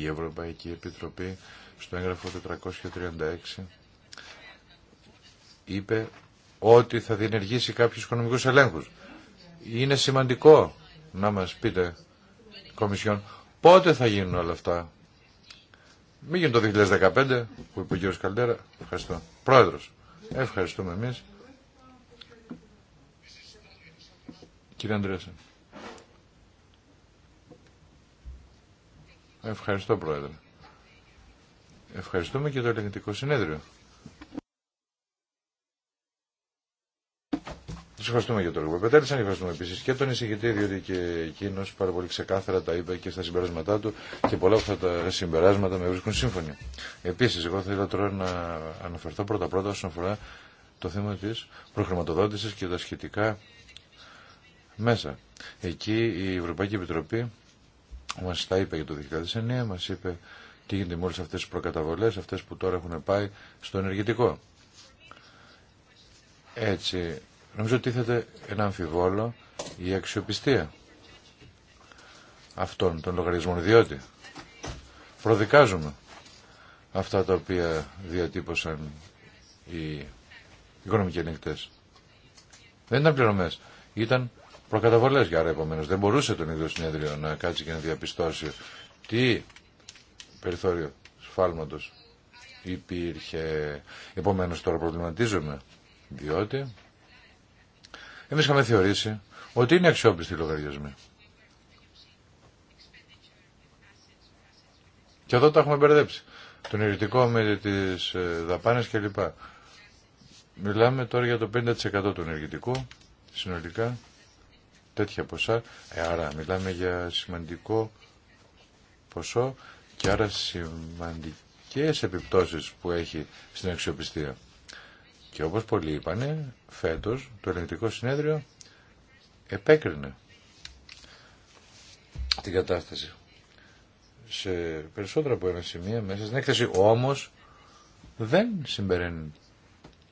η Ευρωπαϊκή Επιτροπή στο έγγραφο 436 είπε ότι θα διενεργήσει κάποιους οικονομικούς ελέγχους. Είναι σημαντικό να μας πείτε, Κομισιόν, πότε θα γίνουν όλα αυτά. Μην γίνει το 2015, που είπε ο κ. Καλτέρα. Ευχαριστώ. Πρόεδρος, ευχαριστούμε εμείς. Κύριε Ευχαριστώ, Πρόεδρε. Ευχαριστούμε και το Ελληνικό Συνέδριο. Σας ευχαριστούμε για το λόγο. Πετέλη, ευχαριστούμε επίση και τον εισηγητή, διότι και εκείνο πάρα πολύ ξεκάθαρα τα είπε και στα συμπεράσματά του και πολλά από αυτά τα συμπεράσματα με βρίσκουν σύμφωνοι. Επίση, εγώ θα ήθελα τώρα να αναφερθώ πρώτα-πρώτα όσον αφορά το θέμα τη προχρηματοδότηση και τα σχετικά μέσα. Εκεί η Ευρωπαϊκή Επιτροπή μας τα είπε για το 2009, μας είπε τι γίνεται με αυτές τις προκαταβολές, αυτές που τώρα έχουν πάει στο ενεργητικό. Έτσι, νομίζω ότι τίθεται ένα αμφιβόλο η αξιοπιστία αυτών των λογαριασμών, διότι προδικάζουμε αυτά τα οποία διατύπωσαν οι οικονομικοί ελεγκτέ. Δεν ήταν πληρωμές, ήταν προκαταβολέ για άρα επομένω. Δεν μπορούσε τον ίδιο συνέδριο να κάτσει και να διαπιστώσει τι περιθώριο σφάλματο υπήρχε. Επομένω τώρα προβληματίζομαι, διότι εμεί είχαμε θεωρήσει ότι είναι αξιόπιστοι λογαριασμοί. Και εδώ τα έχουμε μπερδέψει. Το ηρητικό με τις ε, δαπάνες κλπ. Μιλάμε τώρα για το 50% του ενεργητικού συνολικά τέτοια ποσά, ε, άρα μιλάμε για σημαντικό ποσό και άρα σημαντικές επιπτώσεις που έχει στην αξιοπιστία. Και όπως πολλοί είπανε, φέτος το ελεγκτικό συνέδριο επέκρινε την κατάσταση σε περισσότερα από ένα σημείο μέσα στην έκθεση. Όμως δεν συμπεραίνει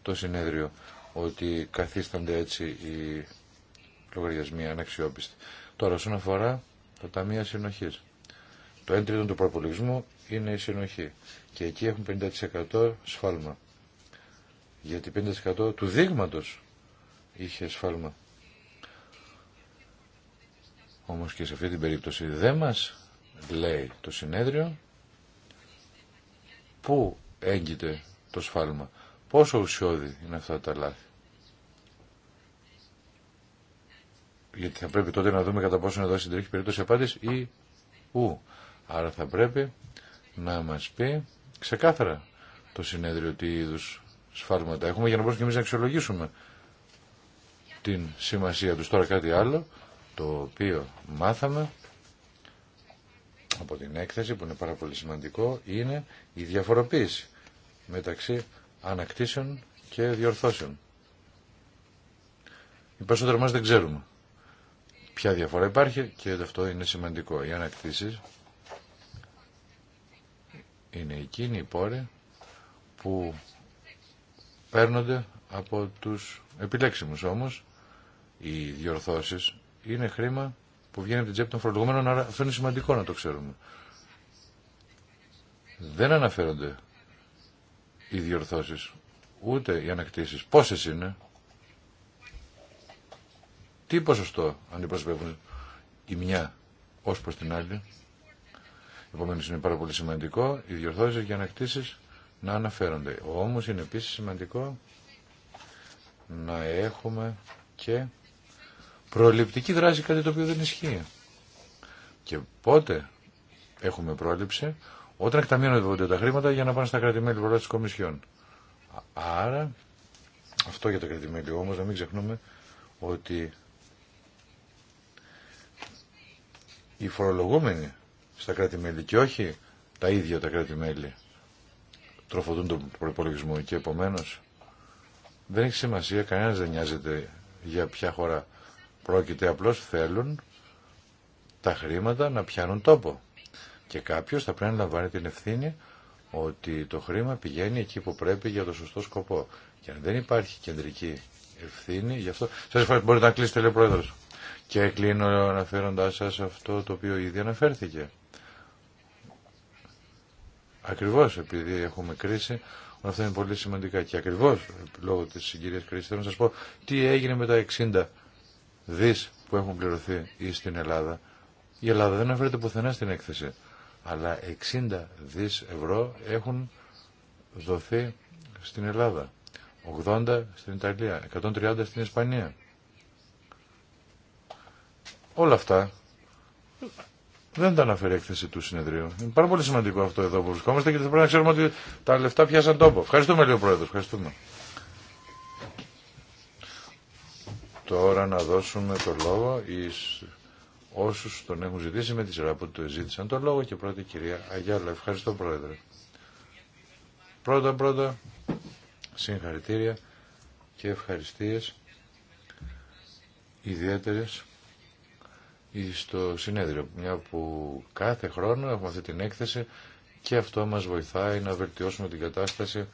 το συνέδριο ότι καθίστανται έτσι οι λογαριασμοί αναξιόπιστοι. Τώρα, όσον αφορά τα ταμεία Συνοχή. Το 1 του προπολογισμού είναι η συνοχή. Και εκεί έχουν 50% σφάλμα. Γιατί 50% του δείγματο είχε σφάλμα. Όμως και σε αυτή την περίπτωση δεν μας λέει το συνέδριο πού έγκυται το σφάλμα. Πόσο ουσιώδη είναι αυτά τα λάθη. γιατί θα πρέπει τότε να δούμε κατά πόσο να δώσει την περίπτωση απάντηση ή ου. Άρα θα πρέπει να μας πει ξεκάθαρα το συνέδριο τι είδου σφάλματα έχουμε για να μπορούμε και εμείς να αξιολογήσουμε την σημασία τους. Τώρα κάτι άλλο το οποίο μάθαμε από την έκθεση που είναι πάρα πολύ σημαντικό είναι η διαφοροποίηση μεταξύ ανακτήσεων και διορθώσεων. Οι περισσότεροι μας δεν ξέρουμε ποια διαφορά υπάρχει και αυτό είναι σημαντικό. Οι ανακτήσει. είναι εκείνοι οι πόροι που παίρνονται από τους επιλέξιμους όμως οι διορθώσεις είναι χρήμα που βγαίνει από την τσέπη των φορολογουμένων άρα αυτό είναι σημαντικό να το ξέρουμε. Δεν αναφέρονται οι διορθώσεις ούτε οι ανακτήσεις. Πόσες είναι τι ποσοστό αντιπροσωπεύουν η μια ως προς την άλλη. Επομένω είναι πάρα πολύ σημαντικό οι διορθώσεις και ανακτήσει να αναφέρονται. Όμως είναι επίσης σημαντικό να έχουμε και προληπτική δράση, κάτι το οποίο δεν ισχύει. Και πότε έχουμε πρόληψη, όταν εκταμείνονται τα χρήματα για να πάνε στα κρατημέλη της Κομισιόν. Άρα, αυτό για τα κρατημέλη όμω, να μην ξεχνούμε ότι οι φορολογούμενοι στα κράτη-μέλη και όχι τα ίδια τα κράτη-μέλη τροφοδούν τον προπολογισμό και επομένω. δεν έχει σημασία, κανένας δεν νοιάζεται για ποια χώρα πρόκειται, απλώς θέλουν τα χρήματα να πιάνουν τόπο. Και κάποιος θα πρέπει να λαμβάνει την ευθύνη ότι το χρήμα πηγαίνει εκεί που πρέπει για το σωστό σκοπό. Και αν δεν υπάρχει κεντρική ευθύνη, γι' αυτό... Σας ευχαριστώ, μπορείτε να κλείσετε, λέει ο Πρόεδρος. Και κλείνω αναφέροντάς σας αυτό το οποίο ήδη αναφέρθηκε. Ακριβώς επειδή έχουμε κρίση, αυτά είναι πολύ σημαντικά. Και ακριβώς λόγω της συγκυρίας κρίσης θέλω να σας πω τι έγινε με τα 60 δις που έχουν πληρωθεί ή στην Ελλάδα. στην έκθεση. Αλλά 60 δις ευρώ έχουν δοθεί στην Ελλάδα. 80 στην Ιταλία, 130 στην Ισπανία όλα αυτά δεν τα αναφέρει η έκθεση του συνεδρίου. Είναι πάρα πολύ σημαντικό αυτό εδώ που βρισκόμαστε και θα πρέπει να ξέρουμε ότι τα λεφτά πιάσαν τόπο. Ευχαριστούμε λίγο πρόεδρο. Ευχαριστούμε. Τώρα να δώσουμε το λόγο εις όσους τον έχουν ζητήσει με τη σειρά που του ζήτησαν το λόγο και πρώτη κυρία Αγιάλα. Ευχαριστώ πρόεδρε. Πρώτα πρώτα συγχαρητήρια και ευχαριστίες ιδιαίτερες στο συνέδριο, μια που κάθε χρόνο έχουμε αυτή την έκθεση και αυτό μας βοηθάει να βελτιώσουμε την κατάσταση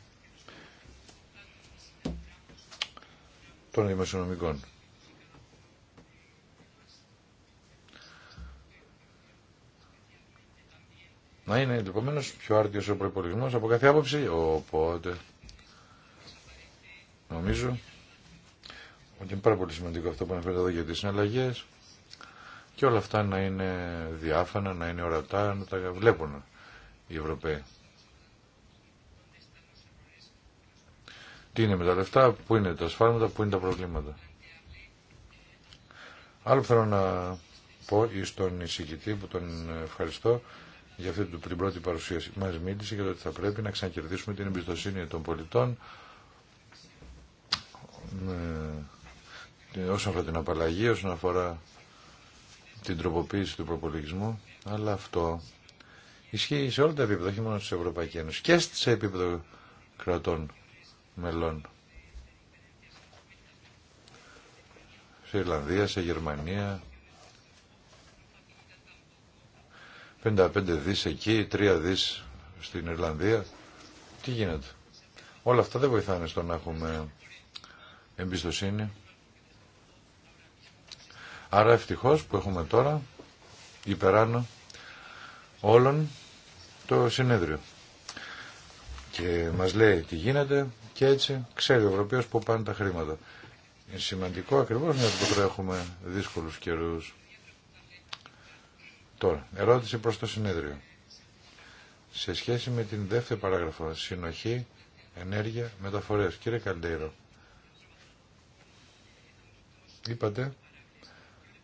των δημοσιονομικών. Να είναι επομένω πιο άρτιος ο προπολογισμό από κάθε άποψη, οπότε νομίζω ότι είναι πάρα πολύ σημαντικό αυτό που αναφέρεται εδώ για τις συναλλαγές και όλα αυτά να είναι διάφανα, να είναι ορατά, να τα βλέπουν οι Ευρωπαίοι. Τι είναι με τα λεφτά, πού είναι τα σφάλματα, πού είναι τα προβλήματα. Άλλο που θέλω να πω ή τον εισηγητή που τον ευχαριστώ για αυτή την πρώτη παρουσίαση. Μας μίλησε για το ότι θα πρέπει να ξανακερδίσουμε την εμπιστοσύνη των πολιτών ε, όσον αφορά την απαλλαγή, όσον αφορά την τροποποίηση του προπολογισμού, αλλά αυτό ισχύει σε όλα τα επίπεδα, όχι μόνο στην Ευρωπαϊκή Ένωση, και σε επίπεδο κρατών μελών. Σε Ιρλανδία, σε Γερμανία, 55 δις εκεί, 3 δις στην Ιρλανδία. Τι γίνεται. Όλα αυτά δεν βοηθάνε στο να έχουμε εμπιστοσύνη Άρα ευτυχώ που έχουμε τώρα υπεράνω όλων το συνέδριο. Και μας λέει τι γίνεται και έτσι ξέρει ο Ευρωπαίος που πάνε τα χρήματα. Είναι σημαντικό ακριβώς μια που τώρα έχουμε δύσκολους καιρούς. Τώρα, ερώτηση προς το συνέδριο. Σε σχέση με την δεύτερη παράγραφο, συνοχή, ενέργεια, μεταφορές. Κύριε Καλτέιρο, είπατε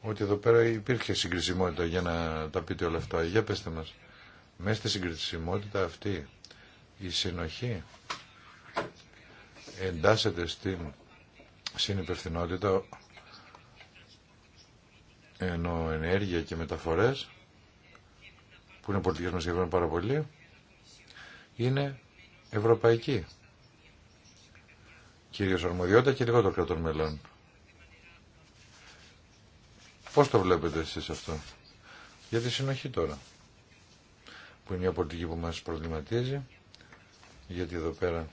ότι εδώ πέρα υπήρχε συγκρισιμότητα για να τα πείτε όλα αυτά. Για πέστε μας, μέσα στη συγκρισιμότητα αυτή η συνοχή εντάσσεται στην συνυπευθυνότητα ενώ ενέργεια και μεταφορές που είναι πολιτικές μας και πάρα πολύ είναι ευρωπαϊκή κυρίως αρμοδιότητα και λιγότερο κρατών μελών. Πώς το βλέπετε εσείς αυτό. Για τη συνοχή τώρα. Που είναι μια πολιτική που μας προβληματίζει. Γιατί εδώ πέρα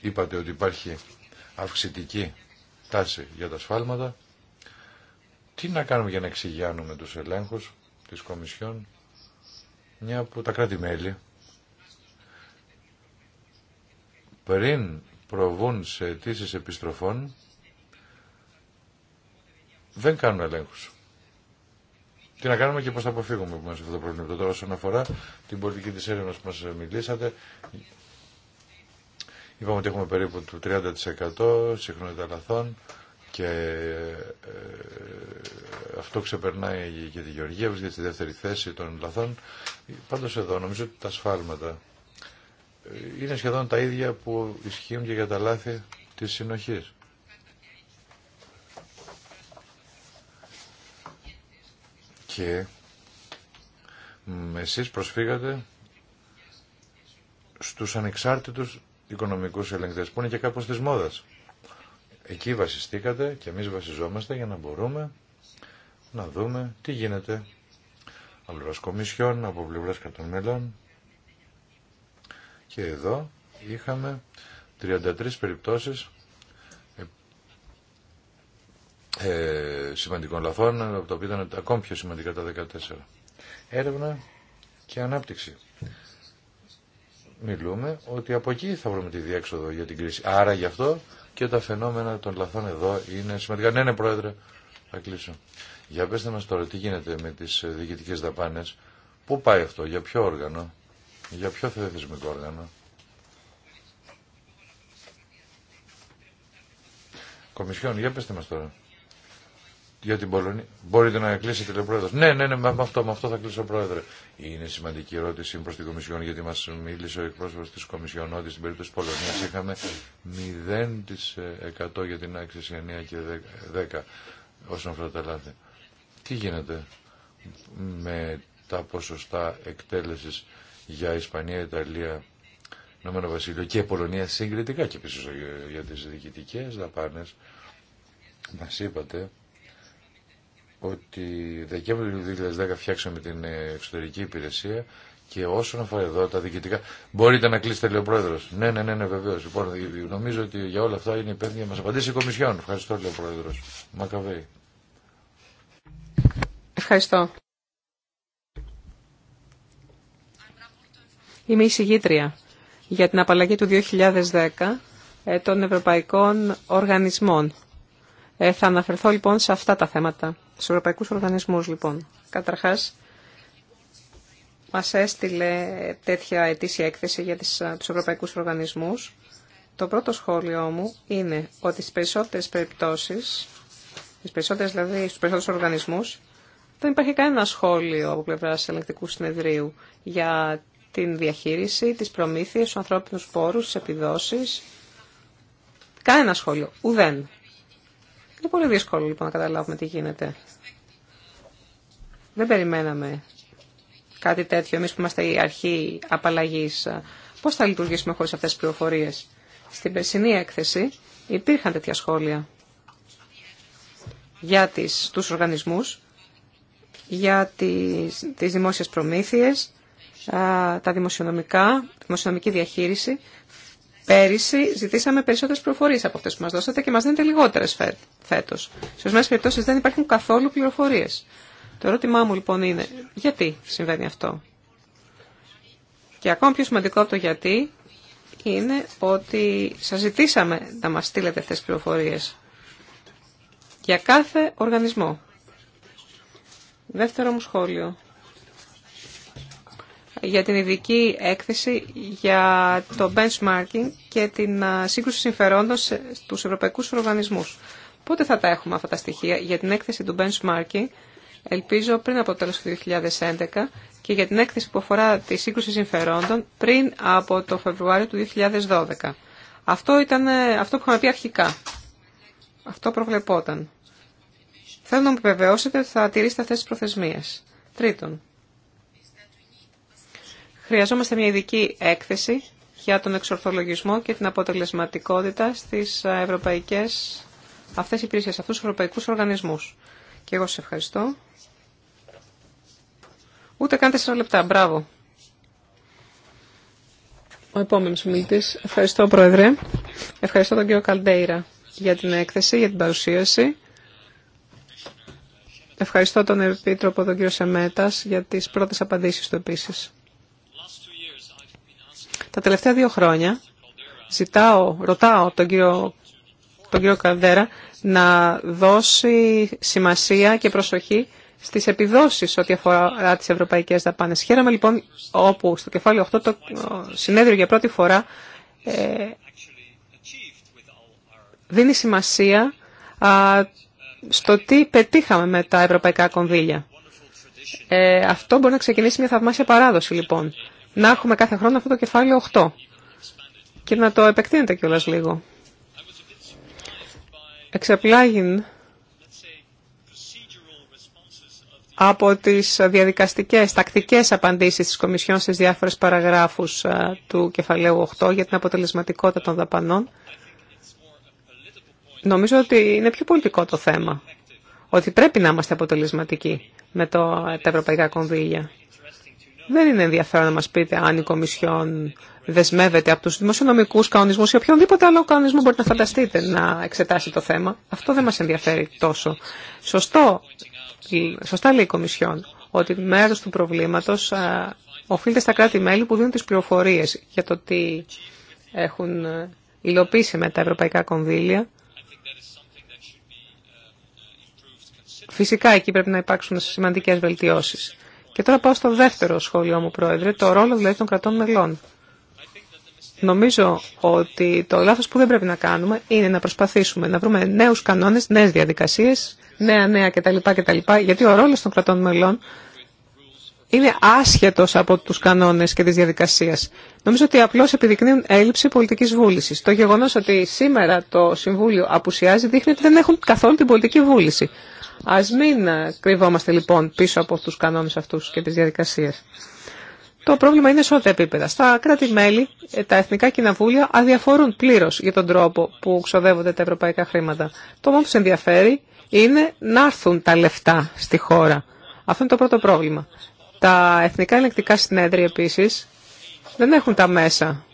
είπατε ότι υπάρχει αυξητική τάση για τα σφάλματα. Τι να κάνουμε για να εξηγιάνουμε τους ελέγχους της Κομισιόν. Μια από τα κράτη-μέλη πριν προβούν σε αιτήσει επιστροφών δεν κάνουν ελέγχου Τι να κάνουμε και πω θα αποφύγουμε που αυτό το πρόβλημα. Τώρα όσον αφορά την πολιτική τη έρευνα που μας μιλήσατε, είπαμε ότι έχουμε περίπου το 30% συχνότητα λαθών και ε, αυτό ξεπερνάει και τη Γεωργία, βρίσκεται στη δεύτερη θέση των λαθών. Πάντω εδώ νομίζω ότι τα σφάλματα ε, είναι σχεδόν τα ίδια που ισχύουν και για τα λάθη της συνοχής. και εσείς προσφύγατε στους ανεξάρτητους οικονομικούς ελεγκτές που είναι και κάπως της μόδας. Εκεί βασιστήκατε και εμείς βασιζόμαστε για να μπορούμε να δούμε τι γίνεται από πλευράς κομισιών, από πλευράς και εδώ είχαμε 33 περιπτώσεις ε, σημαντικών λαθών, από τα οποία ήταν ακόμη πιο σημαντικά τα 14. Έρευνα και ανάπτυξη. Μιλούμε ότι από εκεί θα βρούμε τη διέξοδο για την κρίση. Άρα γι' αυτό και τα φαινόμενα των λαθών εδώ είναι σημαντικά. Ναι, ναι, πρόεδρε, θα κλείσω. Για πέστε μας τώρα τι γίνεται με τις διοικητικές δαπάνες. Πού πάει αυτό, για ποιο όργανο, για ποιο θεσμικό όργανο. Κομισιόν, για πέστε μας τώρα για την Πολωνία. Μπορείτε να κλείσετε, ο Πρόεδρο. Ναι, ναι, ναι, με αυτό, με αυτό θα κλείσω, Πρόεδρε. Είναι σημαντική ερώτηση προ την Κομισιόν, γιατί μα μίλησε ο εκπρόσωπο τη Κομισιόν ότι στην περίπτωση τη Πολωνία είχαμε 0% για την άξιση 9 και 10 όσον αφορά τα λάθη. Τι γίνεται με τα ποσοστά εκτέλεση για Ισπανία, Ιταλία, Ηνωμένο Βασίλειο και Πολωνία συγκριτικά και πίσω για τι διοικητικέ δαπάνε, μα είπατε ότι Δεκέμβριο του 2010 φτιάξαμε την ε, εξωτερική υπηρεσία και όσον αφορά εδώ τα διοικητικά. Μπορείτε να κλείσετε, λέει ο πρόεδρο. Ναι, ναι, ναι, ναι βεβαίω. Λοιπόν, ε, νομίζω ότι για όλα αυτά είναι υπεύθυνη να μα απαντήσει η Κομισιόν. Ευχαριστώ, λέει ο πρόεδρο. Μακαβέη.
Ευχαριστώ. Είμαι συγγήτρια για την απαλλαγή του 2010 ε, των Ευρωπαϊκών Οργανισμών. θα αναφερθώ λοιπόν σε αυτά τα θέματα. Στου Ευρωπαϊκού Οργανισμού, λοιπόν. Καταρχά μα έστειλε τέτοια ετήσια έκθεση για του Ευρωπαϊκού Οργανισμού. Το πρώτο σχόλιο μου είναι ότι στι περισσότερε περιπτώσει, στις περισσότερε δηλαδή στους περισσότερους οργανισμούς, δεν υπάρχει κανένα σχόλιο από πλευρά ελεγκτικού συνεδρίου για την διαχείριση, τι προμήθειε, του ανθρώπινου πόρου, τι επιδόσει. Κανένα σχόλιο. Ουδέν. Είναι πολύ δύσκολο λοιπόν να καταλάβουμε τι γίνεται. Δεν περιμέναμε κάτι τέτοιο εμείς που είμαστε η αρχή απαλλαγής. Πώς θα λειτουργήσουμε χωρίς αυτές τις πληροφορίες. Στην περσινή έκθεση υπήρχαν τέτοια σχόλια για τις, τους οργανισμούς, για τις, τις δημόσιες προμήθειες, τα δημοσιονομικά, δημοσιονομική διαχείριση. Πέρυσι ζητήσαμε περισσότερε πληροφορίε από αυτέ που μα δώσατε και μα δίνετε λιγότερε φέτο. Σε ορισμένε περιπτώσει δεν υπάρχουν καθόλου πληροφορίε. Το ερώτημά μου λοιπόν είναι γιατί συμβαίνει αυτό. Και ακόμα πιο σημαντικό από το γιατί είναι ότι σα ζητήσαμε να μας στείλετε αυτέ τι πληροφορίε για κάθε οργανισμό. Δεύτερο μου σχόλιο για την ειδική έκθεση για το benchmarking και την σύγκρουση συμφερόντων στους ευρωπαϊκούς οργανισμούς. Πότε θα τα έχουμε αυτά τα στοιχεία για την έκθεση του benchmarking, ελπίζω πριν από το τέλος του 2011 και για την έκθεση που αφορά τη σύγκρουση συμφερόντων πριν από το Φεβρουάριο του 2012. Αυτό ήταν ε, αυτό που είχαμε πει αρχικά. Αυτό προβλεπόταν. Θέλω να μου επιβεβαιώσετε ότι θα τηρήσετε αυτές τις προθεσμίες. Τρίτον, Χρειαζόμαστε μια ειδική έκθεση για τον εξορθολογισμό και την αποτελεσματικότητα στις ευρωπαϊκές αυτές οι υπηρεσίες, αυτούς τους ευρωπαϊκούς οργανισμούς. Και εγώ σας ευχαριστώ. Ούτε καν τέσσερα λεπτά. Μπράβο. Ο επόμενος μιλητής. Ευχαριστώ, Πρόεδρε. Ευχαριστώ τον κύριο Καλντέιρα για την έκθεση, για την παρουσίαση. Ευχαριστώ τον Επίτροπο, τον κύριο Σεμέτας, για τις πρώτες απαντήσεις του επίσης. Τα τελευταία δύο χρόνια ζητάω, ρωτάω τον κύριο, τον κύριο Καλδέρα να δώσει σημασία και προσοχή στις επιδόσεις ό,τι αφορά τις ευρωπαϊκές δαπάνες. Χαίρομαι λοιπόν όπου στο κεφάλαιο 8 το συνέδριο για πρώτη φορά ε, δίνει σημασία α, στο τι πετύχαμε με τα ευρωπαϊκά κονδύλια. Ε, αυτό μπορεί να ξεκινήσει μια θαυμάσια παράδοση λοιπόν να έχουμε κάθε χρόνο αυτό το κεφάλαιο 8 και να το επεκτείνετε κιόλας λίγο. Εξεπλάγει από τις διαδικαστικές, τακτικές απαντήσεις της Κομισιόν στις διάφορες παραγράφους ε, του κεφαλαίου 8 για την αποτελεσματικότητα των δαπανών. Νομίζω ότι είναι πιο πολιτικό το θέμα, ότι πρέπει να είμαστε αποτελεσματικοί με το, τα ευρωπαϊκά κονδύλια. Δεν είναι ενδιαφέρον να μας πείτε αν η Κομισιόν δεσμεύεται από τους δημοσιονομικούς κανονισμούς ή οποιονδήποτε άλλο κανονισμό μπορείτε να φανταστείτε να εξετάσει το θέμα. Αυτό δεν μας ενδιαφέρει τόσο. Σωστό, σωστά λέει η Κομισιόν ότι μέρος του προβλήματος οφείλεται στα κράτη-μέλη που δίνουν τις πληροφορίες για το τι έχουν ε, υλοποίησει με τα ευρωπαϊκά κονδύλια. Φυσικά εκεί πρέπει να υπάρξουν σημαντικές βελτιώσεις. Και τώρα πάω στο δεύτερο σχόλιο μου, Πρόεδρε, το ρόλο δηλαδή των κρατών μελών. Νομίζω ότι το λάθος που δεν πρέπει να κάνουμε είναι να προσπαθήσουμε να βρούμε νέους κανόνες, νέες διαδικασίες, νέα νέα κτλ. κτλ γιατί ο ρόλος των κρατών μελών είναι άσχετος από τους κανόνες και τις διαδικασίες. Νομίζω ότι απλώς επιδεικνύουν έλλειψη πολιτικής βούλησης. Το γεγονός ότι σήμερα το Συμβούλιο απουσιάζει δείχνει ότι δεν έχουν καθόλου την πολιτική βούληση. Ας μην ε, κρυβόμαστε λοιπόν πίσω από τους κανόνες αυτούς και τις διαδικασίες. Το πρόβλημα είναι σε όλα τα επίπεδα. Στα κράτη-μέλη, ε, τα εθνικά κοινοβούλια αδιαφορούν πλήρω για τον τρόπο που ξοδεύονται τα ευρωπαϊκά χρήματα. Το μόνο που ενδιαφέρει είναι να έρθουν τα λεφτά στη χώρα. Αυτό είναι το πρώτο πρόβλημα. Τα εθνικά ελεκτικά συνέδρια επίσης δεν έχουν τα μέσα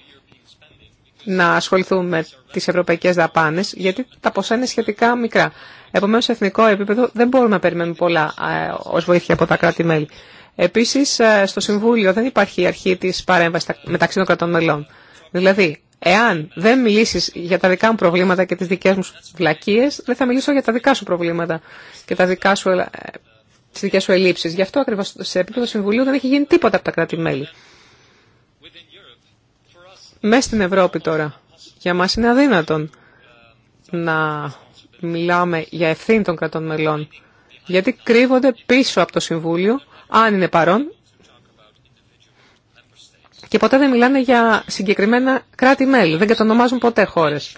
να ασχοληθούν με τις ευρωπαϊκές δαπάνες, γιατί τα ποσά είναι σχετικά μικρά. Επομένως, σε εθνικό επίπεδο δεν μπορούμε να περιμένουμε πολλά ε, ως βοήθεια από τα κράτη-μέλη. Επίσης, ε, στο Συμβούλιο δεν υπάρχει η αρχή της παρέμβασης μεταξύ των κρατών μελών. Δηλαδή, εάν δεν μιλήσεις για τα δικά μου προβλήματα και τις δικές μου βλακίες, δεν θα μιλήσω για τα δικά σου προβλήματα και τα δικά σου ε, τις δικές σου ελλείψεις. Γι' αυτό ακριβώς σε επίπεδο Συμβουλίου δεν έχει γίνει τίποτα από τα κράτη-μέλη. Μέσα στην Ευρώπη τώρα, για μας είναι αδύνατον να μιλάμε για ευθύνη των κρατών μελών, γιατί κρύβονται πίσω από το Συμβούλιο, αν είναι παρόν, και ποτέ δεν μιλάνε για συγκεκριμένα κράτη-μέλη, δεν κατονομάζουν ποτέ χώρες.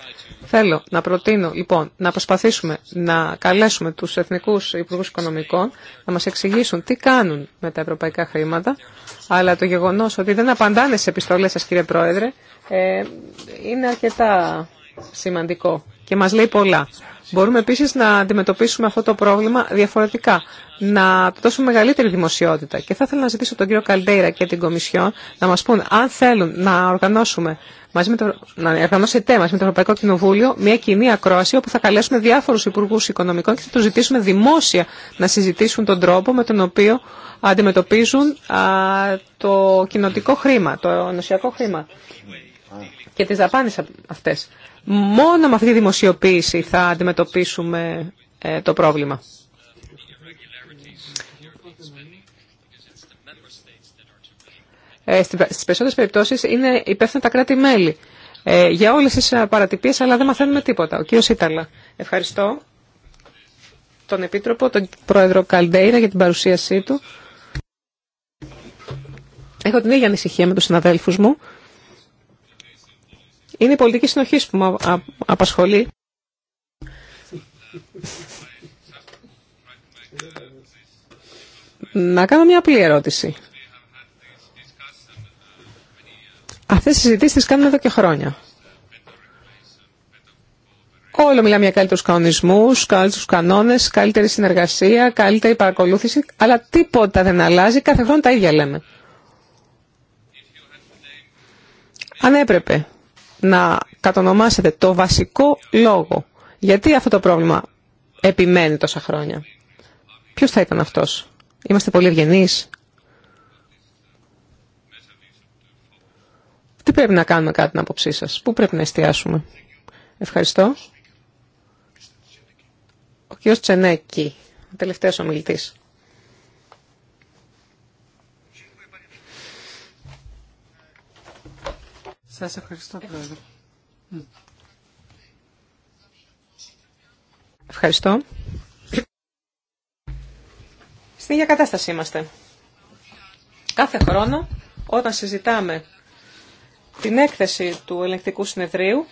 Θέλω να προτείνω, λοιπόν, να προσπαθήσουμε να καλέσουμε τους Εθνικούς Υπουργούς Οικονομικών να μας εξηγήσουν τι κάνουν με τα ευρωπαϊκά χρήματα, αλλά το γεγονός ότι δεν απαντάνε σε επιστολές σας, κύριε Πρόεδρε, ε, είναι αρκετά σημαντικό και μας λέει πολλά. Μπορούμε επίση να αντιμετωπίσουμε αυτό το πρόβλημα διαφορετικά, να το δώσουμε μεγαλύτερη δημοσιότητα. Και θα ήθελα να ζητήσω τον κύριο Καλντέιρα και την Κομισιόν να μα πούν αν θέλουν να οργανώσουμε μαζί με το, να οργανώσετε μαζί με το Ευρωπαϊκό Κοινοβούλιο μια κοινή ακρόαση όπου θα καλέσουμε διάφορου υπουργού οικονομικών και θα του ζητήσουμε δημόσια να συζητήσουν τον τρόπο με τον οποίο αντιμετωπίζουν το κοινοτικό χρήμα, το νοσιακό χρήμα και τις δαπάνες αυτές. Μόνο με αυτή τη δημοσιοποίηση θα αντιμετωπίσουμε ε, το πρόβλημα. Ε, στις περισσότερες περιπτώσεις είναι υπεύθυνα τα κράτη-μέλη ε, για όλες τις παρατυπίες, αλλά δεν μαθαίνουμε τίποτα. Ο κύριος Ήταλα. Ευχαριστώ τον Επίτροπο, τον Πρόεδρο Καλντέιρα για την παρουσίασή του. Έχω την ίδια ανησυχία με τους συναδέλφους μου είναι η πολιτική συνοχή που με απασχολεί. Να κάνω μια απλή ερώτηση. Αυτές οι συζητήσεις τις κάνουμε εδώ και χρόνια. Όλο μιλάμε για καλύτερους κανονισμούς, καλύτερους κανόνες, καλύτερη συνεργασία, καλύτερη παρακολούθηση, αλλά τίποτα δεν αλλάζει, κάθε χρόνο τα ίδια λέμε. Αν έπρεπε να κατονομάσετε το βασικό λόγο. Γιατί αυτό το πρόβλημα επιμένει τόσα χρόνια. Ποιος θα ήταν αυτός. Είμαστε πολύ ευγενείς. Τι πρέπει να κάνουμε κάτι την άποψή σας. Πού πρέπει να εστιάσουμε. Ευχαριστώ. Ο κ. Τσενέκη, ο τελευταίος
Σας ευχαριστώ, Πρόεδρε.
Ευχαριστώ. Στην ίδια κατάσταση είμαστε. Κάθε χρόνο, όταν συζητάμε την έκθεση του ελεγκτικού συνεδρίου,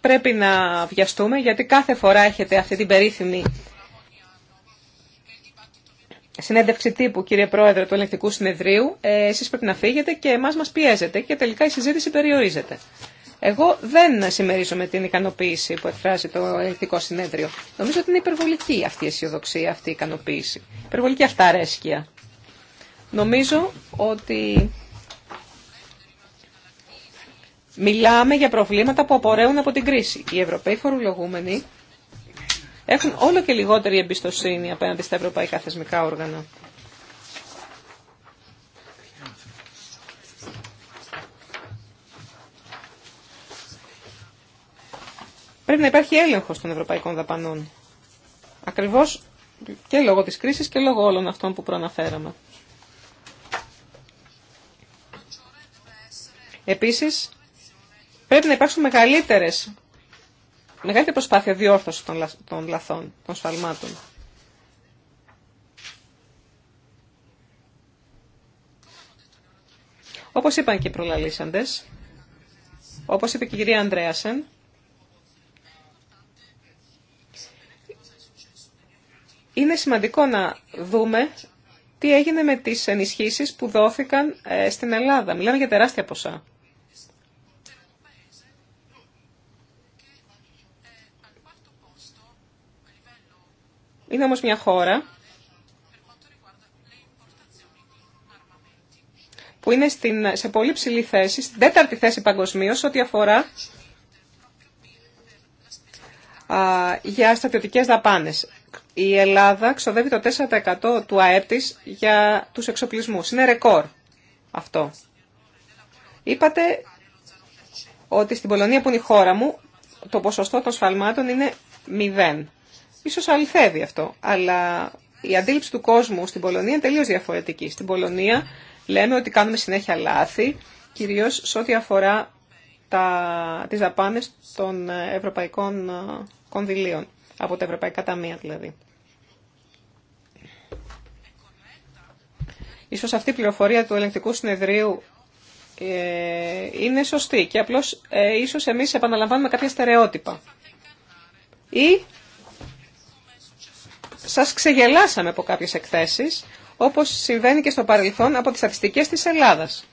πρέπει να βιαστούμε, γιατί κάθε φορά έχετε αυτή την περίφημη συνέντευξη τύπου, κύριε Πρόεδρε του Ελεκτικού Συνεδρίου, ε, εσείς πρέπει να φύγετε και εμάς μας πιέζετε και τελικά η συζήτηση περιορίζεται. Εγώ δεν συμμερίζομαι την ικανοποίηση που εκφράζει το Ελεκτικό Συνέδριο. Νομίζω ότι είναι υπερβολική αυτή η αισιοδοξία, αυτή η ικανοποίηση. Υπερβολική αυτά αρέσκεια. Νομίζω ότι μιλάμε για προβλήματα που απορρέουν από την κρίση. Οι Ευρωπαίοι φορολογούμενοι έχουν όλο και λιγότερη εμπιστοσύνη απέναντι στα ευρωπαϊκά θεσμικά όργανα. Πρέπει να υπάρχει έλεγχος των ευρωπαϊκών δαπανών. Ακριβώς και λόγω της κρίσης και λόγω όλων αυτών που προαναφέραμε. Επίσης, πρέπει να υπάρξουν μεγαλύτερες μεγαλύτερη προσπάθεια διόρθωση των, των λαθών, των σφαλμάτων. Όπως είπαν και οι προλαλήσαντες, όπως είπε και η κυρία Ανδρέασεν, είναι σημαντικό να δούμε τι έγινε με τις ενισχύσεις που δόθηκαν ε, στην Ελλάδα. Μιλάμε για τεράστια ποσά. Είναι όμως μια χώρα που είναι στην, σε πολύ ψηλή θέση, στην τέταρτη θέση παγκοσμίως, ό,τι αφορά α, για στρατιωτικές δαπάνες. Η Ελλάδα ξοδεύει το 4% του ΑΕΠ για τους εξοπλισμούς. Είναι ρεκόρ αυτό. Είπατε ότι στην Πολωνία που είναι η χώρα μου το ποσοστό των σφαλμάτων είναι 0. Ίσως αληθεύει αυτό, αλλά η αντίληψη του κόσμου στην Πολωνία είναι τελείως διαφορετική. Στην Πολωνία λέμε ότι κάνουμε συνέχεια λάθη, κυρίως σε ό,τι αφορά τα, τις δαπάνες των ευρωπαϊκών ε, κονδυλίων, από τα ευρωπαϊκά ταμεία δηλαδή. Ίσως αυτή η πληροφορία του ελεγκτικού συνεδρίου ε, είναι σωστή και απλώς ε, ίσως εμείς επαναλαμβάνουμε κάποια στερεότυπα. Ή σας ξεγελάσαμε από κάποιες εκθέσεις, όπως συμβαίνει και στο παρελθόν από τις στατιστικές της Ελλάδας.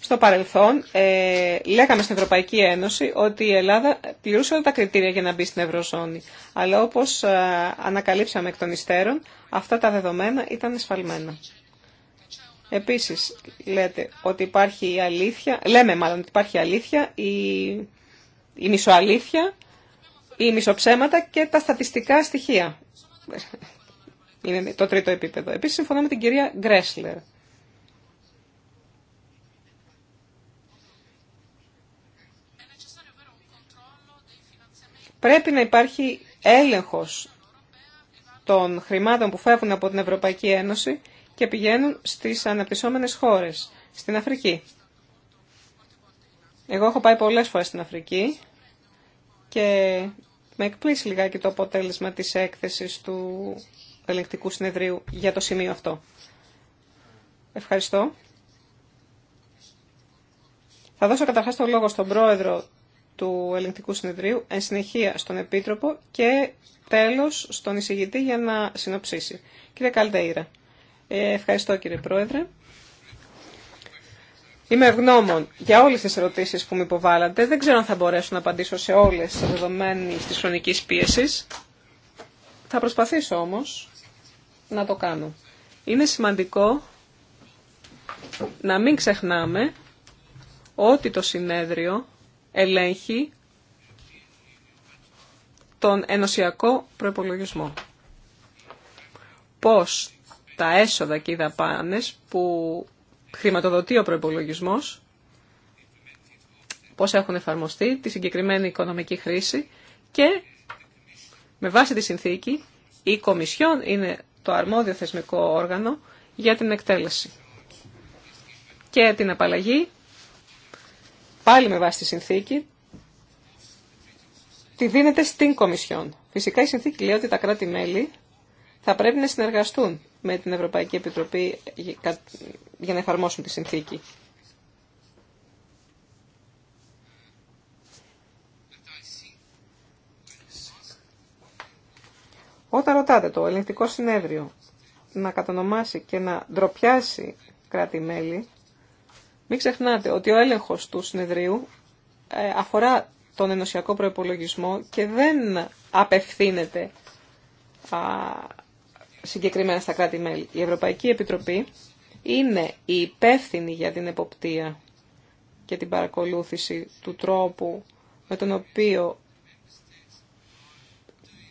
Στο παρελθόν ε, λέγαμε στην Ευρωπαϊκή Ένωση ότι η Ελλάδα πληρούσε όλα τα κριτήρια για να μπει στην Ευρωζώνη. Αλλά όπως ε, ανακαλύψαμε εκ των υστέρων, αυτά τα δεδομένα ήταν εσφαλμένα. Επίσης, λέτε ότι υπάρχει αλήθεια, λέμε μάλλον ότι υπάρχει η αλήθεια, η, η μισοαλήθεια, οι μισοψέματα και τα στατιστικά στοιχεία είναι το τρίτο επίπεδο. Επίσης συμφωνώ με την κυρία Γκρέσλερ. Πρέπει να υπάρχει έλεγχος των χρημάτων που φεύγουν από την Ευρωπαϊκή Ένωση και πηγαίνουν στις αναπτυσσόμενες χώρες, στην Αφρική. Εγώ έχω πάει πολλές φορές στην Αφρική και με εκπλήσει λιγάκι το αποτέλεσμα της έκθεσης του ελεγκτικού συνεδρίου για το σημείο αυτό. Ευχαριστώ. Θα δώσω καταρχάς το λόγο στον πρόεδρο του ελεγκτικού συνεδρίου, εν συνεχεία στον επίτροπο και τέλος στον εισηγητή για να συνοψίσει. Κύριε Καλτέιρα. Ε, ευχαριστώ κύριε πρόεδρε. Είμαι ευγνώμων για όλες τις ερωτήσει που μου υποβάλλατε. Δεν ξέρω αν θα μπορέσω να απαντήσω σε όλες τι δεδομένε τη χρονική πίεση. Θα προσπαθήσω όμως να το κάνω. Είναι σημαντικό να μην ξεχνάμε ότι το συνέδριο ελέγχει τον ενωσιακό προϋπολογισμό. Πώς τα έσοδα και οι δαπάνες που χρηματοδοτεί ο προπολογισμό, πώς έχουν εφαρμοστεί, τη συγκεκριμένη οικονομική χρήση και με βάση τη συνθήκη η Κομισιόν είναι το αρμόδιο θεσμικό όργανο για την εκτέλεση και την απαλλαγή πάλι με βάση τη συνθήκη τη δίνεται στην Κομισιόν. Φυσικά η συνθήκη λέει ότι τα κράτη-μέλη θα πρέπει να συνεργαστούν με την Ευρωπαϊκή Επιτροπή για να εφαρμόσουν τη συνθήκη. Όταν ρωτάτε το ελληνικό συνέδριο να κατανομάσει και να ντροπιάσει κράτη-μέλη, μην ξεχνάτε ότι ο έλεγχος του συνεδρίου ε, αφορά τον ενωσιακό προϋπολογισμό και δεν απευθύνεται συγκεκριμένα στα κράτη-μέλη. Η Ευρωπαϊκή Επιτροπή είναι η υπεύθυνη για την εποπτεία και την παρακολούθηση του τρόπου με τον οποίο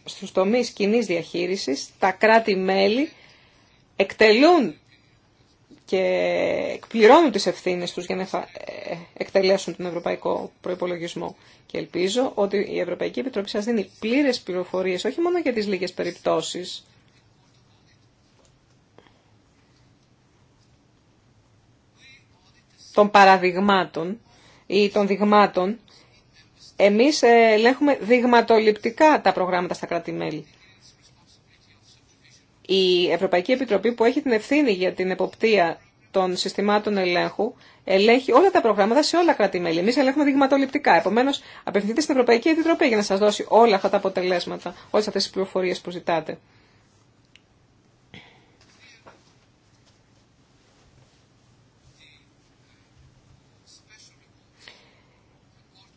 στους τομείς κοινής διαχείρισης τα κράτη-μέλη εκτελούν και εκπληρώνουν τις ευθύνες τους για να ε, εκτελέσουν τον ευρωπαϊκό προϋπολογισμό. Και ελπίζω ότι η Ευρωπαϊκή Επιτροπή σας δίνει πλήρες πληροφορίες, όχι μόνο για τις λίγες περιπτώσεις των παραδειγμάτων ή των δειγμάτων, εμείς ελέγχουμε δειγματοληπτικά τα προγράμματα στα κράτη-μέλη. Η Ευρωπαϊκή Επιτροπή που έχει την ευθύνη για την εποπτεία των συστημάτων ελέγχου ελέγχει όλα τα προγράμματα σε όλα τα κράτη-μέλη. Εμεί ελέγχουμε δειγματοληπτικά. Επομένως, απευθυνθείτε στην Ευρωπαϊκή Επιτροπή για να σας δώσει όλα αυτά τα αποτελέσματα, όλε αυτές τις πληροφορίε που ζητάτε.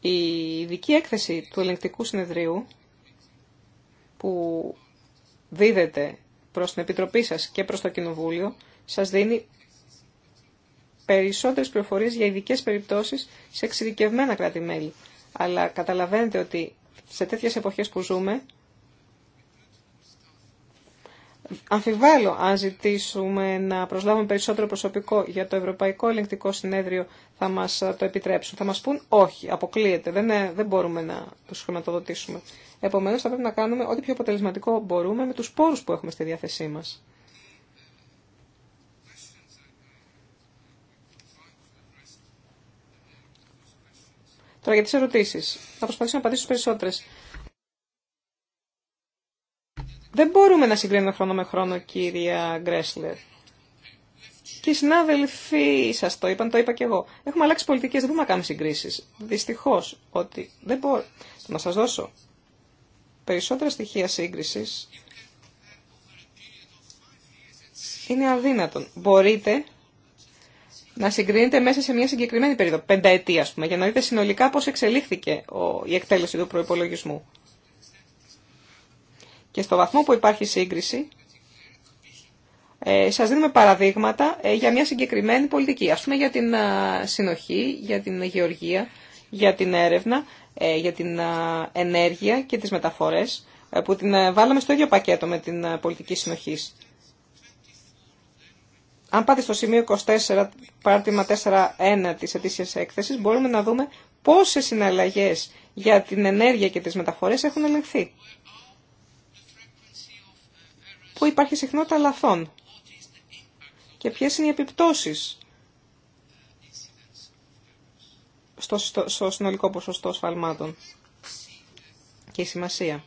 Η ειδική έκθεση του ελεγκτικού συνεδρίου που δίδεται προς την Επιτροπή σας και προς το Κοινοβούλιο σας δίνει περισσότερες πληροφορίες για ειδικές περιπτώσεις σε εξειδικευμένα κράτη-μέλη. Αλλά καταλαβαίνετε ότι σε τέτοιες εποχές που ζούμε αμφιβάλλω αν ζητήσουμε να προσλάβουμε περισσότερο προσωπικό για το Ευρωπαϊκό Ελεγκτικό Συνέδριο θα μας ε, το επιτρέψουν. Θα μας πούν όχι, αποκλείεται, δεν, ε, δεν μπορούμε να τους χρηματοδοτήσουμε. Επομένως θα πρέπει να κάνουμε ό,τι πιο αποτελεσματικό μπορούμε με τους πόρους που έχουμε στη διάθεσή μας. Τώρα για τις ερωτήσεις. Θα προσπαθήσω να απαντήσω περισσότερες. Δεν μπορούμε να συγκρίνουμε χρόνο με χρόνο, κύριε Γκρέσλερ. Και οι συνάδελφοί σα το είπαν, το είπα και εγώ. Έχουμε αλλάξει πολιτικέ, δεν μπορούμε να κάνουμε συγκρίσει. Δυστυχώ ότι δεν μπορώ να σα δώσω περισσότερα στοιχεία σύγκριση. Είναι αδύνατον. Μπορείτε να συγκρίνετε μέσα σε μια συγκεκριμένη περίοδο, πενταετία α πούμε, για να δείτε συνολικά πώς εξελίχθηκε η εκτέλεση του προπολογισμού. Και στο βαθμό που υπάρχει σύγκριση, ε, σας δίνουμε παραδείγματα ε, για μια συγκεκριμένη πολιτική. Ας πούμε για την ε, συνοχή, για την γεωργία, για την έρευνα, ε, για την ενέργεια και τις μεταφορές που την βάλαμε στο ίδιο πακέτο με την πολιτική συνοχής. Αν πάτε στο σημείο 24, πάρτημα 4.1 της ετήσιας έκθεσης, μπορούμε να δούμε πόσες συναλλαγές για την ενέργεια και τις μεταφορές έχουν ελεγχθεί. Που υπάρχει συχνότητα λαθών και ποιες είναι οι επιπτώσεις στο, συνολικό ποσοστό σφαλμάτων και η σημασία.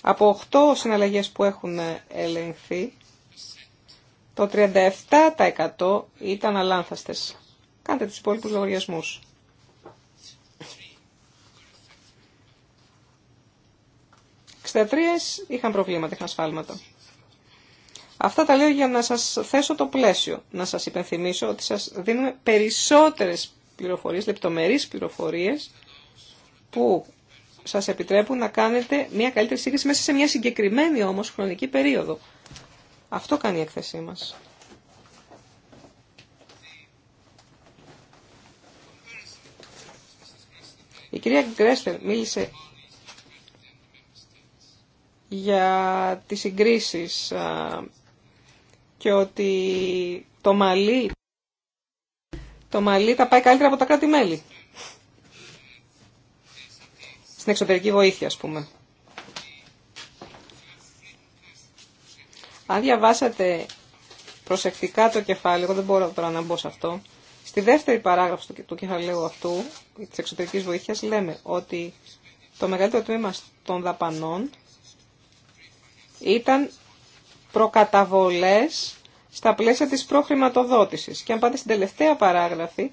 Από 8 συναλλαγές που έχουν ελεγχθεί, το 37% ήταν αλάνθαστες. Κάντε τους υπόλοιπους λογαριασμούς. Στα είχαν προβλήματα, είχαν σφάλματα. Αυτά τα λέω για να σας θέσω το πλαίσιο, να σας υπενθυμίσω ότι σας δίνουμε περισσότερες πληροφορίες, λεπτομερείς πληροφορίες που σας επιτρέπουν να κάνετε μια καλύτερη σύγκριση μέσα σε μια συγκεκριμένη όμως χρονική περίοδο. Αυτό κάνει η έκθεσή μας. Η κυρία Γκρέστερ μίλησε για τις συγκρίσεις και ότι το μαλλί το τα πάει καλύτερα από τα κράτη-μέλη. Στην εξωτερική βοήθεια, ας πούμε. Αν διαβάσατε προσεκτικά το κεφάλαιο, εγώ δεν μπορώ τώρα να μπω σε αυτό, στη δεύτερη παράγραφο του κεφαλαίου αυτού, της εξωτερικής βοήθειας, λέμε ότι το μεγαλύτερο τμήμα των δαπανών ήταν προκαταβολές στα πλαίσια της προχρηματοδότησης. Και αν πάτε στην τελευταία παράγραφη,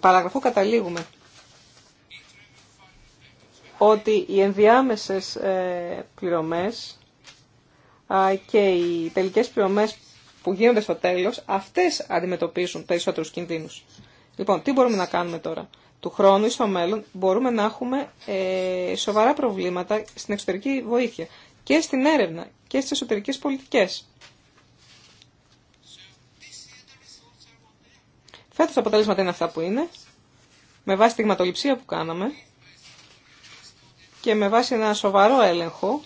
παράγραφο καταλήγουμε ότι οι ενδιάμεσες ε, πληρωμές και οι τελικές πληρωμές που γίνονται στο τέλος, αυτές αντιμετωπίζουν περισσότερους κινδύνους. Λοιπόν, τι μπορούμε να κάνουμε τώρα. Του χρόνου ή στο μέλλον μπορούμε να έχουμε ε, σοβαρά προβλήματα στην εξωτερική βοήθεια και στην έρευνα και στις εσωτερικές πολιτικές. Φέτος τα αποτελέσματα είναι αυτά που είναι, με βάση τη γματοληψία που κάναμε και με βάση ένα σοβαρό έλεγχο,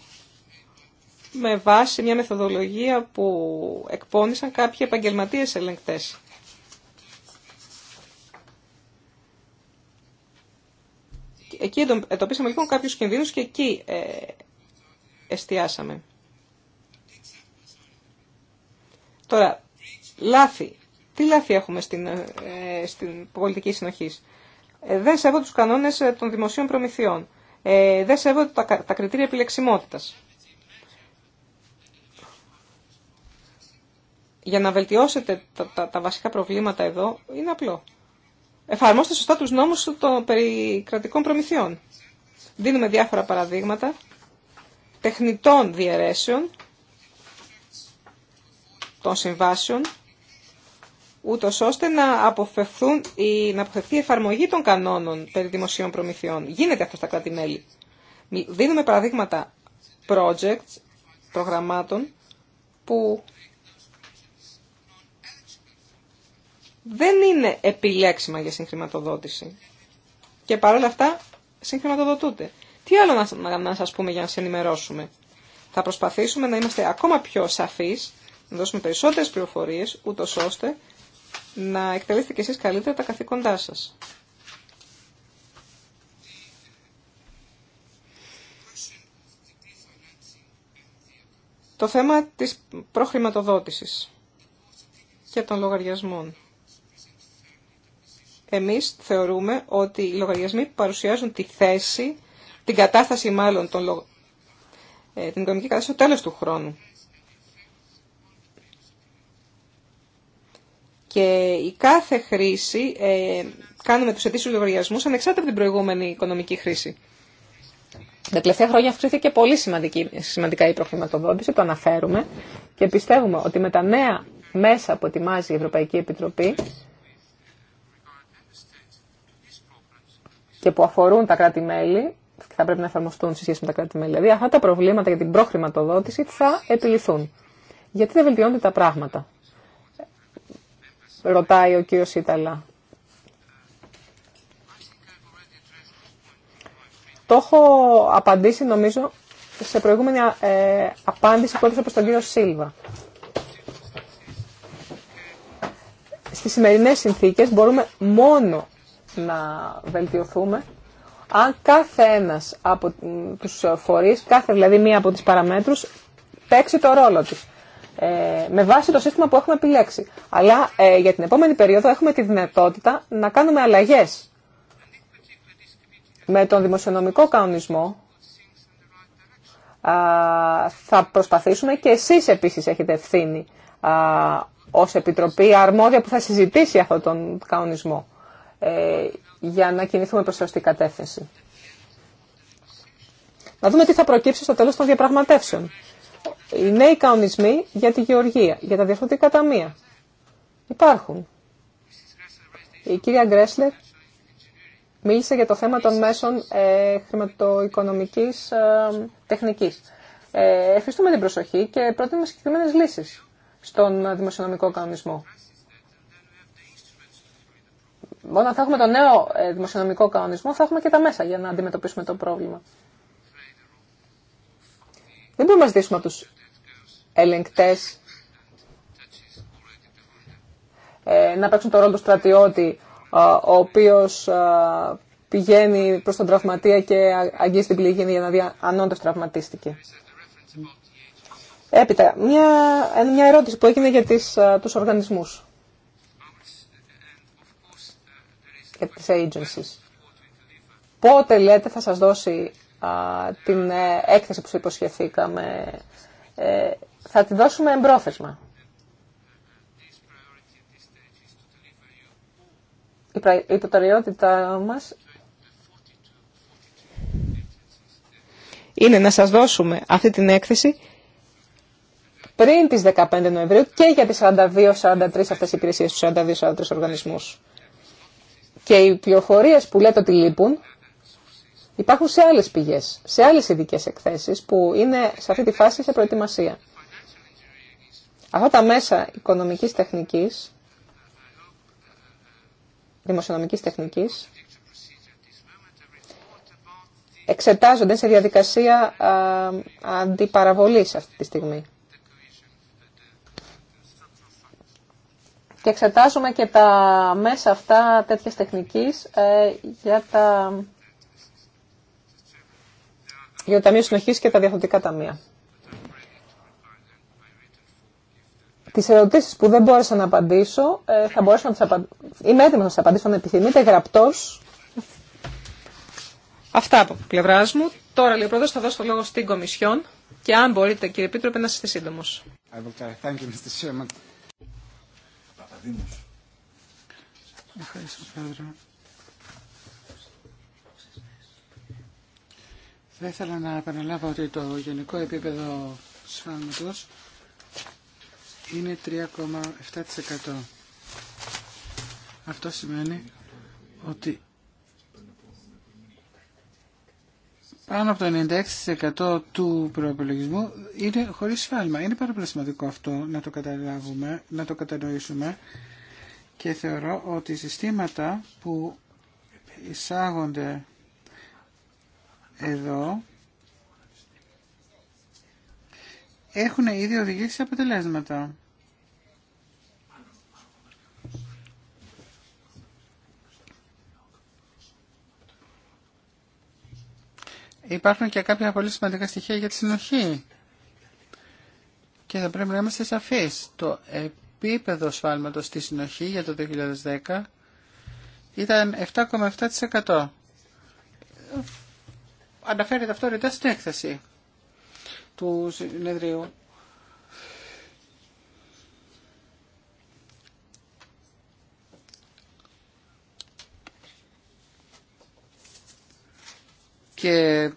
με βάση μια μεθοδολογία που εκπώνησαν κάποιοι επαγγελματίες ελεγκτές. Εκεί εντοπίσαμε λοιπόν κάποιους κινδύνους και εκεί ε, εστιάσαμε. Τώρα, λάθη. Τι λάθη έχουμε στην, ε, στην πολιτική συνοχή. Ε, δεν σέβω τους κανόνες ε, των δημοσίων προμηθειών. δεν σέβω τα, κριτήρια επιλεξιμότητας. Για να βελτιώσετε τα, τα, βασικά προβλήματα εδώ, είναι απλό. Εφαρμόστε σωστά τους νόμους των περί κρατικών προμηθειών. Δίνουμε διάφορα παραδείγματα τεχνητών διαιρέσεων των συμβάσεων, ούτω ώστε να, αποφευθούν, ή να αποφευθεί η εφαρμογή των κανόνων περί δημοσίων προμηθειών. Γίνεται αυτό στα κράτη-μέλη. Δίνουμε παραδείγματα projects, προγραμμάτων, που δεν είναι επιλέξιμα για συγχρηματοδότηση. Και παρόλα αυτά συγχρηματοδοτούνται. Τι άλλο να σας πούμε για να σε ενημερώσουμε. Θα προσπαθήσουμε να είμαστε ακόμα πιο σαφείς, να δώσουμε περισσότερες πληροφορίες, ούτω ώστε να εκτελέσετε κι εσείς καλύτερα τα καθήκοντά σας. Το θέμα της προχρηματοδότησης και των λογαριασμών. Εμείς θεωρούμε ότι οι λογαριασμοί παρουσιάζουν τη θέση την κατάσταση μάλλον των, ε, την οικονομική κατάσταση στο τέλος του χρόνου. Και η κάθε χρήση ε, κάνουμε τους αιτήσιους λογαριασμούς ανεξάρτητα από την προηγούμενη οικονομική χρήση. Τα τελευταία χρόνια αυξήθηκε πολύ σημαντική, σημαντικά η προχρηματοδότηση, το αναφέρουμε και πιστεύουμε ότι με τα νέα μέσα που ετοιμάζει η Ευρωπαϊκή Επιτροπή και που αφορούν τα κράτη-μέλη, θα πρέπει να εφαρμοστούν σε σχέση με τα κράτη-μέλη. Δηλαδή αυτά τα προβλήματα για την προχρηματοδότηση θα επιληθούν. Γιατί δεν βελτιώνται τα πράγματα, ρωτάει ο κύριος Ιταλά. Το έχω απαντήσει νομίζω σε προηγούμενη ε, απάντηση που έδωσα προς τον κύριο Σίλβα. Στις σημερινές συνθήκες μπορούμε μόνο να βελτιωθούμε αν κάθε ένας από τους φορείς, κάθε δηλαδή μία από τις παραμέτρους, παίξει το ρόλο της. Ε, με βάση το σύστημα που έχουμε επιλέξει. Αλλά ε, για την επόμενη περίοδο έχουμε τη δυνατότητα να κάνουμε αλλαγές. Με τον δημοσιονομικό κανονισμό θα προσπαθήσουμε και εσείς επίσης έχετε ευθύνη α, ως Επιτροπή αρμόδια που θα συζητήσει αυτόν τον κανονισμό. Ε, για να κινηθούμε προς σωστή κατεύθυνση. Να δούμε τι θα προκύψει στο τέλος των διαπραγματεύσεων. Οι νέοι κανονισμοί για τη γεωργία, για τα διαφορετικά ταμεία. Υπάρχουν. Η κυρία Γκρέσλερ μίλησε για το θέμα των μέσων ε, χρηματοοικονομικής ε, τεχνικής. Ε, ευχαριστούμε την προσοχή και προτείνουμε συγκεκριμένε λύσεις στον δημοσιονομικό κανονισμό όταν θα έχουμε το νέο ε, δημοσιονομικό κανονισμό, θα έχουμε και τα μέσα για να αντιμετωπίσουμε το πρόβλημα. Δεν μπορούμε να ζητήσουμε από τους ελεγκτές ε, να παίξουν το ρόλο του στρατιώτη, ε, ο οποίος πηγαίνει προς τον τραυματία και αγγίζει την πληγή για να δει αν όντως τραυματίστηκε. Έπειτα, μια, μια ερώτηση που έγινε για τις, τους οργανισμούς. τις agencies. Πότε λέτε θα σας δώσει α, την ε, έκθεση που σου υποσχεθήκαμε. Ε, θα τη δώσουμε εμπρόθεσμα. Η προτεραιότητα μας είναι να σας δώσουμε αυτή την έκθεση πριν τις 15 Νοεμβρίου και για τις 42-43 αυτές οι υπηρεσίες, τους 42-43 οργανισμούς. Και οι πληροφορίε που λέτε ότι λείπουν υπάρχουν σε άλλες πηγές, σε άλλες ειδικέ εκθέσεις που είναι σε αυτή τη φάση σε προετοιμασία. Αυτά τα μέσα οικονομικής τεχνικής, δημοσιονομικής τεχνικής, εξετάζονται σε διαδικασία αντιπαραβολής αυτή τη στιγμή. και εξετάζουμε και τα μέσα αυτά τέτοιες τεχνικής ε, για τα για το Ταμείο Συνοχής και τα Διαθωτικά Ταμεία. Τις ερωτήσεις που δεν μπόρεσα να απαντήσω, ε, θα μπορέσω να απαντήσω. Είμαι έτοιμος να τις απαντήσω, αν επιθυμείτε, γραπτός. Αυτά από πλευρά μου. Τώρα, λέει θα δώσω το λόγο στην Κομισιόν και αν μπορείτε, κύριε Πίτροπε, να είστε σύντομος. Ευχαριστώ, Πρόεδρε.
Θα ήθελα να επαναλάβω ότι το γενικό επίπεδο σφάλματος είναι 3,7%. Αυτό σημαίνει ότι πάνω από το 96% του προεπιλογισμού είναι χωρίς σφάλμα. Είναι πάρα πολύ σημαντικό αυτό να το καταλάβουμε, να το κατανοήσουμε και θεωρώ ότι οι συστήματα που εισάγονται εδώ έχουν ήδη οδηγήσει αποτελέσματα. υπάρχουν και κάποια πολύ σημαντικά στοιχεία για τη συνοχή. Και θα πρέπει να είμαστε σαφείς. Το επίπεδο σφάλματος στη συνοχή για το 2010 ήταν 7,7%. Αναφέρεται αυτό ρητά στην έκθεση του συνεδρίου. και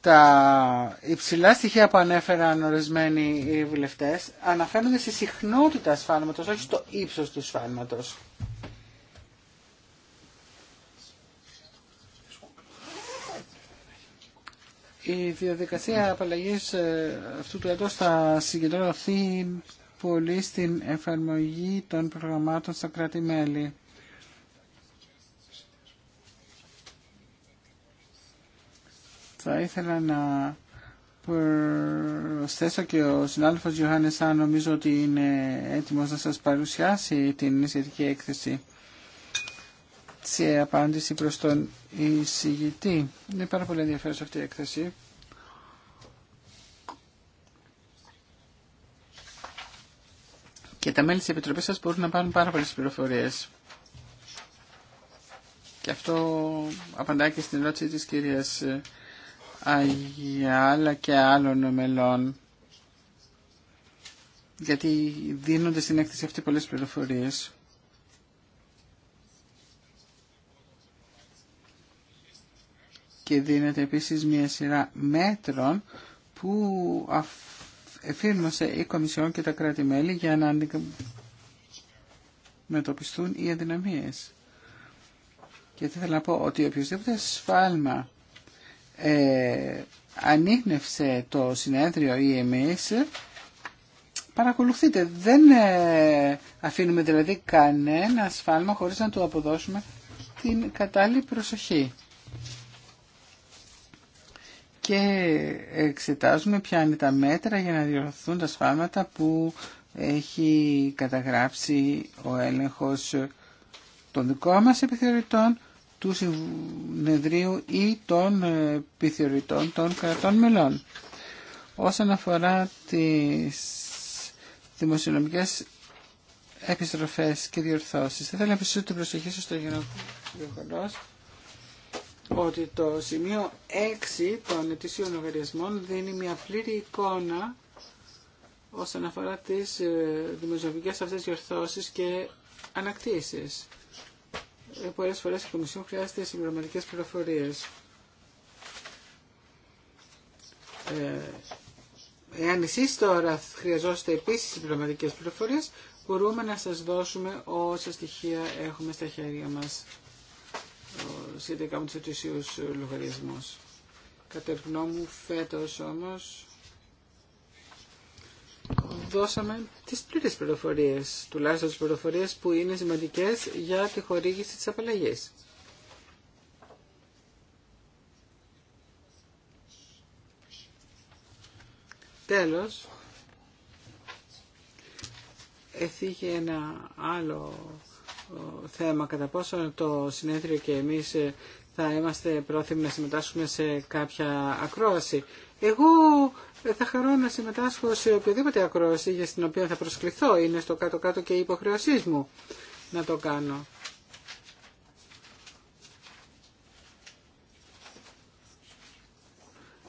τα υψηλά στοιχεία που ανέφεραν ορισμένοι οι βουλευτέ, αναφέρονται στη συχνότητα σφάλματος, όχι στο ύψο του σφάλματος. Η διαδικασία απαλλαγή ε, αυτού του έτος θα συγκεντρωθεί πολύ στην εφαρμογή των προγραμμάτων στα κράτη-μέλη. Θα ήθελα να προσθέσω και ο συνάδελφος Γιωάννης αν νομίζω ότι είναι έτοιμος να σας παρουσιάσει την σχετική έκθεση σε απάντηση προς τον εισηγητή. Είναι πάρα πολύ ενδιαφέρουσα αυτή η έκθεση. Και τα μέλη της Επιτροπής σας μπορούν να πάρουν πάρα πολλές πληροφορίες. Και αυτό απαντάει και στην ερώτηση της κυρίας αλλά και άλλων μελών γιατί δίνονται στην έκθεση αυτή πολλές πληροφορίες. Και δίνεται επίσης μια σειρά μέτρων που εφήρμοσε η Κομισιόν και τα κράτη-μέλη για να αντιμετωπιστούν οι αδυναμίες. Και θέλω να πω ότι οποιοδήποτε σφάλμα ε, ανείχνευσε το συνέδριο ή εμείς, παρακολουθείτε. Δεν ε, αφήνουμε δηλαδή κανένα σφάλμα χωρίς να του αποδώσουμε την κατάλληλη προσοχή. Και εξετάζουμε ποια είναι τα μέτρα για να διορθωθούν τα σφάλματα που έχει καταγράψει ο έλεγχος των δικών μας επιθεωρητών του συνεδρίου ή των ε, επιθεωρητών των κρατών μελών. Όσον αφορά τις δημοσιονομικές επιστροφές και διορθώσεις, θα ήθελα να πιστεύω την προσοχή σας στο γεγονό ότι το σημείο 6 των ετήσιων λογαριασμών δίνει μια πλήρη εικόνα όσον αφορά τις ε, δημοσιονομικές αυτές διορθώσεις και ανακτήσεις. Ε, Πολλέ φορέ η Κομισιόν χρειάζεται συμπληρωματικέ πληροφορίε. Ε, εάν εσεί τώρα χρειαζόσαστε επίσης συμπληρωματικέ πληροφορίες, μπορούμε να σα δώσουμε όσα στοιχεία έχουμε στα χέρια μα σχετικά με τους ετησίου λογαριασμού. Κατ' γνώμη μου φέτος όμως δώσαμε τις πλήρες πληροφορίες, τουλάχιστον τις πληροφορίες που είναι σημαντικές για τη χορήγηση της απαλλαγής. Τέλος, εθίχε ένα άλλο θέμα, κατά πόσο το συνέδριο και εμείς ε, θα είμαστε πρόθυμοι να συμμετάσχουμε σε κάποια ακρόαση. Εγώ ε, θα χαρώ να συμμετάσχω σε οποιοδήποτε ακρόαση για την οποία θα προσκληθώ. Είναι στο κάτω-κάτω και η υποχρεωσή μου να το κάνω.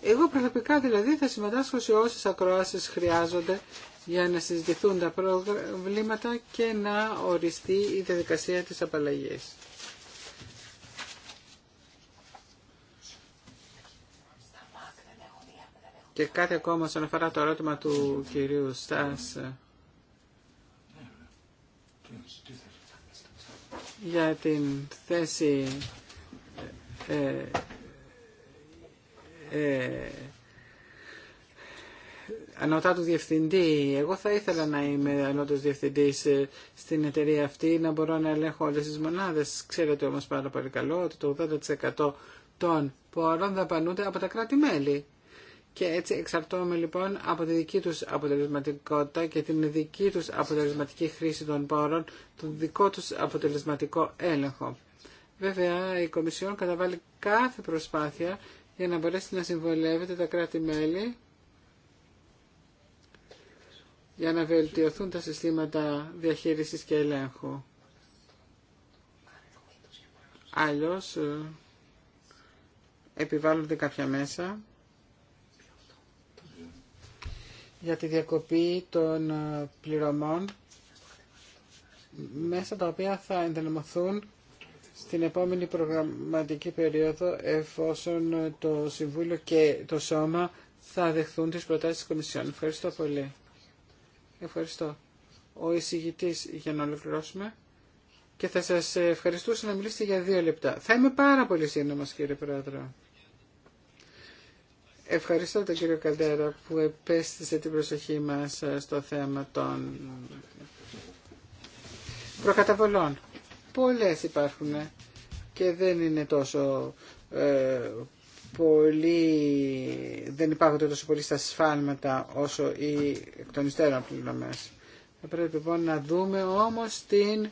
Εγώ προσωπικά δηλαδή θα συμμετάσχω σε όσες ακροάσεις χρειάζονται για να συζητηθούν τα προβλήματα και να οριστεί η διαδικασία της απαλλαγής. Και κάτι ακόμα όσον αφορά το ερώτημα του κυρίου Στάς για την θέση ε, ε, ε ανώτατου διευθυντή. Εγώ θα ήθελα να είμαι ανώτατος διευθυντής ε, στην εταιρεία αυτή, να μπορώ να ελέγχω όλες τις μονάδες. Ξέρετε όμως πάρα πολύ καλό ότι το 80% των πόρων δαπανούνται από τα κράτη-μέλη και έτσι εξαρτώμε λοιπόν από τη δική τους αποτελεσματικότητα και την δική τους αποτελεσματική χρήση των πόρων, τον δικό τους αποτελεσματικό έλεγχο. Βέβαια, η Κομισιόν καταβάλει κάθε προσπάθεια για να μπορέσει να συμβολεύεται τα κράτη-μέλη για να βελτιωθούν τα συστήματα διαχείρισης και ελέγχου. Άλλως, ε, επιβάλλονται κάποια μέσα για τη διακοπή των ε, πληρωμών μέσα τα οποία θα ενδυναμωθούν στην επόμενη προγραμματική περίοδο εφόσον ε, το Συμβούλιο και το Σώμα θα δεχθούν τις προτάσεις της Κομισιόν. Ευχαριστώ πολύ. Ευχαριστώ. Ο εισηγητής για να ολοκληρώσουμε και θα σας ευχαριστούσα να μιλήσετε για δύο λεπτά. Θα είμαι πάρα πολύ σύντομος κύριε Πρόεδρε. Ευχαριστώ τον κύριο Καλτέρα που επέστησε την προσοχή μας ε, στο θέμα των προκαταβολών. Πολλές υπάρχουν και δεν είναι τόσο ε, πολύ, δεν υπάρχουν τόσο πολύ στα σφάλματα όσο οι εκ των υστέρων πληρωμές. Θα πρέπει λοιπόν να δούμε όμως την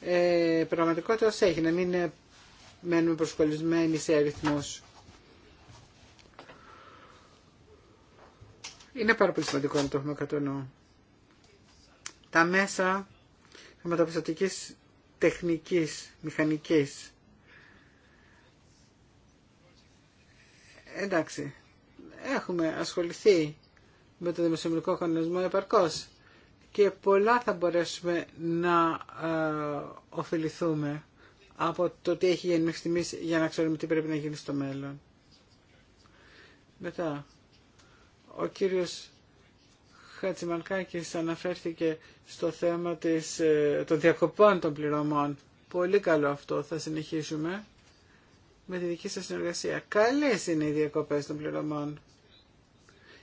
ε, πραγματικότητα ως έχει, να μην ε, μένουμε προσκολλισμένοι σε αριθμούς. Είναι πάρα πολύ σημαντικό να το έχουμε κατά νου. Τα μέσα χρηματοπιστωτικής τεχνικής, μηχανικής. Εντάξει, έχουμε ασχοληθεί με το δημοσιονομικό κανονισμό επαρκώς και πολλά θα μπορέσουμε να ε, ωφεληθούμε από το τι έχει γίνει μέχρι στιγμής για να ξέρουμε τι πρέπει να γίνει στο μέλλον. Μετά, ο κύριος Χατσιμανκάκης αναφέρθηκε στο θέμα της, ε, των διακοπών των πληρωμών. Πολύ καλό αυτό, θα συνεχίσουμε με τη δική σας συνεργασία. Καλές είναι οι διακοπές των πληρωμών,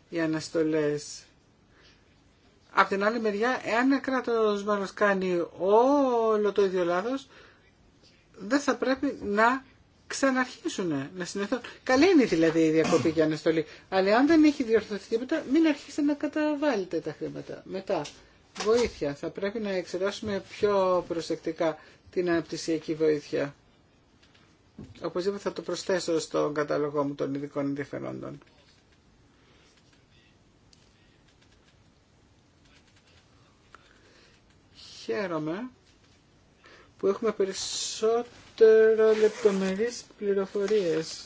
οι αναστολές. Απ' την άλλη μεριά, εάν ένα κράτος μάλλον κάνει όλο το ίδιο λάθος, δεν θα πρέπει να ξαναρχίσουν να συνεχίσουν. Καλή είναι δηλαδή η διακοπή για αναστολή. Αλλά αν δεν έχει διορθωθεί τίποτα, μην αρχίσετε να καταβάλλετε τα χρήματα. Μετά, βοήθεια. Θα πρέπει να εξετάσουμε πιο προσεκτικά την αναπτυσσιακή βοήθεια. Οπωσδήποτε θα το προσθέσω στον κατάλογό μου των ειδικών ενδιαφερόντων. Χαίρομαι που έχουμε περισσότερο δεύτερο λεπτομερείς πληροφορίες.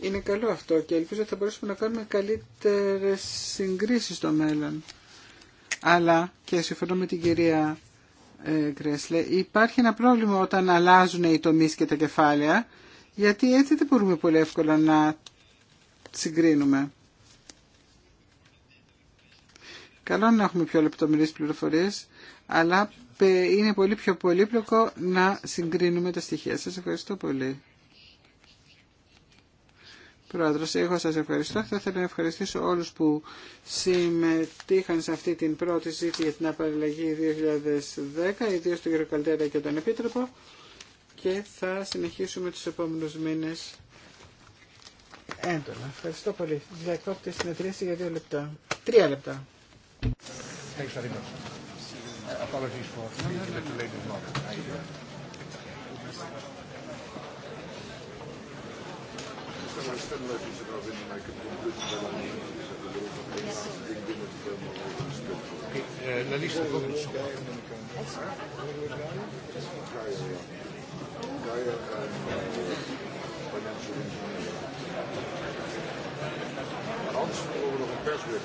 Είναι καλό αυτό και ελπίζω ότι θα μπορέσουμε να κάνουμε καλύτερες συγκρίσεις στο μέλλον. Αλλά, και συμφωνώ με την κυρία ε, Γκρέσλε, υπάρχει ένα πρόβλημα όταν αλλάζουν οι τομεί και τα κεφάλαια, γιατί έτσι δεν μπορούμε πολύ εύκολα να συγκρίνουμε. Καλό να έχουμε πιο λεπτομερείς πληροφορίες, αλλά είναι πολύ πιο πολύπλοκο να συγκρίνουμε τα στοιχεία. Σας ευχαριστώ πολύ. Πρόεδρος, εγώ σας ευχαριστώ. Θα ήθελα να ευχαριστήσω όλους που συμμετείχαν σε αυτή την πρώτη ζήτη για την απαλλαγή 2010, ιδίως τον κύριο Καλτέρα και τον Επίτροπο και θα συνεχίσουμε τους επόμενους μήνες έντονα. Ευχαριστώ πολύ. Διακόπτε συνεδρίαση για δύο λεπτά. Τρία λεπτά. Thanks
La lista Anders worden we nog een persbericht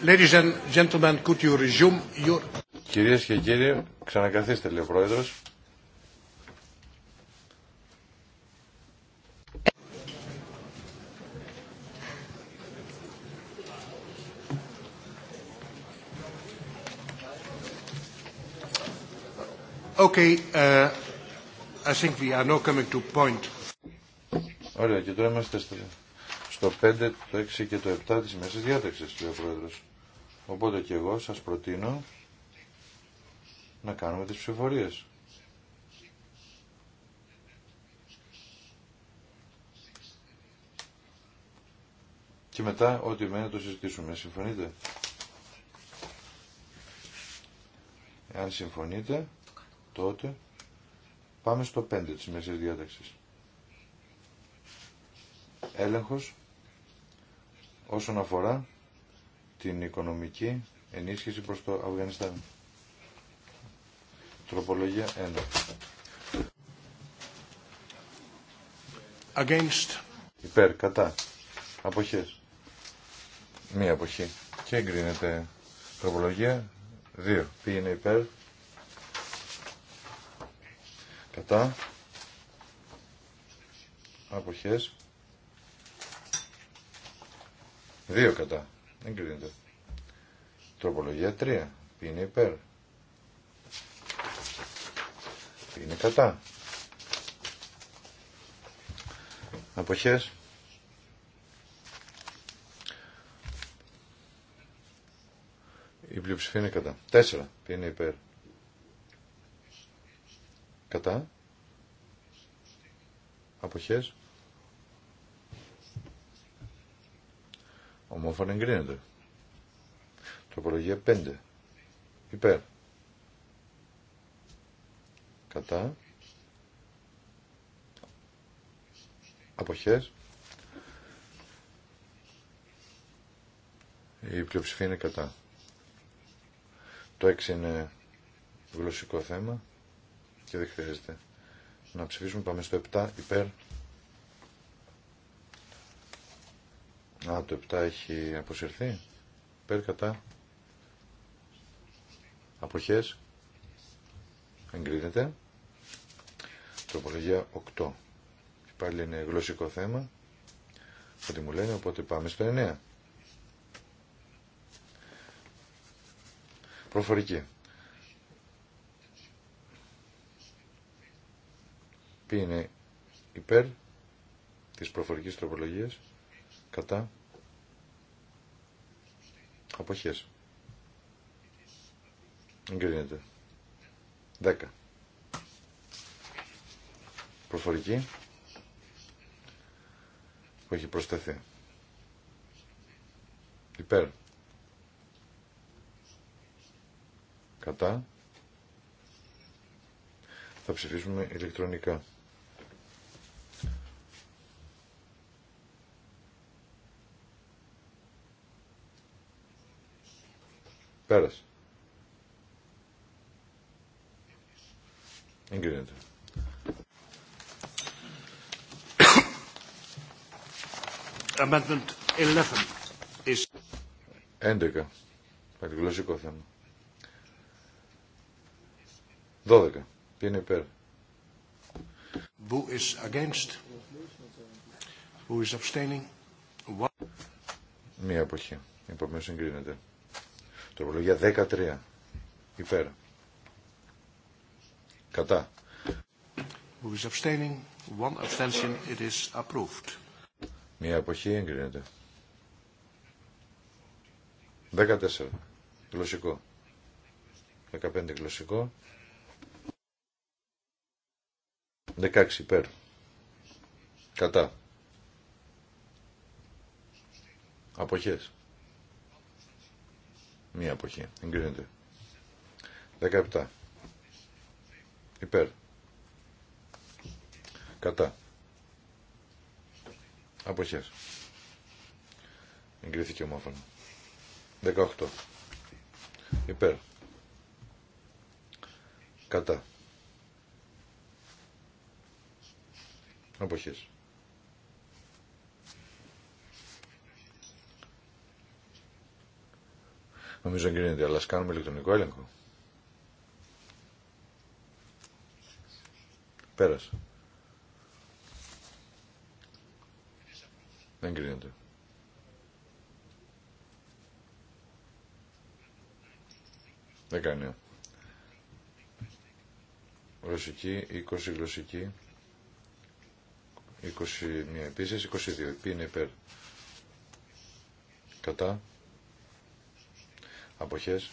Ladies and gentlemen, could you resume your...
Κυρίες και κύριοι, ξανακαθίστε λέει ο Πρόεδρος. Okay, uh, I think we are now coming to point. Ωραία, και τώρα είμαστε στο το 5, το 6 και το 7 της μέσης διάταξης, λέει Πρόεδρος. Οπότε και εγώ σας προτείνω να κάνουμε τις ψηφορίες. Και μετά ό,τι μένει το συζητήσουμε. Συμφωνείτε. Εάν συμφωνείτε, τότε πάμε στο 5 της μέσης διάταξης. Έλεγχος όσον αφορά την οικονομική ενίσχυση προς το Αφγανιστάν. Τροπολογία 1. Against. Υπέρ, κατά. Αποχές. Μία αποχή. Και εγκρίνεται τροπολογία 2. Ποιοι υπέρ. Κατά. Αποχές. Δύο κατά. δεν κρίνεται. Τροπολογία τρία, Ποιοι είναι υπέρ. Ποιοι είναι κατά. Αποχές. Η πλειοψηφία είναι κατά. Τέσσερα. Ποιοι είναι υπέρ. Κατά. Αποχές. Ομόφωνα εγκρίνεται. Τροπολογία 5. Υπέρ. Κατά. Αποχές. Η πλειοψηφία είναι κατά. Το 6 είναι γλωσσικό θέμα και δεν χρειάζεται να ψηφίσουμε. Πάμε στο 7 υπέρ Α, το 7 έχει αποσυρθεί. Πέρ κατά. Αποχές. Εγκρίνεται. Τροπολογία 8. Πάλι είναι γλωσσικό θέμα. Ότι μου λένε, οπότε πάμε στο 9. Προφορική. Ποιοι είναι υπέρ της προφορικής τροπολογίας. Κατά. Αποχές. Εγκρίνεται. 10. Προφορική που έχει προσθεθεί. Υπέρ. Κατά. Θα ψηφίσουμε ηλεκτρονικά. Πέρασε. Εγκρίνεται.
Amendment 11
is... θέμα. 12. Ποιοι είναι υπέρ. is against? is Μία εποχή. Επομένως εγκρίνεται. Τροπολογία 13. Υπέρ. Κατά. Μία αποχή εγκρίνεται. 14. Γλωσσικό. 15 γλωσσικό. 16 υπέρ. Κατά. Αποχές. Μία εποχή. Εγκρίνεται. 17. Υπέρ. Κατά. Αποχέ. Εγκρίθηκε ομόφωνα. 18. Υπέρ. Κατά. Αποχές. Νομίζω εγκρίνεται, αλλά ας κάνουμε ηλεκτρονικό έλεγχο. Πέρασε. Δεν κρίνεται. κάνει. Γλωσσική, 20 γλωσσική, 21 επίσης, 22. Ποιοι είναι υπέρ. Κατά. Αποχές.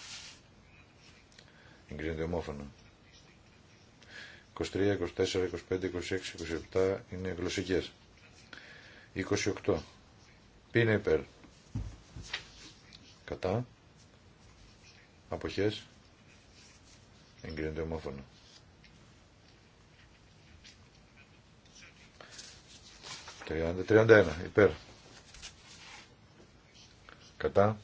Εγκρίνεται ομόφωνα. 23, 24, 25, 26, 27 είναι γλωσσικές. 28. Πίνε υπέρ. Κατά. Αποχές. Εγκρίνεται ομόφωνα. 30, 31. Υπέρ. Κατά.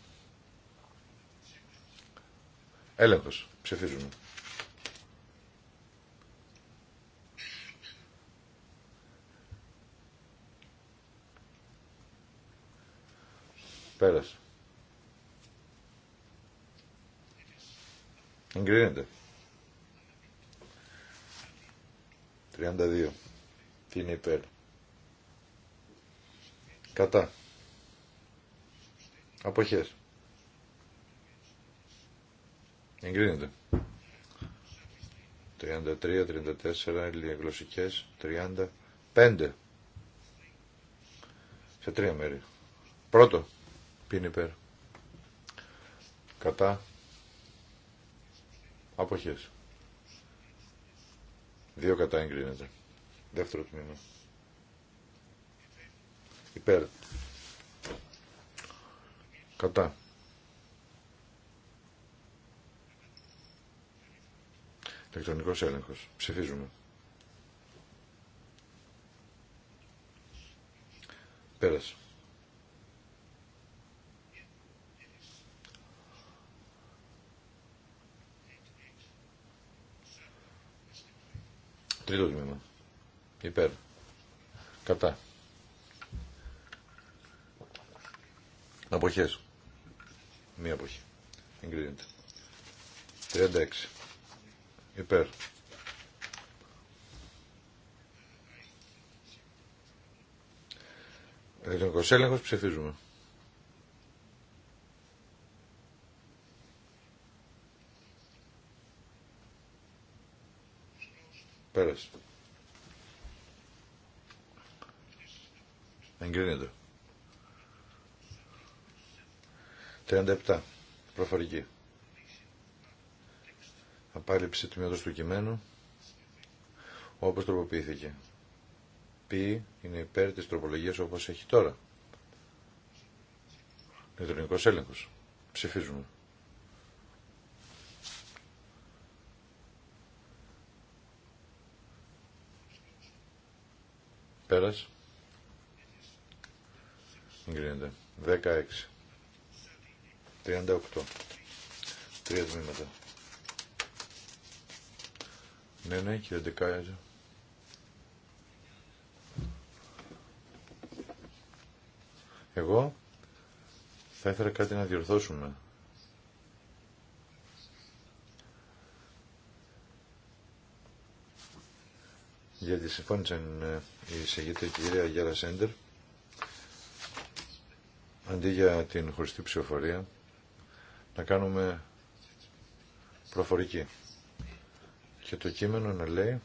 Έλεγχος. Ψηφίζουμε. Πέρασε. Εγκρίνεται. 32. Τι είναι υπέρ. Κατά. Αποχές. Εγκρίνεται. 33, 34, γλωσσικέ 35. Σε τρία μέρη. Πρώτο, πίνει υπέρ. Κατά. αποχέ Δύο κατά εγκρίνεται. Δεύτερο τμήμα. Υπέρ. Κατά. Ελεκτρονικό έλεγχος. Ψηφίζουμε. Πέρασε. Τρίτο τμήμα. Υπέρ. Κατά. Αποχές. Μία αποχή. Εγκρίνεται. 36 υπέρ. Ελεκτρονικός έλεγχος ψηφίζουμε. Πέρασε. Εγκρίνεται. 37. Προφορική απάλληψη τμήματος του κειμένου όπως τροποποιήθηκε. Π είναι υπέρ της τροπολογίας όπως έχει τώρα. Ηλεκτρονικός έλεγχος. Ψηφίζουμε. Πέρας. Εγκρίνεται. 16. 38. Τρία τμήματα. Ναι, ναι, Εγώ θα ήθελα κάτι να διορθώσουμε. Γιατί συμφώνησαν ε, η εισηγήτρια κυρία Γιάρα Σέντερ αντί για την χωριστή ψηφοφορία να κάνουμε προφορική και το κείμενο να λέει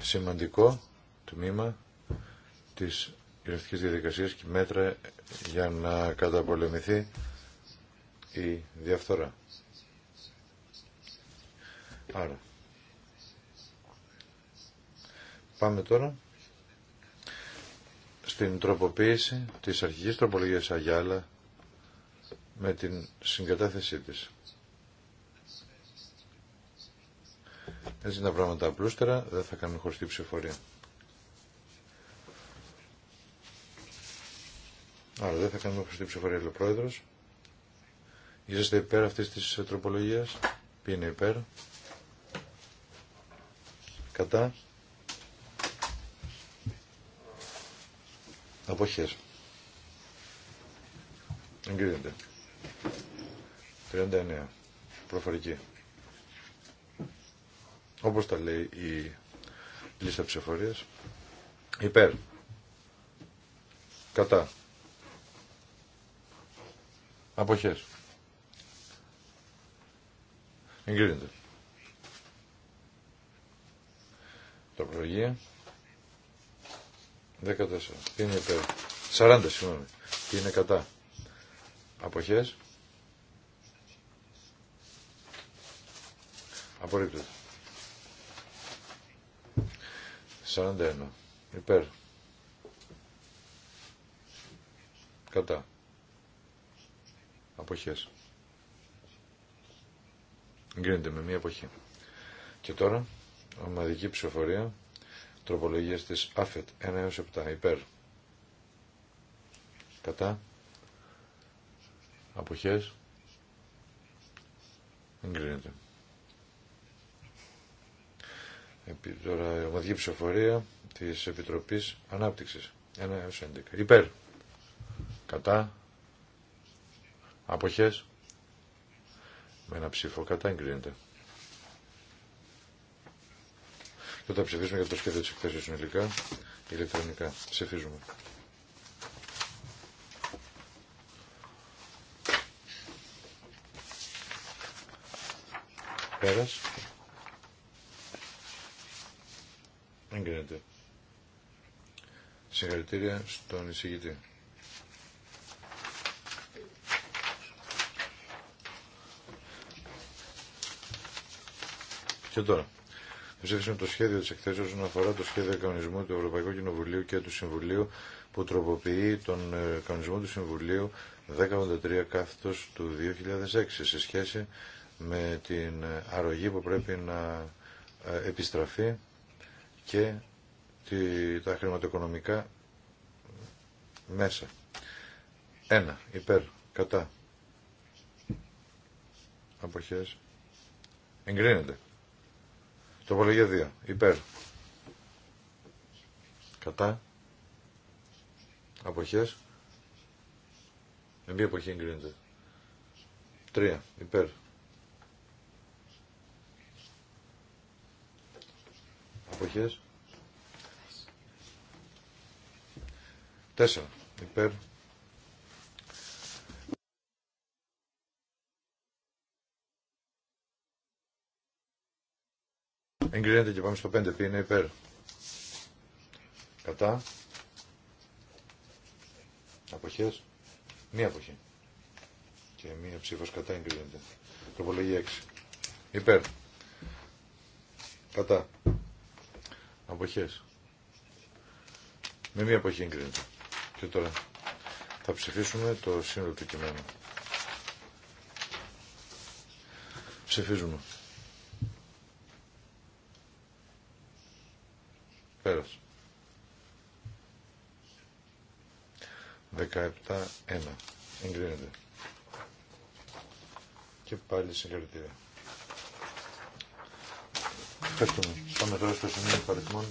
σημαντικό τμήμα της ειρηνικής διαδικασίας και μέτρα για να καταπολεμηθεί η διαφθορά. Άρα, πάμε τώρα στην τροποποίηση της αρχικής τροπολογίας Αγιάλα με την συγκατάθεσή της. Έτσι είναι τα πράγματα απλούστερα, δεν θα κάνουμε χωριστή ψηφορία. Άρα δεν θα κάνουμε χωριστή ψηφορία, λέει ο Πρόεδρος. Είσαστε υπέρ αυτής της τροπολογίας. Ποιοι είναι υπέρ. Κατά. Αποχές. Εγκρίνεται. 39. Προφορική όπως τα λέει η λίστα ψηφορίας, υπέρ, κατά, αποχές, εγκρίνεται. Τα 14, τι είναι υπέρ, 40 συγγνώμη, τι είναι κατά, αποχές, απορρίπτεται. 41. Υπέρ. Κατά. Αποχές. Γκρίνεται με μία εποχή. Και τώρα, ομαδική ψηφοφορία, τροπολογίας της ΑΦΕΤ 1 7. Υπέρ. Κατά. Αποχές. Εγκρίνεται. Επί, τώρα ομαδική ψηφοφορία της Επιτροπής Ανάπτυξης. 1 έω 11. Υπέρ. Κατά. Αποχές. Με ένα ψήφο κατά εγκρίνεται. Και όταν ψηφίσουμε για το σχέδιο της εκθέσεως συνολικά, ηλεκτρονικά ψηφίζουμε. Πέρας. Σε Συγχαρητήρια στον εισηγητή. Και τώρα, ψήφισαν το σχέδιο της εκθέσεως όσον αφορά το σχέδιο κανονισμού του Ευρωπαϊκού Κοινοβουλίου και του Συμβουλίου που τροποποιεί τον ε, κανονισμό του Συμβουλίου 1083 κάθετος του 2006 σε σχέση με την αρρωγή που πρέπει να ε, επιστραφεί και τα χρηματοοικονομικά μέσα. 1 υπέρ, κατά. Αποχές. Εγκρίνεται. Τροπολογία 2. Υπέρ. Κατά. Αποχές. Με μία εγκρίνεται. 3. Υπέρ. Αποχές. 4 Εγκρίνεται και πάμε στο 5 που είναι υπέρ. Κατά. Αποχές. Μία αποχή. Και μία ψήφο κατά εγκρίνεται. Τροπολογία 6. Υπέρ. Κατά. Αποχέ. Με μία αποχή εγκρίνεται. Και τώρα θα ψηφίσουμε το σύνολο του κειμένου. Ψηφίζουμε. Πέρασε. 17-1. Εγκρίνεται. Και πάλι συγχαρητήρια. Ευχαριστούμε. Πάμε τώρα στο σημείο αριθμών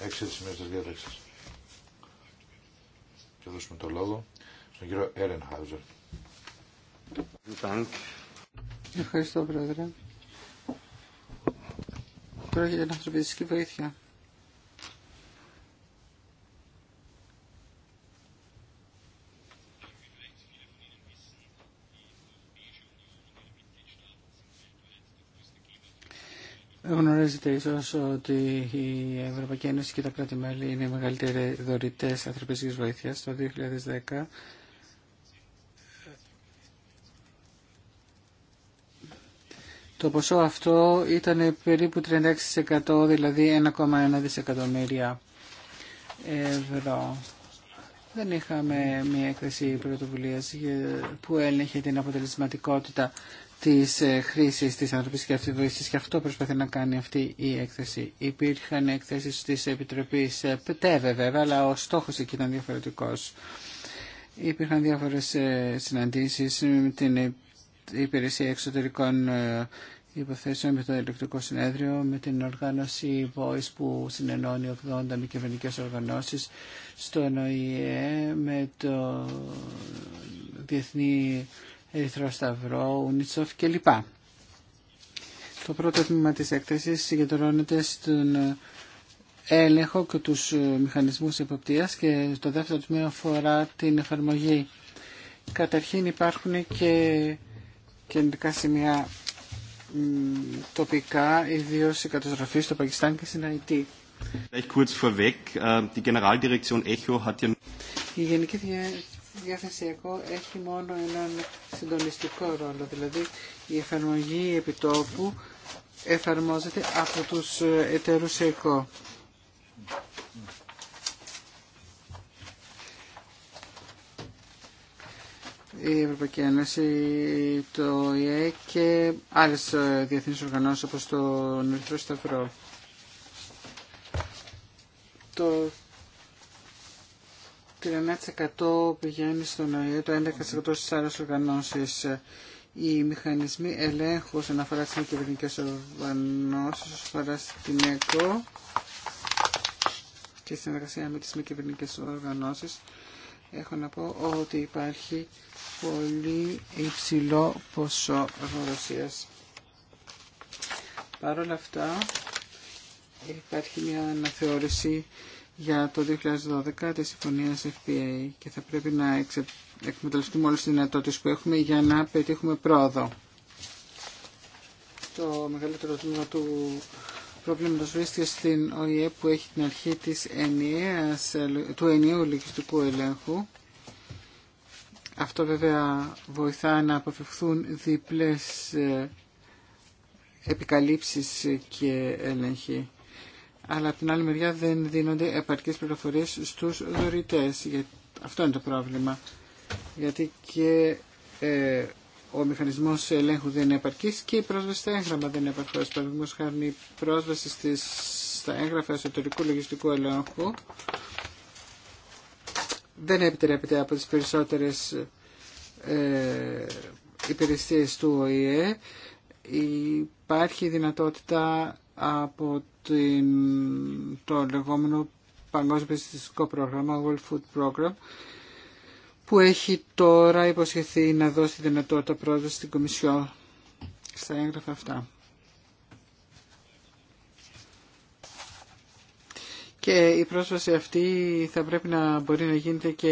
6 της ημέρας της διάταξης θα δώσουμε το λόγο στον κύριο Έρενχάουζερ.
Ευχαριστώ, Πρόεδρε. Πρόκειται για την ανθρωπιστική βοήθεια. γνωρίζετε ίσω ότι η Ευρωπαϊκή Ένωση και τα κράτη-μέλη είναι οι μεγαλύτεροι δωρητέ ανθρωπιστική βοήθειας. Το 2010 Το ποσό αυτό ήταν περίπου 36%, δηλαδή 1,1 δισεκατομμύρια ευρώ. Δεν είχαμε μια έκθεση πρωτοβουλία που έλεγχε την αποτελεσματικότητα της ε, χρήσης της ανθρωπιστικής αυτοβοήθησης και αυτό προσπαθεί να κάνει αυτή η έκθεση. Υπήρχαν εκθέσεις της Επιτροπής ε, ΠΤΕΒΕ βέβαια, αλλά ο στόχος εκεί ήταν διαφορετικός. Υπήρχαν διάφορες ε, συναντήσεις με την Υπηρεσία Εξωτερικών Υποθέσεων, με το Ελεκτρικό Συνέδριο, με την οργάνωση Voice που συνενώνει 80 μη κυβερνικές οργανώσεις, στο ΕΝΟΗΕ, με το Διεθνή Ερυθρό Σταυρό, Ουνίτσοφ κλπ. Το πρώτο τμήμα της έκθεσης συγκεντρώνεται στον ε, έλεγχο και τους ε, μηχανισμούς εποπτείας και το δεύτερο τμήμα αφορά την εφαρμογή. Καταρχήν υπάρχουν και κεντρικά σημεία τοπικά, ιδίως η καταστροφή στο Πακιστάν και στην Αϊτή. Äh, η Γενική διαθεσιακό έχει μόνο έναν συντονιστικό ρόλο, δηλαδή η εφαρμογή επιτόπου εφαρμόζεται από τους εταίρους ΕΚΟ. η Ευρωπαϊκή Ένωση, το ΙΕ και άλλες διεθνείς οργανώσεις όπως το Νερθρό Σταυρό. Το 39% πηγαίνει στον ΟΗΕ, το 11% στις άλλες οργανώσεις. Οι μηχανισμοί ελέγχου όσον αφορά τις κυβερνικές οργανώσεις, όσον αφορά στην ΕΚΟ και συνεργασία με τις μη κυβερνικές οργανώσεις, έχω να πω ότι υπάρχει πολύ υψηλό ποσό εργοδοσίας. Παρ' όλα αυτά υπάρχει μια αναθεώρηση για το 2012 τη συμφωνία FPA και θα πρέπει να εξε... εκμεταλλευτούμε όλες τις δυνατότητες που έχουμε για να πετύχουμε πρόοδο. Το μεγαλύτερο τμήμα του προβλήματος βρίσκεται στην ΟΗΕ που έχει την αρχή της ενιαίας, του ενιαίου λογιστικού ελέγχου. Αυτό βέβαια βοηθά να αποφευχθούν διπλές ε, επικαλύψεις και έλεγχοι αλλά από την άλλη μεριά δεν δίνονται επαρκείς πληροφορίες στους δωρητές. Αυτό είναι το πρόβλημα. Γιατί και ε, ο μηχανισμός ελέγχου δεν είναι επαρκής και η πρόσβαση στα έγγραμμα δεν είναι επαρκής. Παραδείγμα χάρη η πρόσβαση στις, στα έγγραφα εσωτερικού λογιστικού ελέγχου δεν επιτρέπεται από τις περισσότερες ε, υπηρεσίες του ΟΗΕ. Υπάρχει δυνατότητα από την, το λεγόμενο Παγκόσμιο Πιστιστικό Πρόγραμμα, World Food Program, που έχει τώρα υποσχεθεί να δώσει δυνατότητα πρόσβαση στην Κομισιό στα έγγραφα αυτά. Και η πρόσβαση αυτή θα πρέπει να μπορεί να γίνεται και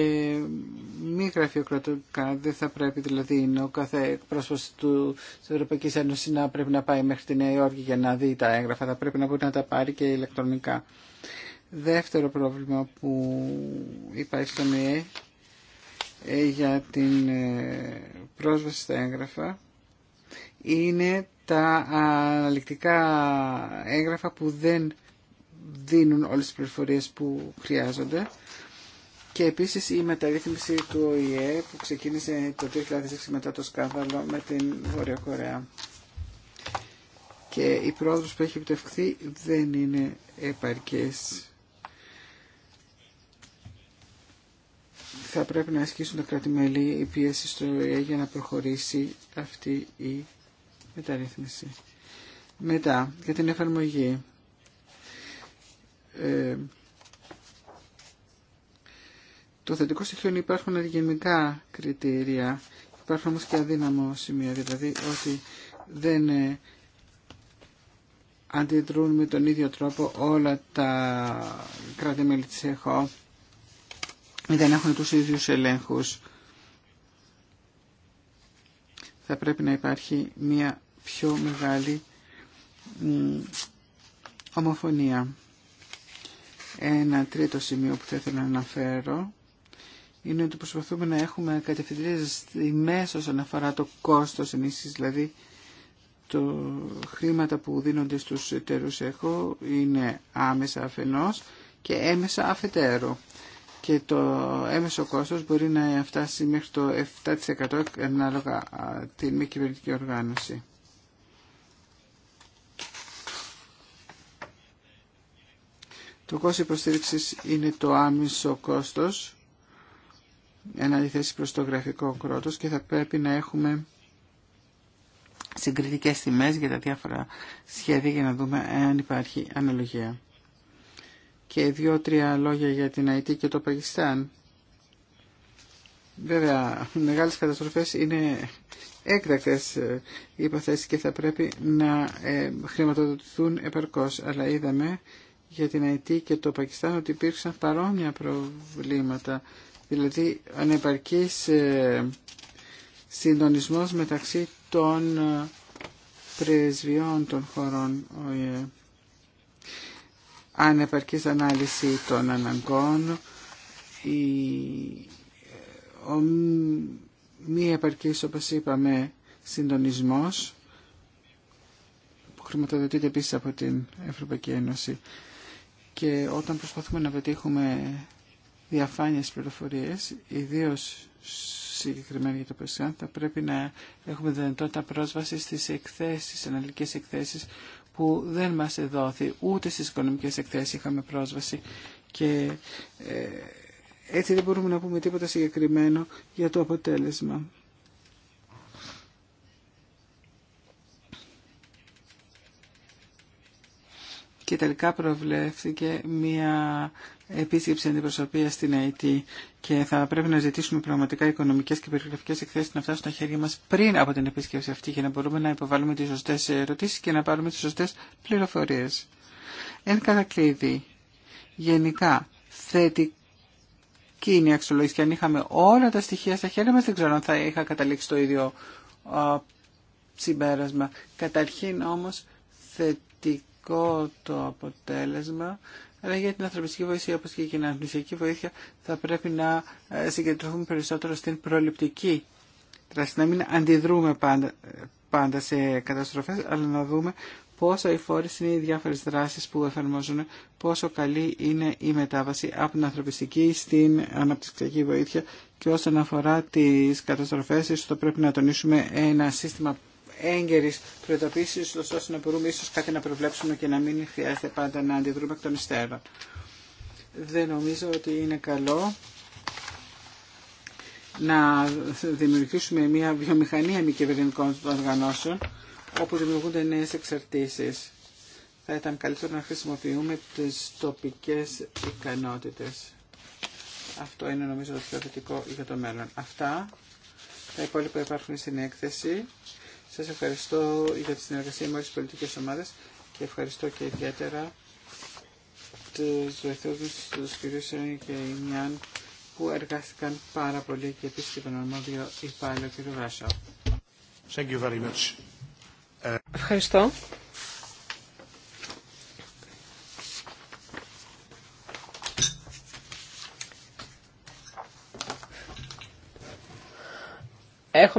μη γραφειοκρατικά. Δεν θα πρέπει δηλαδή ο κάθε πρόσβαση του, της Ευρωπαϊκής να πρέπει να πάει μέχρι τη Νέα Υόρκη για να δει τα έγγραφα. Θα πρέπει να μπορεί να τα πάρει και ηλεκτρονικά. Δεύτερο πρόβλημα που υπάρχει στον ΕΕ για την ε, πρόσβαση στα έγγραφα είναι τα αναλυτικά έγγραφα που δεν δίνουν όλες τις πληροφορίες που χρειάζονται. Και επίσης η μεταρρύθμιση του ΟΗΕ που ξεκίνησε το 2006 μετά το σκάνδαλο με την Βόρεια Κορέα. Και η πρόοδος που έχει επιτευχθεί δεν είναι επαρκής. Θα πρέπει να ασκήσουν τα κράτη-μέλη η πίεση στο ΟΗΕ για να προχωρήσει αυτή η μεταρρύθμιση. Μετά, για την εφαρμογή. Ε, το θετικό στοιχείο είναι υπάρχουν γενικά κριτήρια. Υπάρχουν όμως και αδύναμο σημεία, δηλαδή ότι δεν ε, αντιδρούν με τον ίδιο τρόπο όλα τα κράτη-μέλη της ΕΧΟ δεν έχουν τους ίδιους ελέγχους. Θα πρέπει να υπάρχει μια πιο μεγάλη ομοφωνία. Ένα τρίτο σημείο που θα ήθελα να αναφέρω είναι ότι προσπαθούμε να έχουμε κατευθυντήρες τιμές όσον αφορά το κόστος ενίσχυσης, δηλαδή το χρήματα που δίνονται στους εταίρους έχω είναι άμεσα αφενός και έμεσα αφετέρου. Και το έμεσο κόστος μπορεί να φτάσει μέχρι το 7% ανάλογα την μη κυβερνητική οργάνωση. Το κόστος υποστήριξης είναι το άμεσο κόστος, εν αντιθέσει προς το γραφικό κρότος και θα πρέπει να έχουμε συγκριτικές τιμέ για τα διάφορα σχέδια για να δούμε αν υπάρχει αναλογία. Και δύο-τρία λόγια για την ΑΕΤ και το Πακιστάν. Βέβαια, μεγάλες καταστροφές είναι έκτακτες ε, υποθέσεις και θα πρέπει να ε, χρηματοδοτηθούν επαρκώς. Αλλά είδαμε για την ΑΕΤ και το Πακιστάν ότι υπήρξαν παρόμοια προβλήματα, δηλαδή ανεπαρκής ε, συντονισμός μεταξύ των ε, πρεσβειών των χωρών ε, Ανεπαρκής ανάλυση των αναγκών, η... ο... μη επαρκής όπως είπαμε συντονισμός που χρηματοδοτείται επίσης από την Ευρωπαϊκή Ένωση και όταν προσπαθούμε να πετύχουμε διαφάνειες πληροφορίες, ιδίως συγκεκριμένα για το Περσιάν, θα πρέπει να έχουμε δυνατότητα πρόσβαση στις εκθέσεις, εκθέσεις που δεν μας εδόθη, ούτε στις οικονομικές εκθέσεις είχαμε πρόσβαση και ε, έτσι δεν μπορούμε να πούμε τίποτα συγκεκριμένο για το αποτέλεσμα. και τελικά προβλέφθηκε μια επίσκεψη αντιπροσωπεία στην ΑΕΤ και θα πρέπει να ζητήσουμε πραγματικά οικονομικέ και περιγραφικέ εκθέσει να φτάσουν στα χέρια μα πριν από την επίσκεψη αυτή για να μπορούμε να υποβάλουμε τι σωστέ ερωτήσει και να πάρουμε τι σωστέ πληροφορίε. Εν κατακλείδη, γενικά θετική είναι η αξιολόγηση. Και αν είχαμε όλα τα στοιχεία στα χέρια μας, δεν ξέρω αν θα είχα καταλήξει το ίδιο α, συμπέρασμα. Καταρχήν όμως θετική θετικό το αποτέλεσμα, αλλά για την ανθρωπιστική βοήθεια όπως και για την βοήθεια θα πρέπει να ε, συγκεντρωθούμε περισσότερο στην προληπτική δράση, να μην αντιδρούμε πάντα, πάντα σε καταστροφές, αλλά να δούμε πόσο αηφόρες είναι οι διάφορες δράσεις που εφαρμόζουν, πόσο καλή είναι η μετάβαση από την ανθρωπιστική στην αναπτυξιακή βοήθεια και όσον αφορά τις καταστροφές, ίσως το πρέπει να τονίσουμε ένα σύστημα έγκαιρη προειδοποίηση, ώστε να μπορούμε ίσω κάτι να προβλέψουμε και να μην χρειάζεται πάντα να αντιδρούμε εκ των υστέρων. Δεν νομίζω ότι είναι καλό να δημιουργήσουμε μια βιομηχανία μη κυβερνητικών οργανώσεων όπου δημιουργούνται νέε εξαρτήσει. Θα ήταν καλύτερο να χρησιμοποιούμε τις τοπικές ικανότητε. Αυτό είναι νομίζω το πιο θετικό για το μέλλον. Αυτά, τα υπόλοιπα υπάρχουν στην έκθεση. Σα ευχαριστώ για τη συνεργασία με όλε τι πολιτικές ομάδες και ευχαριστώ και ιδιαίτερα τους βοηθούς του τους Σερνή και Ινιάν που εργάστηκαν πάρα πολύ και επίση και τον αρμόδιο υπάλληλο κ. Βάσα. Thank you
ε, Ευχαριστώ.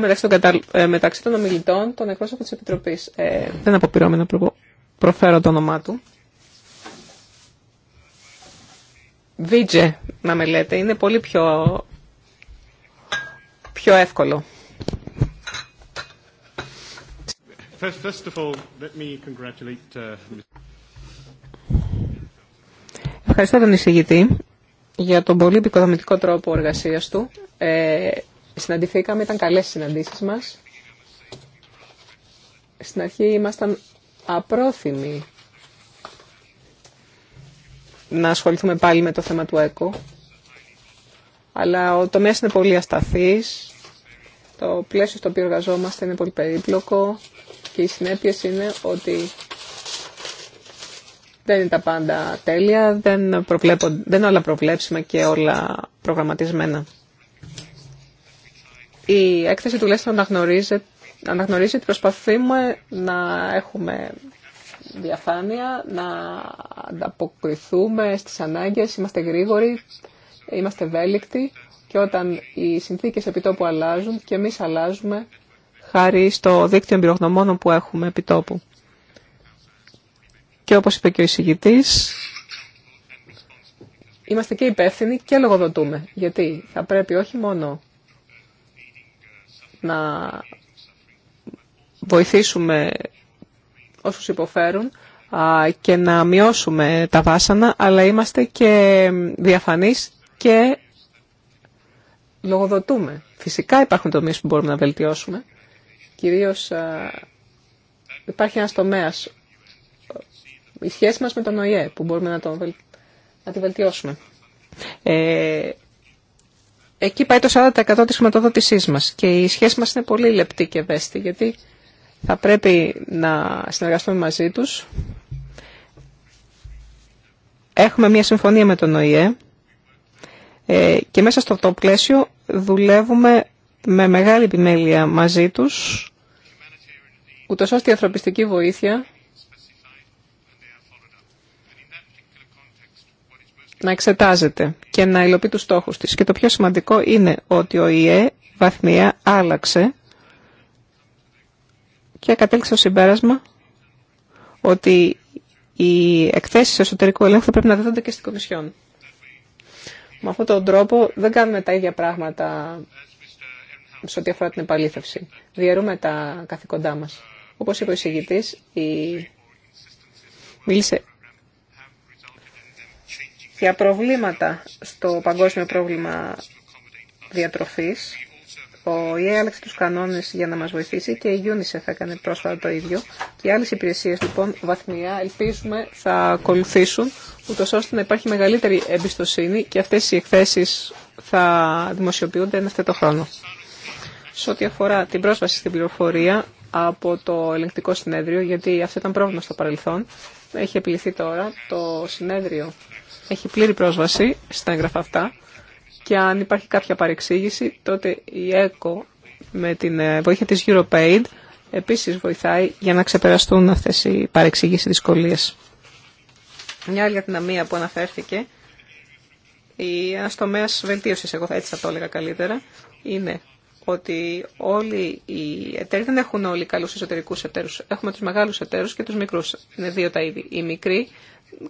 έχω ε, μεταξύ των, κατα... των ομιλητών τον εκπρόσωπο της Επιτροπής. Ε, δεν αποπειρώμαι να προφέρω το όνομά του. Βίτζε, να με λέτε, είναι πολύ πιο, πιο εύκολο. Uh, Ευχαριστώ τον εισηγητή για τον πολύ επικοδομητικό τρόπο εργασίας του. Ε, συναντηθήκαμε, ήταν καλές οι συναντήσεις μας. Στην αρχή ήμασταν απρόθυμοι να ασχοληθούμε πάλι με το θέμα του ΕΚΟ. Αλλά ο τομέας είναι πολύ ασταθής, το πλαίσιο στο οποίο εργαζόμαστε είναι πολύ περίπλοκο και οι συνέπειε είναι ότι δεν είναι τα πάντα τέλεια, δεν, δεν όλα προβλέψιμα και όλα προγραμματισμένα. Η έκθεση του αναγνωρίζει, αναγνωρίζει ότι προσπαθούμε να έχουμε διαφάνεια, να ανταποκριθούμε στις ανάγκες, είμαστε γρήγοροι, είμαστε ευέλικτοι και όταν οι συνθήκες επιτόπου αλλάζουν και εμείς αλλάζουμε χάρη στο δίκτυο εμπειρογνωμόνων που έχουμε επιτόπου. Και όπως είπε και ο εισηγητής, είμαστε και υπεύθυνοι και λογοδοτούμε. Γιατί θα πρέπει όχι μόνο να βοηθήσουμε όσους υποφέρουν και να μειώσουμε τα βάσανα, αλλά είμαστε και διαφανείς και λογοδοτούμε. Φυσικά υπάρχουν τομείς που μπορούμε να βελτιώσουμε. Κυρίως υπάρχει ένας τομέας, η σχέση μας με τον ΟΗΕ, που μπορούμε να, τον, να τη βελτιώσουμε. Ε, εκεί πάει το 40% της χρηματοδότησής μας και η σχέση μας είναι πολύ λεπτή και ευαίσθητη γιατί θα πρέπει να συνεργαστούμε μαζί τους. Έχουμε μια συμφωνία με τον ΟΗΕ ε, και μέσα στο αυτό πλαίσιο δουλεύουμε με μεγάλη επιμέλεια μαζί τους ούτως ώστε η ανθρωπιστική βοήθεια να εξετάζεται και να υλοποιεί τους στόχους της. Και το πιο σημαντικό είναι ότι ο ΙΕ βαθμία άλλαξε και κατέληξε στο συμπέρασμα ότι οι εκθέσεις εσωτερικού ελέγχου θα πρέπει να δίδονται και στην Κομισιόν. Με αυτόν τον τρόπο δεν κάνουμε τα ίδια πράγματα σε ό,τι αφορά την επαλήθευση. Διαιρούμε τα καθήκοντά μας. Όπως είπε ο εισηγητής, η... μίλησε για προβλήματα στο παγκόσμιο πρόβλημα διατροφής. Ο ΙΕ άλλαξε τους κανόνες για να μας βοηθήσει και η UNICEF έκανε πρόσφατα το ίδιο. Και οι άλλες υπηρεσίες λοιπόν βαθμιά ελπίζουμε θα ακολουθήσουν ούτως ώστε να υπάρχει μεγαλύτερη εμπιστοσύνη και αυτές οι εκθέσεις θα δημοσιοποιούνται ένα το χρόνο. Σε ό,τι αφορά την πρόσβαση στην πληροφορία από το ελεγκτικό συνέδριο, γιατί αυτό ήταν πρόβλημα στο παρελθόν, έχει επιληθεί τώρα το συνέδριο έχει πλήρη πρόσβαση στα έγγραφα αυτά και αν υπάρχει κάποια παρεξήγηση, τότε η ΕΚΟ με την ε, βοήθεια της EuroPaid επίσης βοηθάει για να ξεπεραστούν αυτές οι παρεξήγησεις δυσκολίες. Μια άλλη αδυναμία που αναφέρθηκε, η ένας βελτίωση βελτίωσης, εγώ έτσι θα το έλεγα καλύτερα, είναι ότι όλοι οι εταίροι δεν έχουν όλοι καλού εσωτερικού εταίρου. Έχουμε του μεγάλου εταίρου και του μικρού. Είναι δύο τα είδη. Οι μικροί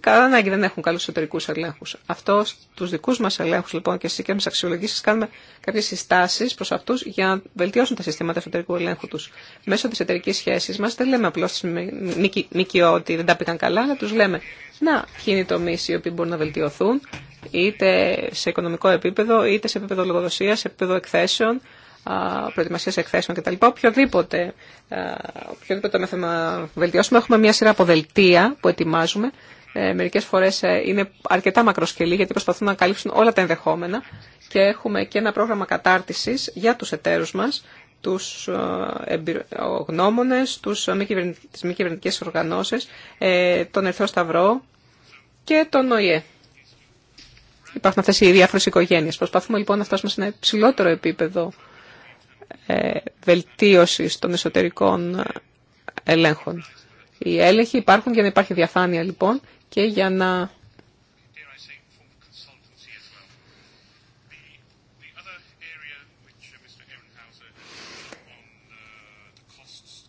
Καλά ανάγκη δεν έχουν καλού εσωτερικού ελέγχου. Αυτό του δικού μα ελέγχου λοιπόν και στι δικέ μα αξιολογήσει κάνουμε κάποιε συστάσει προ αυτού για να βελτιώσουν τα συστήματα εσωτερικού ελέγχου του. Μέσω τη εταιρική σχέση μα δεν λέμε απλώ στι ΜΚΟ ότι δεν τα πήγαν καλά, αλλά του λέμε να ποιοι είναι οι τομεί οι οποίοι μπορούν να βελτιωθούν, είτε σε οικονομικό επίπεδο, είτε σε επίπεδο λογοδοσία, σε επίπεδο εκθέσεων, προετοιμασία εκθέσεων κτλ. Οποιοδήποτε, οποιοδήποτε το θέμα βελτιώσουμε, έχουμε μια σειρά από που ετοιμάζουμε ε, μερικές φορές ε, είναι αρκετά μακροσκελή γιατί προσπαθούν να καλύψουν όλα τα ενδεχόμενα και έχουμε και ένα πρόγραμμα κατάρτισης για τους εταίρους μας, τους ε, γνώμονες, τους μη τις μη κυβερνητικές οργανώσεις, τον Ερθρό Σταυρό και τον ΟΗΕ. Υπάρχουν αυτές οι διάφορες οικογένειες. Προσπαθούμε λοιπόν να φτάσουμε σε ένα υψηλότερο επίπεδο βελτίωσης των εσωτερικών ελέγχων. Οι έλεγχοι υπάρχουν για να υπάρχει διαφάνεια λοιπόν και για να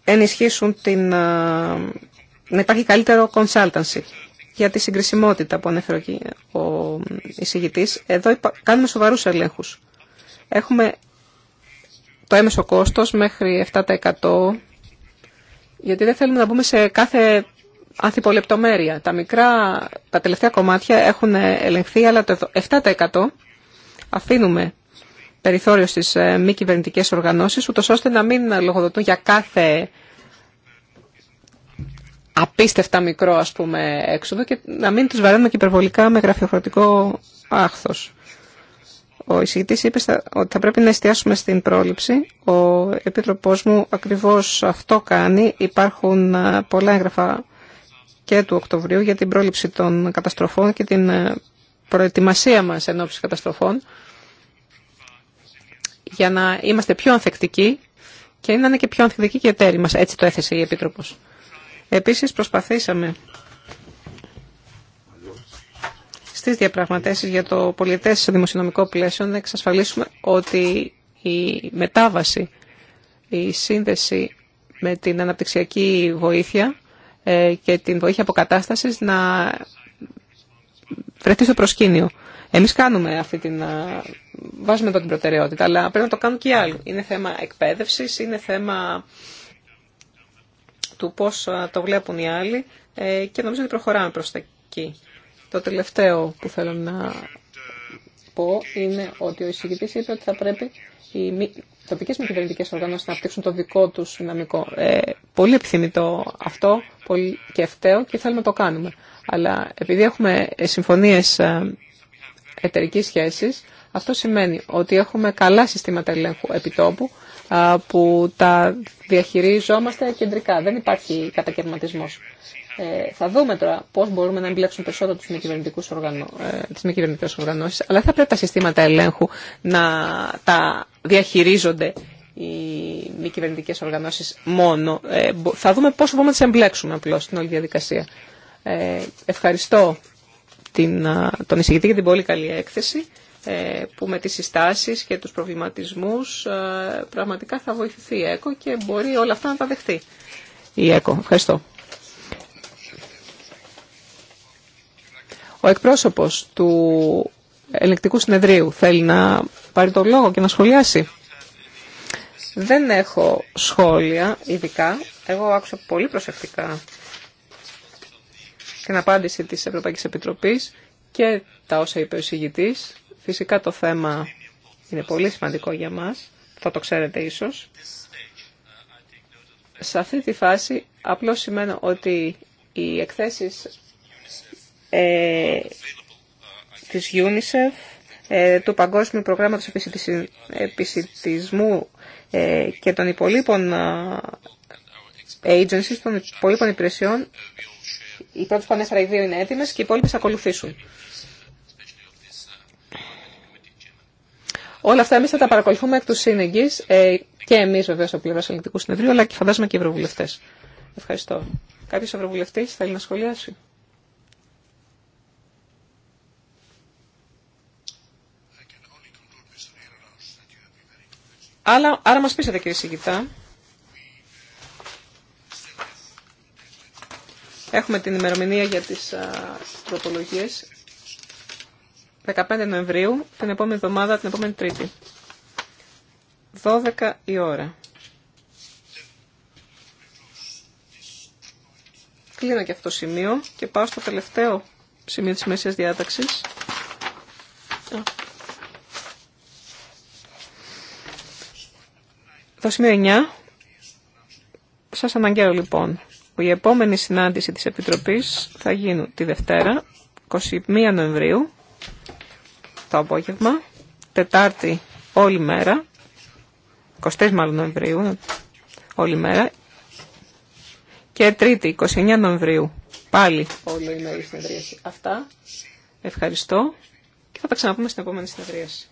ενισχύσουν την, ε, να υπάρχει καλύτερο consultancy για τη συγκρισιμότητα που ανέφερε εκεί ο εισηγητής. Εδώ κάνουμε σοβαρούς ελέγχους. Έχουμε το έμεσο κόστος μέχρι 7% γιατί δεν θέλουμε να μπούμε σε κάθε ανθιπολεπτομέρεια. Τα μικρά, τα τελευταία κομμάτια έχουν ελεγχθεί, αλλά το 7% αφήνουμε περιθώριο στις ε, μη κυβερνητικές οργανώσεις, ούτως ώστε να μην λογοδοτούν για κάθε απίστευτα μικρό ας πούμε έξοδο και να μην τους βαραίνουμε και υπερβολικά με γραφειοκρατικό άχθος. Ο εισηγητής είπε ότι θα πρέπει να εστιάσουμε στην πρόληψη. Ο Επίτροπός μου ακριβώς αυτό κάνει. Υπάρχουν ε, πολλά έγγραφα και του Οκτωβρίου για την πρόληψη των καταστροφών και την ε, προετοιμασία μας εν καταστροφών για να είμαστε πιο ανθεκτικοί και να είναι και πιο ανθεκτικοί και εταίροι μας. Έτσι το έθεσε η Επίτροπος. Επίσης προσπαθήσαμε στις διαπραγματεύσεις για το σε δημοσιονομικό πλαίσιο να εξασφαλίσουμε ότι η μετάβαση, η σύνδεση με την αναπτυξιακή βοήθεια ε, και την βοήθεια αποκατάσταση να βρεθεί στο προσκήνιο. Εμείς κάνουμε αυτή την, ε, βάζουμε εδώ την προτεραιότητα, αλλά πρέπει να το κάνουν και οι άλλοι. Είναι θέμα εκπαίδευση, είναι θέμα του πώ ε, το βλέπουν οι άλλοι και νομίζω ότι προχωράμε προ τα εκεί. Το τελευταίο που θέλω να πω είναι ότι ο εισηγητής είπε ότι θα πρέπει οι τοπικές μη κυβερνητικές οργανώσεις να αναπτύξουν το δικό τους δυναμικό. Ε, πολύ επιθυμητό αυτό πολύ και ευταίο και θέλουμε να το κάνουμε. Αλλά επειδή έχουμε συμφωνίες ε, εταιρικής σχέσης, αυτό σημαίνει ότι έχουμε καλά συστήματα ελέγχου επιτόπου, που τα διαχειριζόμαστε κεντρικά. Δεν υπάρχει κατακαιρματισμός. Ε, θα δούμε τώρα πώς μπορούμε να εμπλέξουμε περισσότερο τους μη, κυβερνητικέ οργανώσει, τις μη οργανώσεις, αλλά θα πρέπει τα συστήματα ελέγχου να τα διαχειρίζονται οι μη κυβερνητικέ οργανώσεις μόνο. Ε, θα δούμε πώς μπορούμε να τις εμπλέξουμε απλώς στην όλη διαδικασία. Ε, ευχαριστώ την, τον εισηγητή για την πολύ καλή έκθεση. Ε, που με τις συστάσεις και τους προβληματισμούς ε, πραγματικά θα βοηθηθεί η ΕΚΟ και μπορεί όλα αυτά να τα δεχτεί η ΕΚΟ. Ευχαριστώ. Ο εκπρόσωπος του ελεκτικού συνεδρίου θέλει να πάρει το λόγο και να σχολιάσει. Δεν έχω σχόλια ειδικά. Εγώ άκουσα πολύ προσεκτικά την απάντηση της Ευρωπαϊκής Επιτροπής και τα όσα είπε ο Φυσικά το θέμα είναι πολύ σημαντικό για μας, θα το ξέρετε ίσως. Σε αυτή τη φάση απλώς σημαίνω ότι οι εκθέσεις ε, της UNICEF, ε, του Παγκόσμιου Προγράμματος Επισητισμού ε, και των υπολείπων ε, agencies, των υπολείπων υπηρεσιών, οι πρώτες που ανέφερα οι δύο είναι έτοιμες και οι υπόλοιπες ακολουθήσουν. Όλα αυτά εμεί θα τα παρακολουθούμε εκ του σύνεγγυ ε, και εμεί βεβαίω από πλευρά Ελληνικού Συνεδρίου, αλλά και φαντάζομαι και οι ευρωβουλευτέ. Ευχαριστώ. Κάποιο ευρωβουλευτή θέλει να σχολιάσει. Άρα, άρα μας πείσατε κύριε Σιγητά. Έχουμε την ημερομηνία για τις α, τροπολογίες. 15 Νοεμβρίου, την επόμενη εβδομάδα, την επόμενη Τρίτη. 12 η ώρα. Κλείνω και αυτό το σημείο και πάω στο τελευταίο σημείο της μέσης διάταξης. Το σημείο 9. Σας αναγκαίω λοιπόν. Η επόμενη συνάντηση της Επιτροπής θα γίνει τη Δευτέρα, 21 Νοεμβρίου, το απόγευμα, Τετάρτη όλη μέρα, 23 μάλλον Νοεμβρίου, όλη μέρα, και Τρίτη, 29 Νοεμβρίου, πάλι όλη η μέρα συνεδρίαση. Αυτά, ευχαριστώ και θα τα ξαναπούμε στην επόμενη συνεδρίαση.